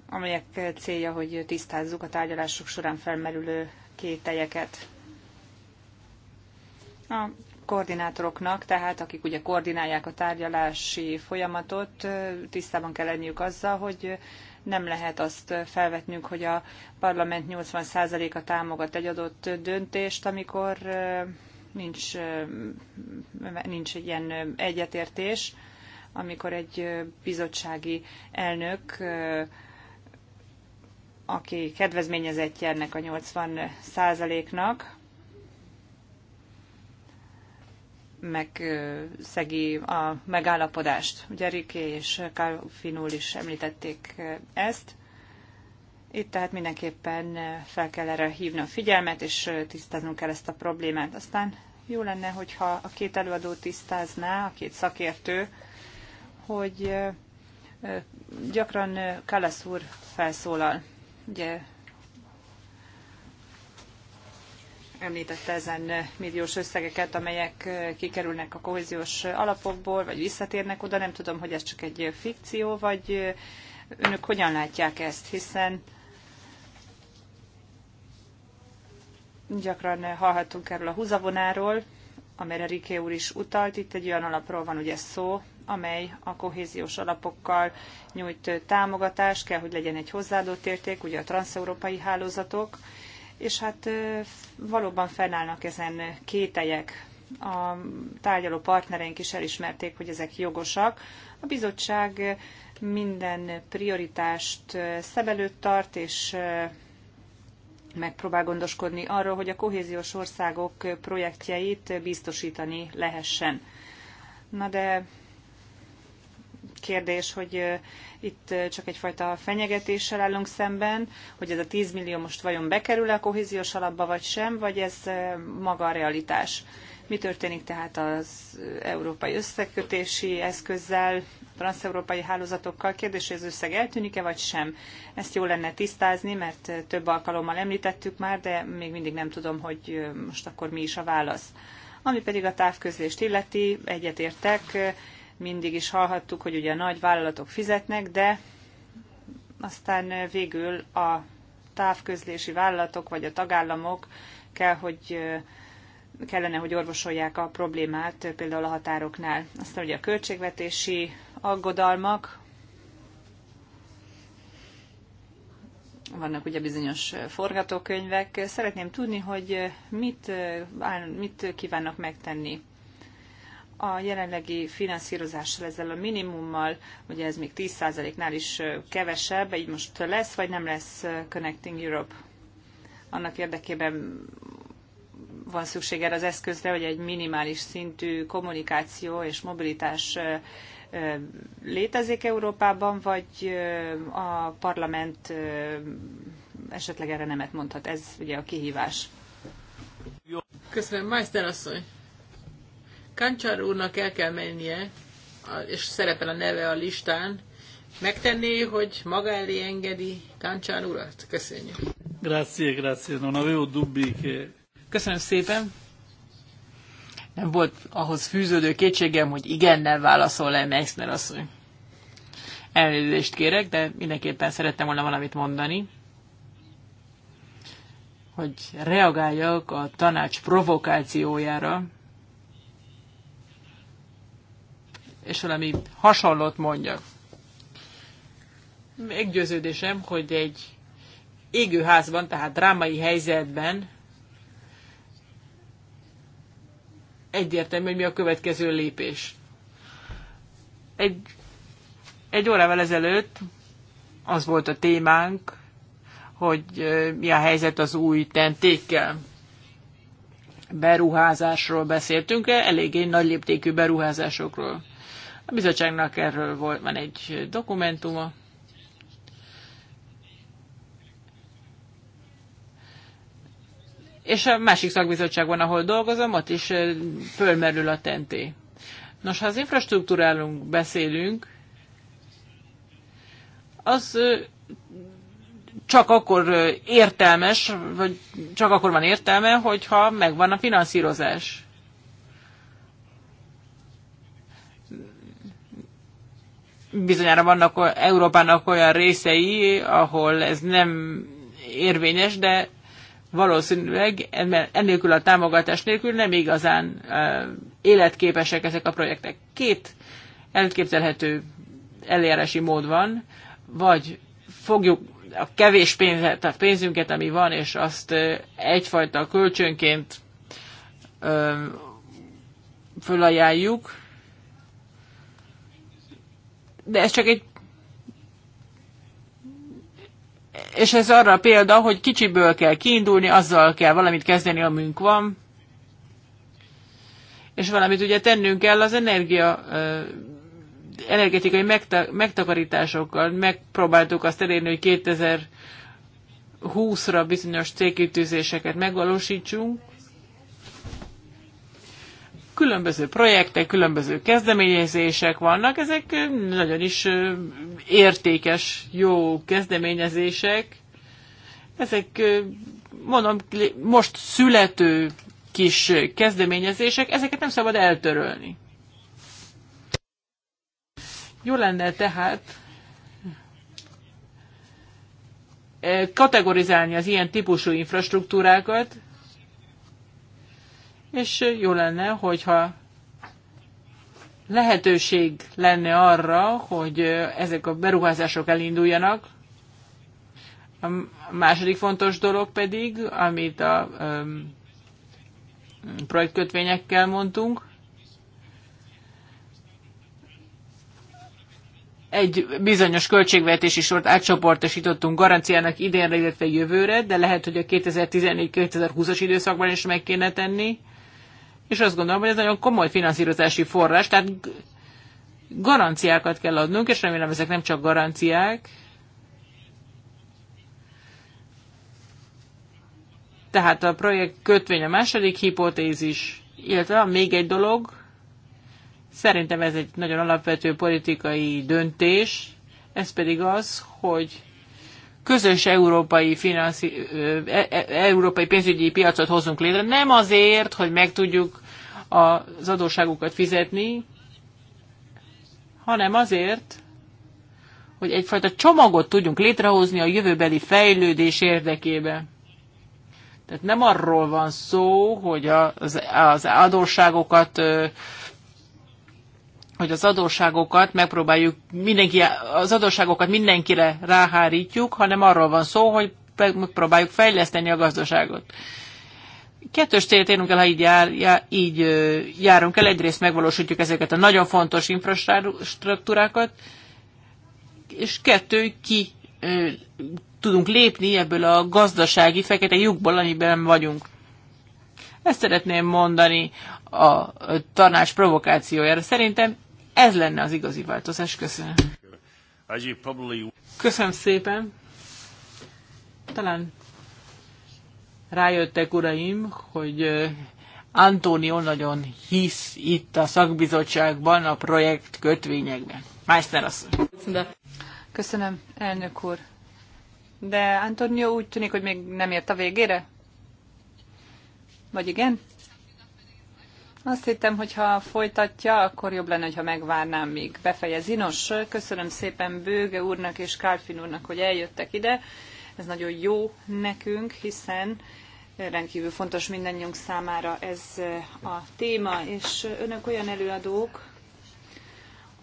amelyek célja, hogy tisztázzuk a tárgyalások során felmerülő kételyeket. A koordinátoroknak, tehát akik ugye koordinálják a tárgyalási folyamatot, tisztában kell lenniük azzal, hogy nem lehet azt felvetnünk, hogy a parlament 80%-a támogat egy adott döntést, amikor nincs, nincs egy ilyen egyetértés, amikor egy bizottsági elnök aki kedvezményezettje ennek a 80 nak megszegi a megállapodást. Ugye Riki és Kalfinul is említették ezt. Itt tehát mindenképpen fel kell erre hívni a figyelmet, és tisztáznunk kell ezt a problémát. Aztán jó lenne, hogyha a két előadó tisztázná, a két szakértő, hogy gyakran Kalasz úr felszólal. Ugye említette ezen milliós összegeket, amelyek kikerülnek a kohéziós alapokból, vagy visszatérnek oda. Nem tudom, hogy ez csak egy fikció, vagy önök hogyan látják ezt, hiszen gyakran hallhattunk erről a húzavonáról, amelyre Riké úr is utalt. Itt egy olyan alapról van ugye szó, amely a kohéziós alapokkal nyújt támogatást, kell, hogy legyen egy hozzáadott érték, ugye a transeurópai hálózatok, és hát valóban fennállnak ezen kételyek. A tárgyaló partnereink is elismerték, hogy ezek jogosak. A bizottság minden prioritást szem előtt tart, és megpróbál gondoskodni arról, hogy a kohéziós országok projektjeit biztosítani lehessen. Na de kérdés, hogy itt csak egyfajta fenyegetéssel állunk szemben, hogy ez a 10 millió most vajon bekerül a kohéziós alapba, vagy sem, vagy ez maga a realitás. Mi történik tehát az európai összekötési eszközzel, transzeurópai hálózatokkal? Kérdés, hogy az összeg eltűnik-e, vagy sem? Ezt jó lenne tisztázni, mert több alkalommal említettük már, de még mindig nem tudom, hogy most akkor mi is a válasz. Ami pedig a távközlést illeti, egyetértek, mindig is hallhattuk, hogy ugye a nagy vállalatok fizetnek, de aztán végül a távközlési vállalatok vagy a tagállamok kell, hogy kellene, hogy orvosolják a problémát például a határoknál. Aztán ugye a költségvetési aggodalmak, vannak ugye bizonyos forgatókönyvek. Szeretném tudni, hogy mit, mit kívánnak megtenni a jelenlegi finanszírozással, ezzel a minimummal, ugye ez még 10%-nál is kevesebb, így most lesz vagy nem lesz Connecting Europe? Annak érdekében van szükség erre az eszközre, hogy egy minimális szintű kommunikáció és mobilitás létezik Európában, vagy a parlament esetleg erre nemet mondhat. Ez ugye a kihívás. Köszönöm, Meister asszony! Kancsar úrnak el kell mennie, és szerepel a neve a listán, megtenné, hogy maga elé engedi Kancsár urat? Köszönjük. Grazie, grazie. Non avevo dubbi che... Köszönöm szépen. Nem volt ahhoz fűződő kétségem, hogy igennel válaszol le Meissner asszony. Elnézést kérek, de mindenképpen szerettem volna valamit mondani hogy reagáljak a tanács provokációjára, és valami hasonlót mondjak. Meggyőződésem, hogy egy égőházban, tehát drámai helyzetben egyértelmű, hogy mi a következő lépés. Egy, egy órával ezelőtt az volt a témánk, hogy mi a helyzet az új tentékkel. Beruházásról beszéltünk, eléggé nagy léptékű beruházásokról. A bizottságnak erről volt, van egy dokumentuma. És a másik szakbizottságban, ahol dolgozom, ott is eh, fölmerül a tenté. Nos, ha az infrastruktúrálunk beszélünk, az eh, csak akkor eh, értelmes, vagy csak akkor van értelme, hogyha megvan a finanszírozás. bizonyára vannak Európának olyan részei, ahol ez nem érvényes, de valószínűleg ennélkül a támogatás nélkül nem igazán életképesek ezek a projektek. Két elképzelhető eljárási mód van, vagy fogjuk a kevés pénzet, a pénzünket, ami van, és azt egyfajta kölcsönként fölajánljuk, de ez csak egy és ez arra a példa, hogy kicsiből kell kiindulni, azzal kell valamit kezdeni, amünk van, és valamit ugye tennünk kell az energia energetikai megtakarításokkal. Megpróbáltuk azt elérni, hogy 2020-ra bizonyos célkitűzéseket megvalósítsunk, különböző projektek, különböző kezdeményezések vannak, ezek nagyon is értékes, jó kezdeményezések. Ezek, mondom, most születő kis kezdeményezések, ezeket nem szabad eltörölni. Jó lenne tehát kategorizálni az ilyen típusú infrastruktúrákat, és jó lenne, hogyha lehetőség lenne arra, hogy ezek a beruházások elinduljanak. A második fontos dolog pedig, amit a um, projektkötvényekkel mondtunk, egy bizonyos költségvetési sort átcsoportosítottunk garanciának idénre, illetve jövőre, de lehet, hogy a 2014-2020-as időszakban is meg kéne tenni és azt gondolom, hogy ez nagyon komoly finanszírozási forrás, tehát garanciákat kell adnunk, és remélem ezek nem csak garanciák. Tehát a projekt kötvény a második hipotézis, illetve még egy dolog, szerintem ez egy nagyon alapvető politikai döntés, ez pedig az, hogy közös európai, finanszi, e, e, európai pénzügyi piacot hozunk létre, nem azért, hogy meg tudjuk az adósságukat fizetni, hanem azért, hogy egyfajta csomagot tudjunk létrehozni a jövőbeli fejlődés érdekében. Tehát nem arról van szó, hogy az, az adósságokat hogy az adósságokat megpróbáljuk mindenki, az adósságokat mindenkire ráhárítjuk, hanem arról van szó, hogy megpróbáljuk fejleszteni a gazdaságot. Kettős célt érünk el, ha így, jár, já, így járunk el. Egyrészt megvalósítjuk ezeket a nagyon fontos infrastruktúrákat, és kettő, ki ö, tudunk lépni ebből a gazdasági fekete lyukból, amiben vagyunk. Ezt szeretném mondani a tanács provokációjára. Szerintem ez lenne az igazi változás. Köszönöm. Köszönöm szépen. Talán rájöttek, uraim, hogy Antonio nagyon hisz itt a szakbizottságban a projekt kötvényekben. Meister asszony. Köszönöm, elnök úr. De Antonio úgy tűnik, hogy még nem ért a végére? Vagy igen? Azt hittem, hogy ha folytatja, akkor jobb lenne, ha megvárnám, míg befejezi. Nos, köszönöm szépen Bőge úrnak és Kálfin úrnak, hogy eljöttek ide. Ez nagyon jó nekünk, hiszen rendkívül fontos mindannyiunk számára ez a téma, és önök olyan előadók,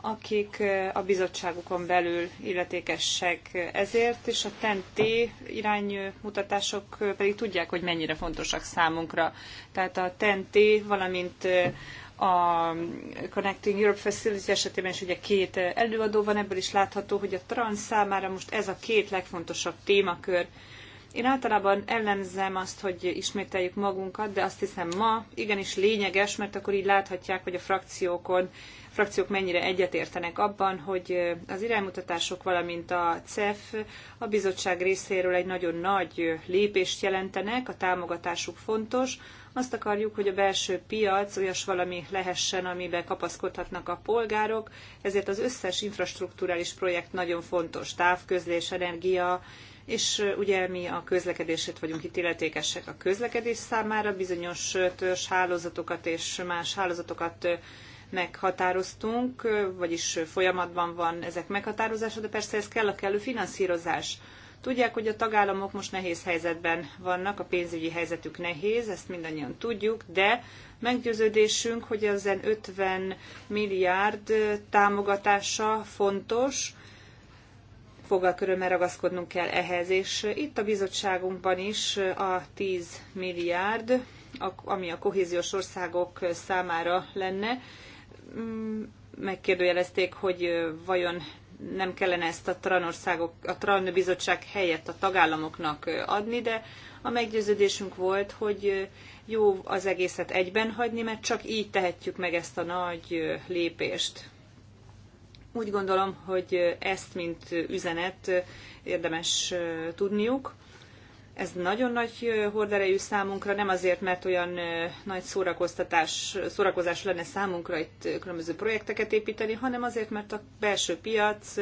akik a bizottságukon belül illetékesek ezért, és a TEN-T iránymutatások pedig tudják, hogy mennyire fontosak számunkra. Tehát a TEN-T, valamint a Connecting Europe Facility esetében is ugye két előadó van, ebből is látható, hogy a trans számára most ez a két legfontosabb témakör. Én általában ellenzem azt, hogy ismételjük magunkat, de azt hiszem ma igenis lényeges, mert akkor így láthatják, hogy a frakciókon frakciók mennyire egyetértenek abban, hogy az iránymutatások, valamint a CEF a bizottság részéről egy nagyon nagy lépést jelentenek, a támogatásuk fontos. Azt akarjuk, hogy a belső piac olyas valami lehessen, amiben kapaszkodhatnak a polgárok, ezért az összes infrastrukturális projekt nagyon fontos, távközlés, energia, és ugye mi a közlekedését vagyunk itt illetékesek a közlekedés számára, bizonyos törzs hálózatokat és más hálózatokat meghatároztunk, vagyis folyamatban van ezek meghatározása, de persze ez kell a kellő finanszírozás. Tudják, hogy a tagállamok most nehéz helyzetben vannak, a pénzügyi helyzetük nehéz, ezt mindannyian tudjuk, de meggyőződésünk, hogy az 50 milliárd támogatása fontos, fogalkörömmel ragaszkodnunk kell ehhez, és itt a bizottságunkban is a 10 milliárd, ami a kohéziós országok számára lenne, Mm, megkérdőjelezték, hogy vajon nem kellene ezt a TRAN, a TRAN bizottság helyett a tagállamoknak adni, de a meggyőződésünk volt, hogy jó az egészet egyben hagyni, mert csak így tehetjük meg ezt a nagy lépést. Úgy gondolom, hogy ezt, mint üzenet érdemes tudniuk. Ez nagyon nagy horderejű számunkra, nem azért, mert olyan nagy szórakoztatás, szórakozás lenne számunkra itt különböző projekteket építeni, hanem azért, mert a belső piac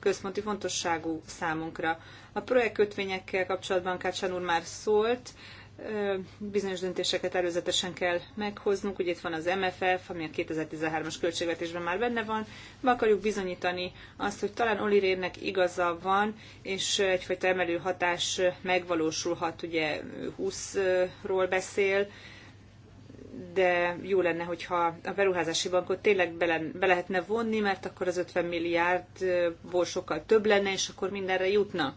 központi fontosságú számunkra. A projektkötvényekkel kapcsolatban Kácsán úr már szólt, bizonyos döntéseket előzetesen kell meghoznunk. Ugye itt van az MFF, ami a 2013-as költségvetésben már benne van. Be akarjuk bizonyítani azt, hogy talán Oli Rénnek igaza van, és egyfajta emelő hatás megvalósulhat. Ugye 20-ról beszél, de jó lenne, hogyha a beruházási bankot tényleg bele, be lehetne vonni, mert akkor az 50 milliárdból sokkal több lenne, és akkor mindenre jutna.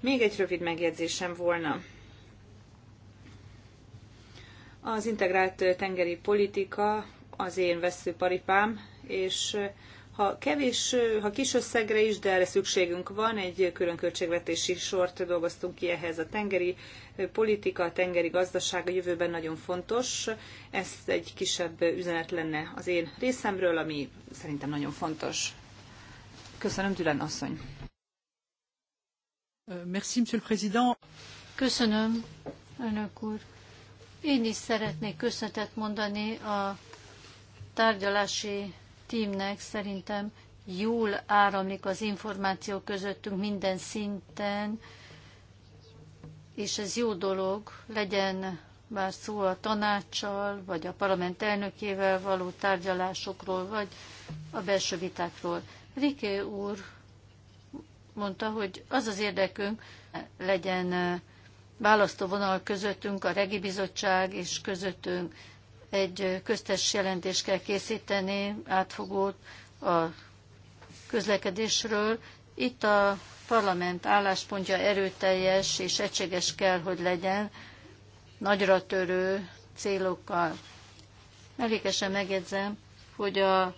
Még egy rövid megjegyzésem volna az integrált tengeri politika az én veszőparipám, és ha kevés, ha kis összegre is, de erre szükségünk van, egy külön költségvetési sort dolgoztunk ki ehhez. A tengeri politika, a tengeri gazdaság a jövőben nagyon fontos. Ez egy kisebb üzenet lenne az én részemről, ami szerintem nagyon fontos. Köszönöm, Dülen asszony. Merci, Monsieur le Président. Köszönöm, elnök úr. Én is szeretnék köszönetet mondani a tárgyalási tímnek. Szerintem jól áramlik az információ közöttünk minden szinten, és ez jó dolog, legyen bár szó a tanácssal, vagy a parlament elnökével való tárgyalásokról, vagy a belső vitákról. Riké úr mondta, hogy az az érdekünk legyen választóvonal közöttünk, a Regi Bizottság és közöttünk egy köztes jelentést kell készíteni, átfogót a közlekedésről. Itt a parlament álláspontja erőteljes és egységes kell, hogy legyen, nagyra törő célokkal. Mellékesen megjegyzem, hogy a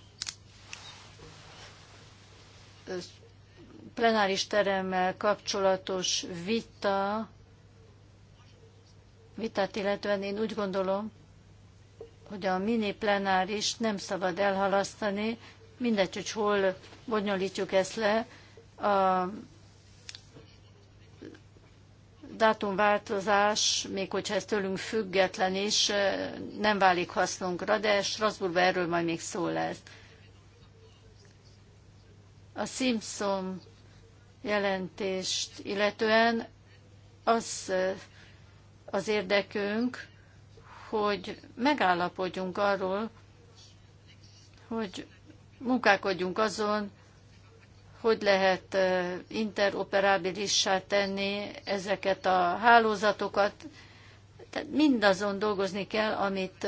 plenáris teremmel kapcsolatos vita vitát illetően én úgy gondolom, hogy a mini plenáris nem szabad elhalasztani, mindegy, hogy hol bonyolítjuk ezt le. A dátumváltozás, még hogyha ez tőlünk független is, nem válik hasznunkra, de Strasbourgban erről majd még szó lesz. A Simpson jelentést illetően az az érdekünk, hogy megállapodjunk arról, hogy munkálkodjunk azon, hogy lehet interoperábilissá tenni ezeket a hálózatokat. Tehát mindazon dolgozni kell, amit,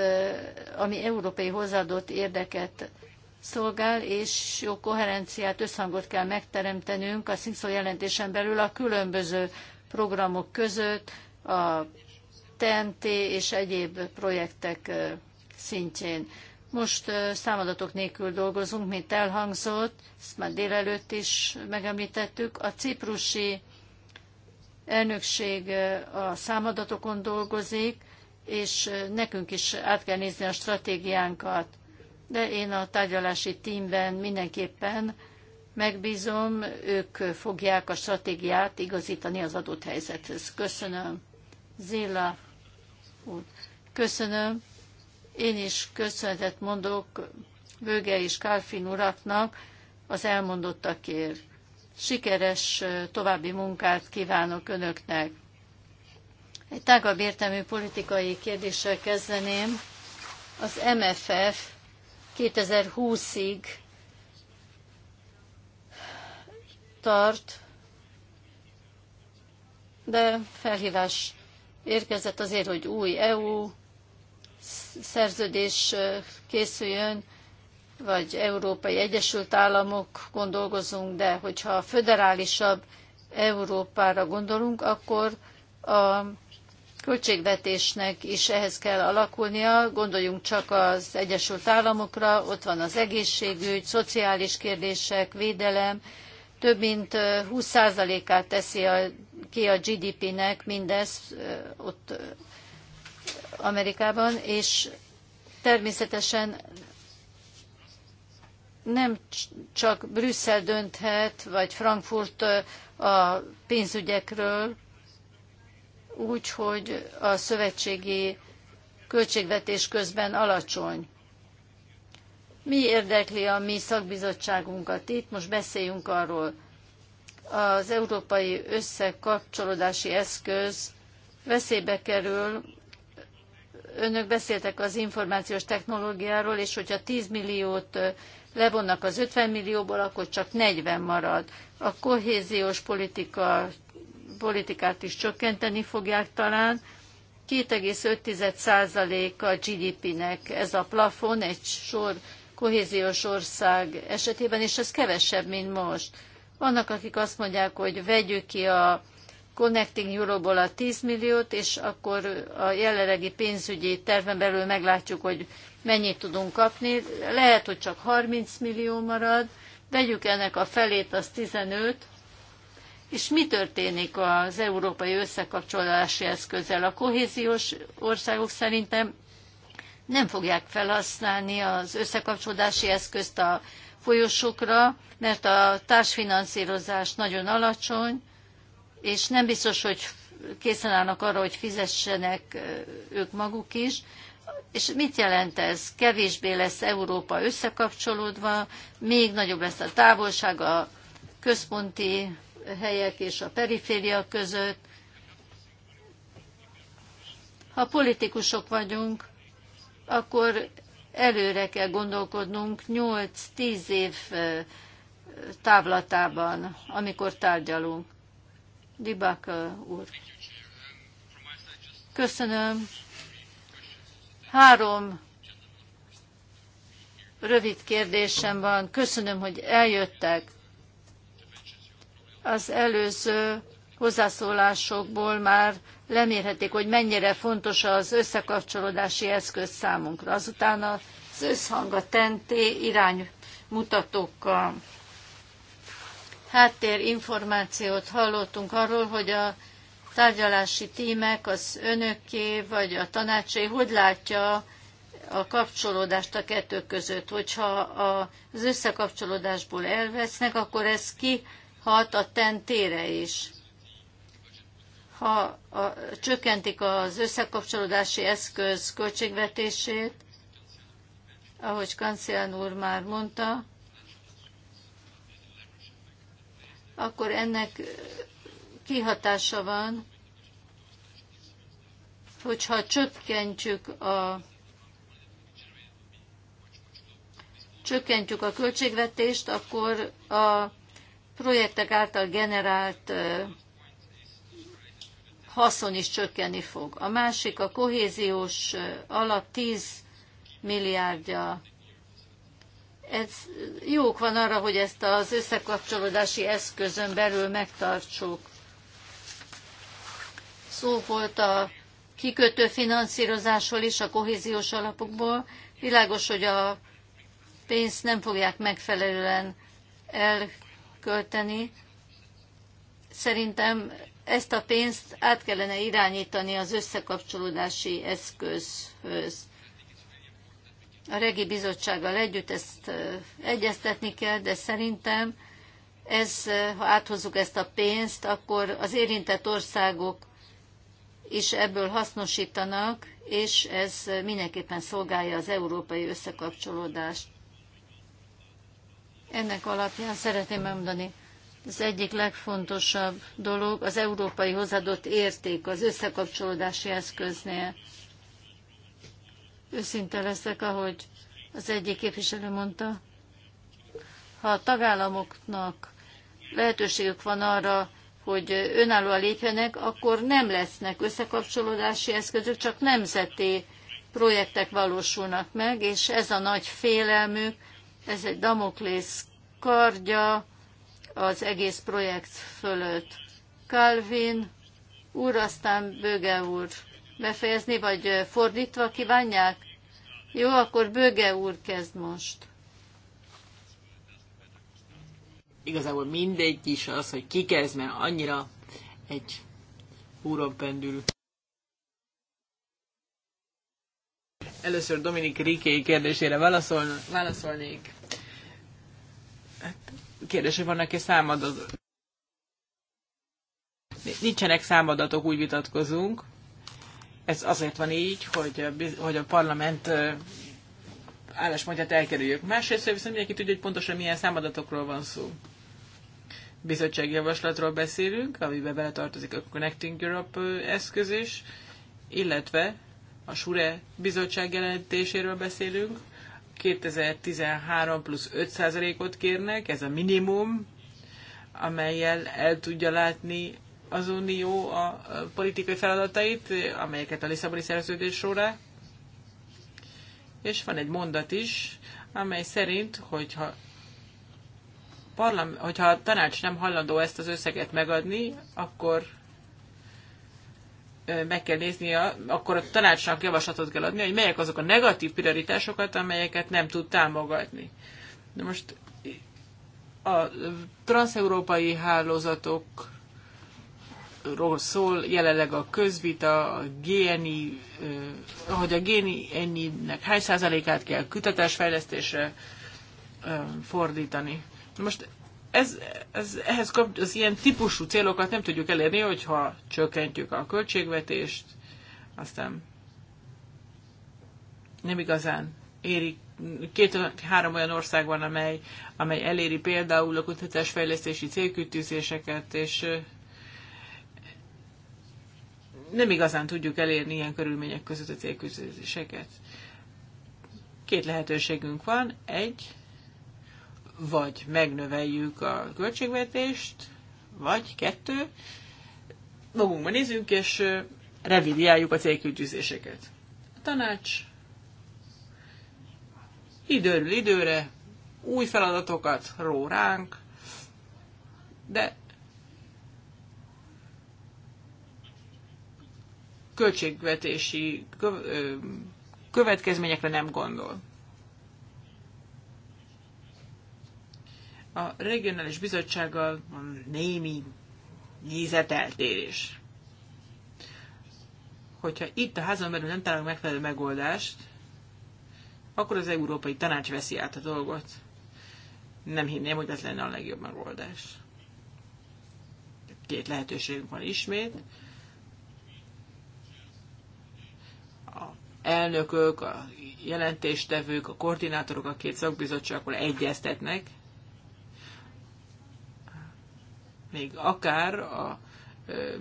ami európai hozzáadott érdeket szolgál, és jó koherenciát, összhangot kell megteremtenünk a szinkszó jelentésen belül a különböző programok között, a TNT és egyéb projektek szintjén. Most számadatok nélkül dolgozunk, mint elhangzott, ezt már délelőtt is megemlítettük. A ciprusi elnökség a számadatokon dolgozik, és nekünk is át kell nézni a stratégiánkat. De én a tárgyalási tímben mindenképpen megbízom, ők fogják a stratégiát igazítani az adott helyzethez. Köszönöm. Zilla Köszönöm. Én is köszönetet mondok Böge és Kálfin uraknak az elmondottakért. Sikeres további munkát kívánok önöknek. Egy tágabb értelmű politikai kérdéssel kezdeném. Az MFF 2020-ig tart, de felhívás érkezett azért, hogy új EU szerződés készüljön, vagy Európai Egyesült államok gondolkozunk, de hogyha föderálisabb Európára gondolunk, akkor a költségvetésnek is ehhez kell alakulnia. Gondoljunk csak az Egyesült Államokra, ott van az egészségügy, szociális kérdések, védelem, több mint 20%-át teszi a ki a GDP-nek mindez ott Amerikában, és természetesen nem csak Brüsszel dönthet, vagy Frankfurt a pénzügyekről, úgy, hogy a szövetségi költségvetés közben alacsony. Mi érdekli a mi szakbizottságunkat itt? Most beszéljünk arról az európai összekapcsolódási eszköz veszélybe kerül. Önök beszéltek az információs technológiáról, és hogyha 10 milliót levonnak az 50 millióból, akkor csak 40 marad. A kohéziós politika, politikát is csökkenteni fogják talán. 2,5% a GDP-nek ez a plafon egy sor kohéziós ország esetében, és ez kevesebb, mint most. Vannak, akik azt mondják, hogy vegyük ki a Connecting europe a 10 milliót, és akkor a jelenlegi pénzügyi terven belül meglátjuk, hogy mennyit tudunk kapni. Lehet, hogy csak 30 millió marad, vegyük ennek a felét, az 15, és mi történik az európai összekapcsolási eszközzel? A kohéziós országok szerintem nem fogják felhasználni az összekapcsolási eszközt a folyosókra, mert a társfinanszírozás nagyon alacsony, és nem biztos, hogy készen állnak arra, hogy fizessenek ők maguk is. És mit jelent ez? Kevésbé lesz Európa összekapcsolódva, még nagyobb lesz a távolság a központi helyek és a periféria között. Ha politikusok vagyunk, akkor előre kell gondolkodnunk 8-10 év távlatában, amikor tárgyalunk. Dibaka úr. Köszönöm. Három rövid kérdésem van. Köszönöm, hogy eljöttek. Az előző hozzászólásokból már lemérhetik, hogy mennyire fontos az összekapcsolódási eszköz számunkra. Azután az összhang a TNT iránymutatókkal. Háttérinformációt hallottunk arról, hogy a tárgyalási tímek, az önökké vagy a tanácsé, hogy látja a kapcsolódást a kettő között. Hogyha az összekapcsolódásból elvesznek, akkor ez kihat a tentére is ha a, csökkentik az összekapcsolódási eszköz költségvetését, ahogy Kancián úr már mondta, akkor ennek kihatása van, hogyha csökkentjük a csökkentjük a költségvetést, akkor a projektek által generált haszon is csökkenni fog. A másik a kohéziós alap 10 milliárdja. Ez, jók van arra, hogy ezt az összekapcsolódási eszközön belül megtartsuk. Szó volt a kikötő finanszírozásról is a kohéziós alapokból. Világos, hogy a pénzt nem fogják megfelelően elkölteni. Szerintem ezt a pénzt át kellene irányítani az összekapcsolódási eszközhöz. A regi bizottsággal együtt ezt egyeztetni kell, de szerintem ez, ha áthozzuk ezt a pénzt, akkor az érintett országok is ebből hasznosítanak, és ez mindenképpen szolgálja az európai összekapcsolódást. Ennek alapján szeretném elmondani, az egyik legfontosabb dolog az európai hozzáadott érték az összekapcsolódási eszköznél. Őszinte leszek, ahogy az egyik képviselő mondta, ha a tagállamoknak lehetőségük van arra, hogy önállóan lépjenek, akkor nem lesznek összekapcsolódási eszközök, csak nemzeti projektek valósulnak meg, és ez a nagy félelmük, ez egy Damoklész kardja, az egész projekt fölött. Calvin úr, aztán Böge úr. Befejezni, vagy fordítva kívánják? Jó, akkor Böge úr kezd most. Igazából mindegy is az, hogy ki kezd, mert annyira egy úron pendül. Először Dominik Riké kérdésére válaszolnék. Kérdés, hogy van e számadatok. Nincsenek számadatok, úgy vitatkozunk. Ez azért van így, hogy, hogy a parlament álláspontját elkerüljük. Másrészt viszont mindenki tudja, hogy pontosan milyen számadatokról van szó. Bizottságjavaslatról beszélünk, amiben beletartozik a Connecting Europe eszköz is, illetve a SURE bizottság jelentéséről beszélünk, 2013 plusz 5%-ot kérnek, ez a minimum, amelyel el tudja látni az Unió a politikai feladatait, amelyeket a Lisszaboni szerződés során. És van egy mondat is, amely szerint, hogyha, parlam, hogyha a tanács nem hallandó ezt az összeget megadni, akkor meg kell néznie, akkor a tanácsnak javaslatot kell adni, hogy melyek azok a negatív prioritásokat, amelyeket nem tud támogatni. De most a transeurópai hálózatok szól jelenleg a közvita, a GNI, hogy a GNI-nek hány százalékát kell kutatásfejlesztésre fordítani. Most ez, ez, ehhez kap, az ilyen típusú célokat nem tudjuk elérni, hogyha csökkentjük a költségvetést, aztán nem igazán éri. két-három olyan ország van, amely, amely eléri például a kutatásfejlesztési célkütőzéseket, és nem igazán tudjuk elérni ilyen körülmények között a célkütőzéseket. Két lehetőségünk van. Egy, vagy megnöveljük a költségvetést, vagy kettő, magunkban nézünk, és revidiáljuk a célkültűzéseket. A tanács időről időre új feladatokat ró ránk, de költségvetési következményekre nem gondol. A regionális bizottsággal van némi nézeteltérés. Hogyha itt a házon belül nem találunk megfelelő megoldást, akkor az Európai Tanács veszi át a dolgot. Nem hinném, hogy ez lenne a legjobb megoldás. Két lehetőségünk van ismét. A elnökök, a jelentéstevők, a koordinátorok a két akkor egyeztetnek, még akár a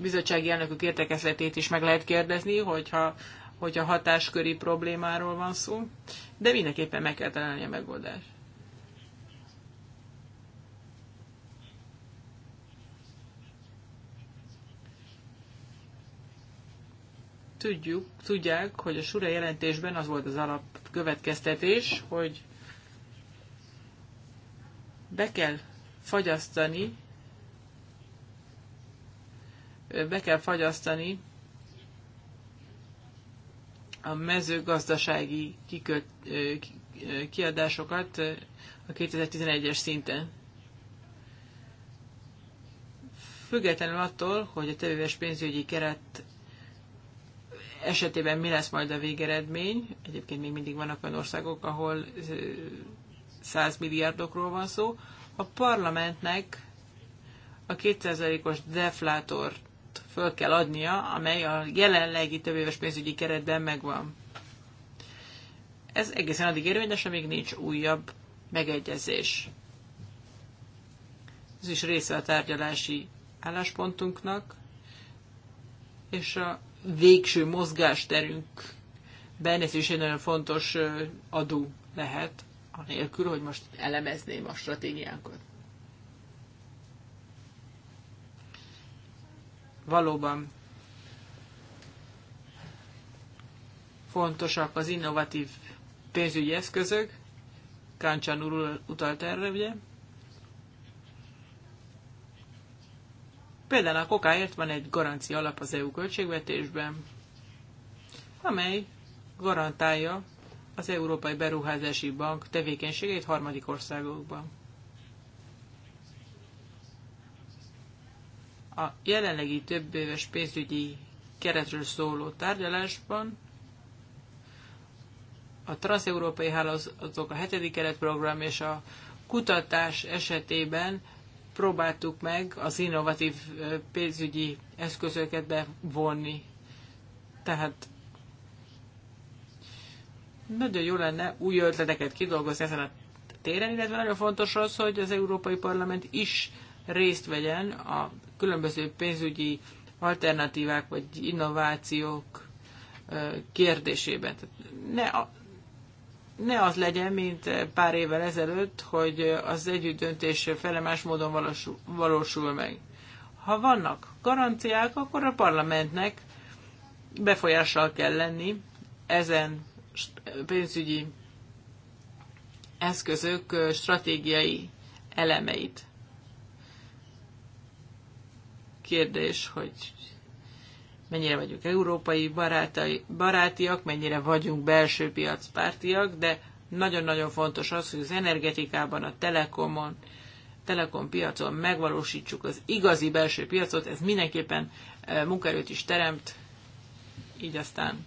bizottsági elnökök értekezletét is meg lehet kérdezni, hogyha, hogyha hatásköri problémáról van szó, de mindenképpen meg kell találni a megoldást. Tudjuk, tudják, hogy a Sura jelentésben az volt az alap következtetés, hogy be kell fagyasztani be kell fagyasztani a mezőgazdasági kiköt, kiadásokat a 2011-es szinten. Függetlenül attól, hogy a többéves pénzügyi keret esetében mi lesz majd a végeredmény, egyébként még mindig vannak olyan országok, ahol 100 milliárdokról van szó, a parlamentnek a 2%-os deflátort föl kell adnia, amely a jelenlegi éves pénzügyi keretben megvan. Ez egészen addig érvényes, amíg nincs újabb megegyezés. Ez is része a tárgyalási álláspontunknak, és a végső mozgásterünkben ez is egy nagyon fontos adó lehet, anélkül, hogy most elemezném a stratégiánkat. valóban fontosak az innovatív pénzügyi eszközök, Káncsán úr utalt erre, ugye? Például a kokáért van egy garancia alap az EU költségvetésben, amely garantálja az Európai Beruházási Bank tevékenységét harmadik országokban. A jelenlegi több éves pénzügyi keretről szóló tárgyalásban a transeurópai hálózatok, a hetedik keretprogram és a kutatás esetében próbáltuk meg az innovatív pénzügyi eszközöket bevonni. Tehát nagyon jó lenne új ötleteket kidolgozni ezen a téren, illetve nagyon fontos az, hogy az Európai Parlament is részt vegyen a különböző pénzügyi alternatívák vagy innovációk kérdésében. Ne, a, ne az legyen, mint pár évvel ezelőtt, hogy az döntés fele más módon valósul, valósul meg. Ha vannak garanciák, akkor a parlamentnek befolyással kell lenni ezen pénzügyi eszközök stratégiai elemeit kérdés, hogy mennyire vagyunk európai barátai, barátiak, mennyire vagyunk belső piacpártiak, de nagyon-nagyon fontos az, hogy az energetikában, a telekomon, telekom piacon megvalósítsuk az igazi belső piacot, ez mindenképpen e, munkaerőt is teremt, így aztán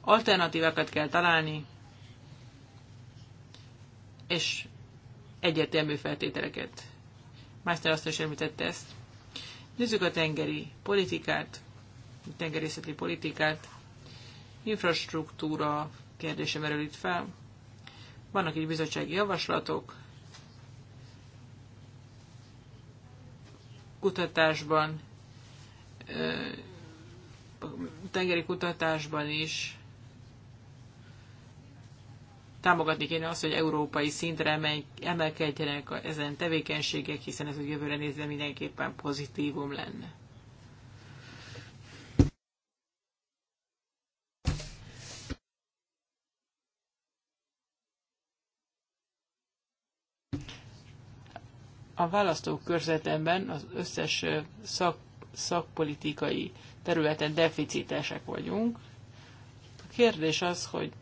alternatívákat kell találni, és egyértelmű feltételeket. Mászter azt is említette ezt, Nézzük a tengeri politikát, a tengerészeti politikát, infrastruktúra kérdése merül itt fel. Vannak így bizottsági javaslatok, kutatásban, tengeri kutatásban is támogatni kéne azt, hogy európai szintre emelkedjenek ezen tevékenységek, hiszen ez a jövőre nézve mindenképpen pozitívum lenne. a választók körzetemben az összes szak, szakpolitikai területen deficitesek vagyunk. A kérdés az, hogy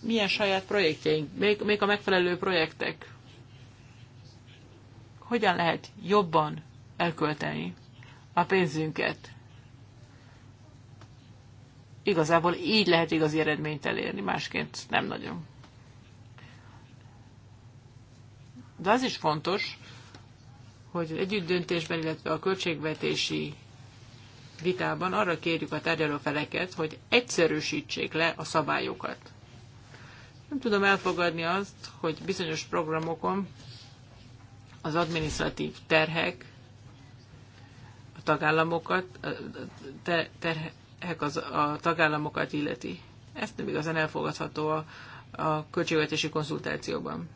milyen saját projektjeink, még, még a megfelelő projektek. Hogyan lehet jobban elkölteni a pénzünket? Igazából így lehet igazi eredményt elérni, másként nem nagyon. De az is fontos, hogy együtt döntésben, illetve a költségvetési vitában arra kérjük a tárgyalófeleket, hogy egyszerűsítsék le a szabályokat. Nem tudom elfogadni azt, hogy bizonyos programokon az administratív terhek, a tagállamokat, terhek az, a tagállamokat illeti. Ezt nem igazán elfogadható a, a költségvetési konzultációban.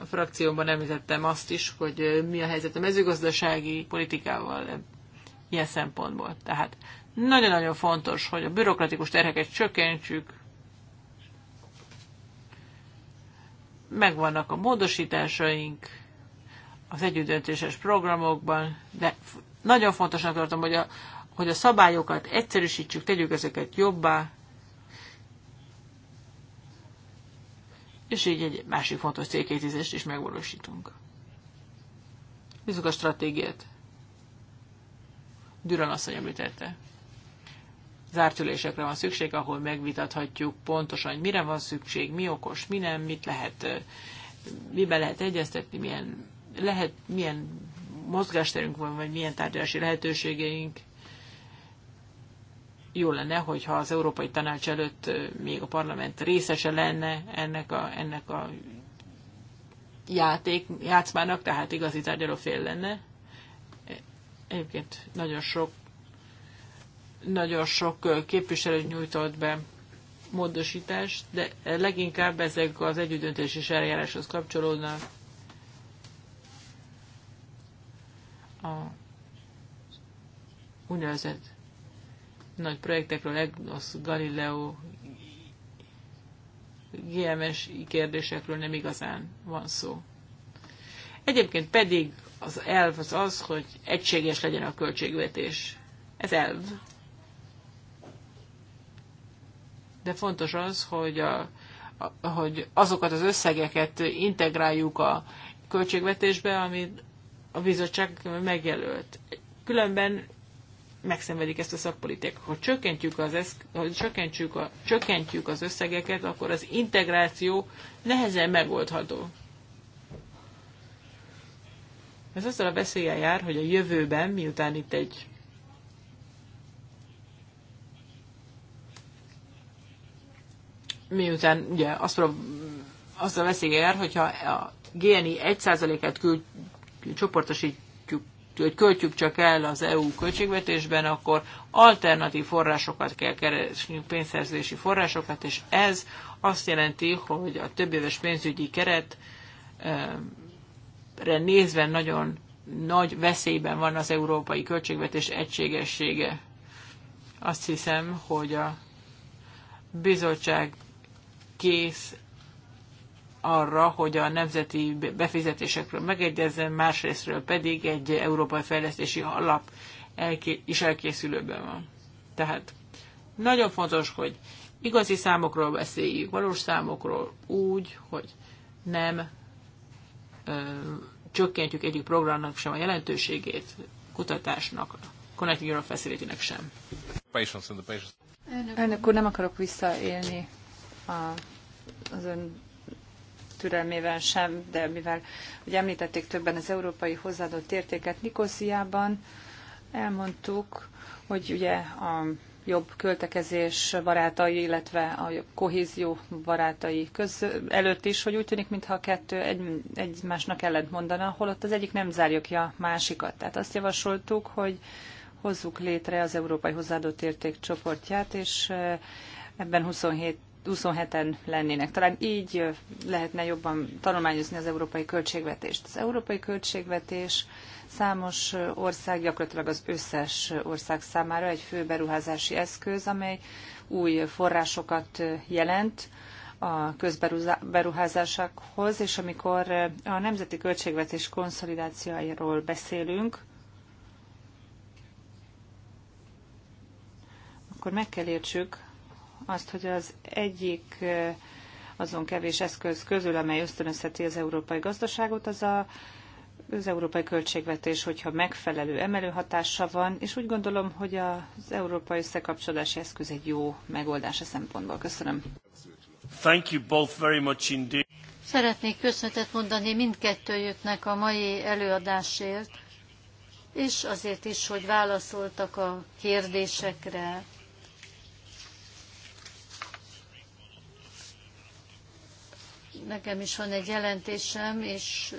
A frakcióban említettem azt is, hogy mi a helyzet a mezőgazdasági politikával ilyen szempontból. Tehát nagyon-nagyon fontos, hogy a bürokratikus terheket csökkentsük, megvannak a módosításaink az együttdöntéses programokban, de nagyon fontosnak tartom, hogy a, hogy a szabályokat egyszerűsítsük, tegyük ezeket jobbá, és így egy másik fontos célkétizést is megvalósítunk. Bízunk a stratégiát. Düran asszony említette zárt ülésekre van szükség, ahol megvitathatjuk pontosan, hogy mire van szükség, mi okos, mi nem, mit lehet, mibe lehet egyeztetni, milyen, lehet, milyen mozgásterünk van, vagy milyen tárgyalási lehetőségeink. Jó lenne, hogyha az Európai Tanács előtt még a parlament részese lenne ennek a, ennek a játék, játszmának, tehát igazi tárgyalófél lenne. Egyébként nagyon sok nagyon sok képviselő nyújtott be módosítást, de leginkább ezek az és eljáráshoz kapcsolódnak. A úgynevezett nagy projektekről, EGNOS, Galileo, GMS kérdésekről nem igazán van szó. Egyébként pedig az elv az az, hogy egységes legyen a költségvetés. Ez elv. de fontos az, hogy, a, a, hogy azokat az összegeket integráljuk a költségvetésbe, amit a bizottság megjelölt. Különben megszenvedik ezt a szakpolitik. Ha csökkentjük az, eszk- ha csökkentjük, a, csökkentjük az összegeket, akkor az integráció nehezen megoldható. Ez azzal a veszélye jár, hogy a jövőben, miután itt egy miután ugye azt a, azt a veszély jár, hogyha a GNI 1 et küld, csoportosítjuk, hogy költjük csak el az EU költségvetésben, akkor alternatív forrásokat kell keresni, pénzszerzési forrásokat, és ez azt jelenti, hogy a többéves pénzügyi keretre eh, nézve nagyon nagy veszélyben van az európai költségvetés egységessége. Azt hiszem, hogy a bizottság kész arra, hogy a nemzeti befizetésekről megegyezzen, másrésztről pedig egy európai fejlesztési alap elké- is elkészülőben van. Tehát nagyon fontos, hogy igazi számokról beszéljük, valós számokról úgy, hogy nem ö, csökkentjük egyik programnak sem a jelentőségét, kutatásnak, Connecting Europe Facility-nek sem. Elnök úr, nem akarok visszaélni a, az ön türelmével sem, de mivel hogy említették többen az európai hozzáadott értéket Nikosziában, elmondtuk, hogy ugye a jobb költekezés barátai, illetve a jobb kohézió barátai köz előtt is, hogy úgy tűnik, mintha a kettő egy, egymásnak ellent mondana, holott az egyik nem zárja ki a másikat. Tehát azt javasoltuk, hogy hozzuk létre az Európai Hozzáadott Érték csoportját, és eh, ebben 27 27-en lennének. Talán így lehetne jobban tanulmányozni az európai költségvetést. Az európai költségvetés számos ország, gyakorlatilag az összes ország számára egy fő beruházási eszköz, amely új forrásokat jelent a közberuházásokhoz, és amikor a nemzeti költségvetés konszolidációjáról beszélünk, akkor meg kell értsük, azt, hogy az egyik azon kevés eszköz közül, amely ösztönözheti az európai gazdaságot, az a az európai költségvetés, hogyha megfelelő emelő hatása van, és úgy gondolom, hogy az európai összekapcsolási eszköz egy jó megoldás szempontból. Köszönöm. Thank you both very much indeed. Szeretnék köszönetet mondani mindkettőjüknek a mai előadásért, és azért is, hogy válaszoltak a kérdésekre. Nekem is van egy jelentésem, és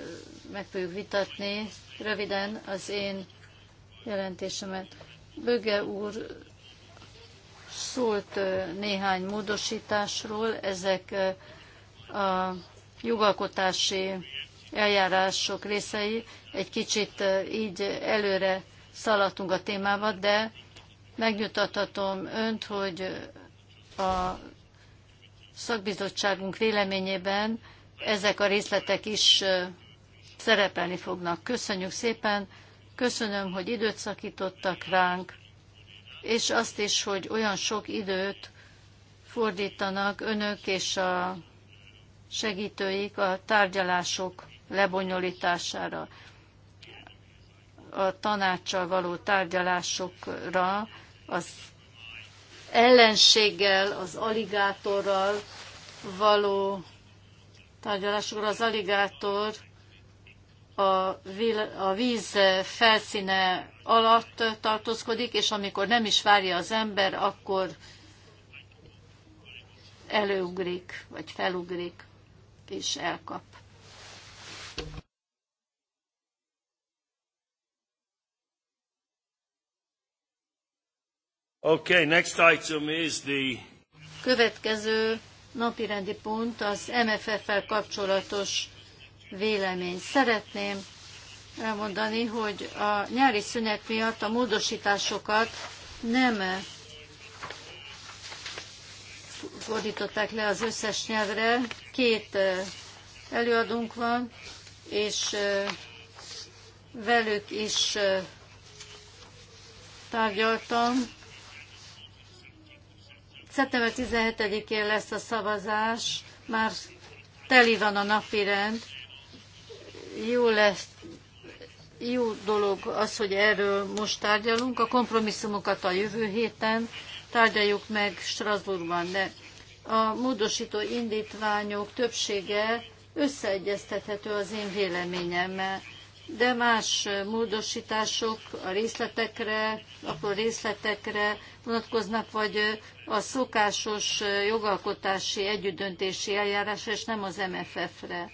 meg fogjuk vitatni röviden az én jelentésemet. Böge úr szólt néhány módosításról, ezek a jogalkotási eljárások részei. Egy kicsit így előre szaladtunk a témába, de megnyugtathatom önt, hogy a szakbizottságunk véleményében ezek a részletek is szerepelni fognak. Köszönjük szépen, köszönöm, hogy időt szakítottak ránk, és azt is, hogy olyan sok időt fordítanak önök és a segítőik a tárgyalások lebonyolítására, a tanácssal való tárgyalásokra, az ellenséggel, az aligátorral való tárgyalásokra. Az aligátor a, víz felszíne alatt tartózkodik, és amikor nem is várja az ember, akkor előugrik, vagy felugrik, és elkap. Okay, next item is the... Következő napirendi pont az MFF-fel kapcsolatos vélemény. Szeretném elmondani, hogy a nyári szünet miatt a módosításokat nem fordították le az összes nyelvre. Két eh, előadónk van, és eh, velük is eh, tárgyaltam Szeptember 17-én lesz a szavazás, már teli van a napirend. Jó lesz, jó dolog az, hogy erről most tárgyalunk. A kompromisszumokat a jövő héten tárgyaljuk meg Strasbourgban, de a módosító indítványok többsége összeegyeztethető az én véleményemmel de más módosítások a részletekre, apró részletekre vonatkoznak, vagy a szokásos jogalkotási együttdöntési eljárásra, és nem az MFF-re.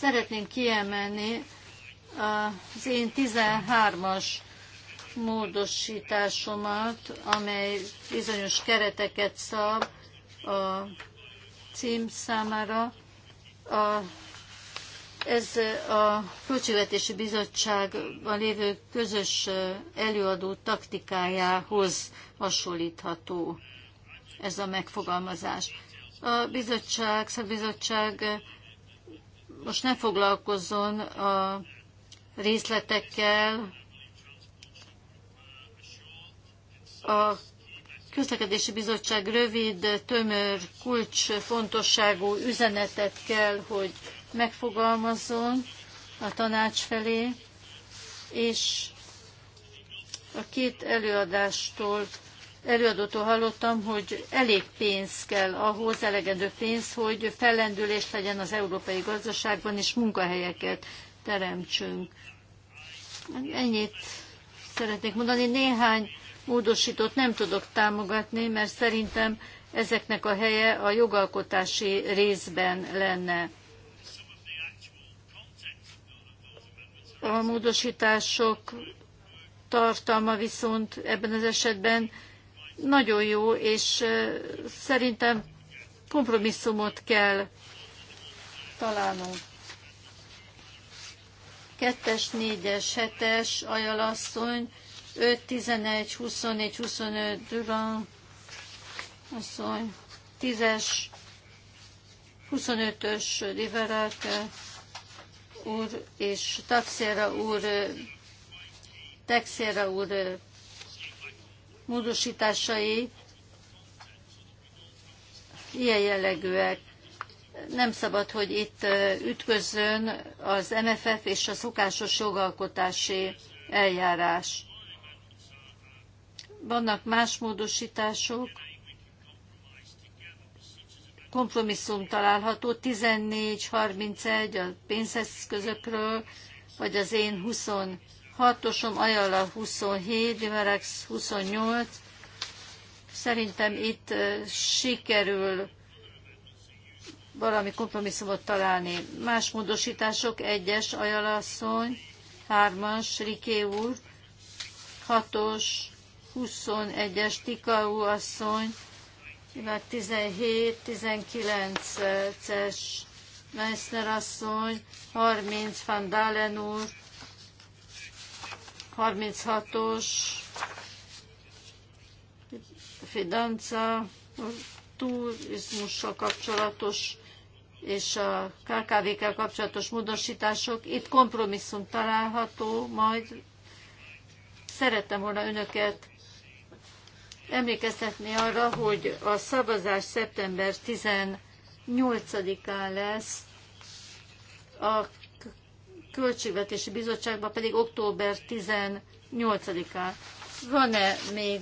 Szeretném kiemelni az én 13-as módosításomat, amely bizonyos kereteket szab a cím számára. A ez a Költségvetési Bizottságban lévő közös előadó taktikájához hasonlítható ez a megfogalmazás. A bizottság, szakbizottság most ne foglalkozzon a részletekkel, a közlekedési bizottság rövid, tömör, kulcs fontosságú üzenetet kell, hogy megfogalmazzon a tanács felé, és a két előadástól, előadótól hallottam, hogy elég pénz kell ahhoz, elegendő pénz, hogy fellendülés legyen az európai gazdaságban, és munkahelyeket teremtsünk. Ennyit szeretnék mondani. Néhány módosítót nem tudok támogatni, mert szerintem ezeknek a helye a jogalkotási részben lenne. A módosítások tartalma viszont ebben az esetben nagyon jó, és szerintem kompromisszumot kell találnunk. Kettes, négyes, hetes, ajalasszony, 5, 11, 24, 25, Durán, asszony, 10-es, 25-ös, Liberáke, úr és Taxera úr, Texera úr módosításai ilyen jellegűek. Nem szabad, hogy itt ütközön az MFF és a szokásos jogalkotási eljárás. Vannak más módosítások, kompromisszum található, 14-31 a pénzeszközökről, vagy az én 26-osom, Ajala 27, Limerex 28. Szerintem itt sikerül valami kompromisszumot találni. Más módosítások, egyes ajalasszony, hármas, Riké úr, hatos, 21-es Tika úr asszony, mert 17-19-es Meissner asszony, 30 Van Dalen úr, 36-os Fidanca turizmussal kapcsolatos és a kkv kel kapcsolatos módosítások. Itt kompromisszum található, majd szerettem volna önöket emlékeztetni arra, hogy a szavazás szeptember 18-án lesz, a Költségvetési Bizottságban pedig október 18-án. Van-e még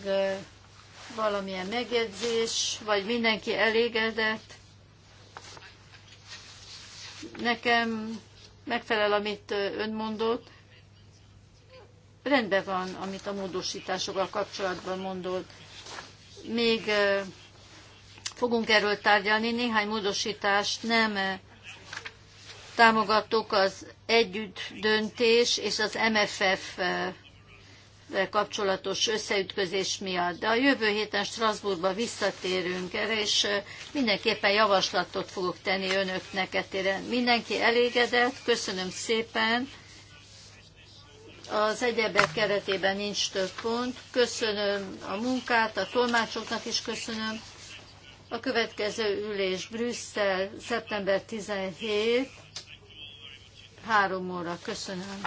valamilyen megjegyzés, vagy mindenki elégedett? Nekem megfelel, amit ön mondott. Rendben van, amit a módosításokkal kapcsolatban mondott még fogunk erről tárgyalni. Néhány módosítást nem támogattuk az együtt döntés és az MFF kapcsolatos összeütközés miatt. De a jövő héten Strasbourgba visszatérünk erre, és mindenképpen javaslatot fogok tenni önöknek etére. Mindenki elégedett, köszönöm szépen. Az egyebek keretében nincs több pont. Köszönöm a munkát, a tolmácsoknak is köszönöm. A következő ülés Brüsszel, szeptember 17, 3 óra. Köszönöm.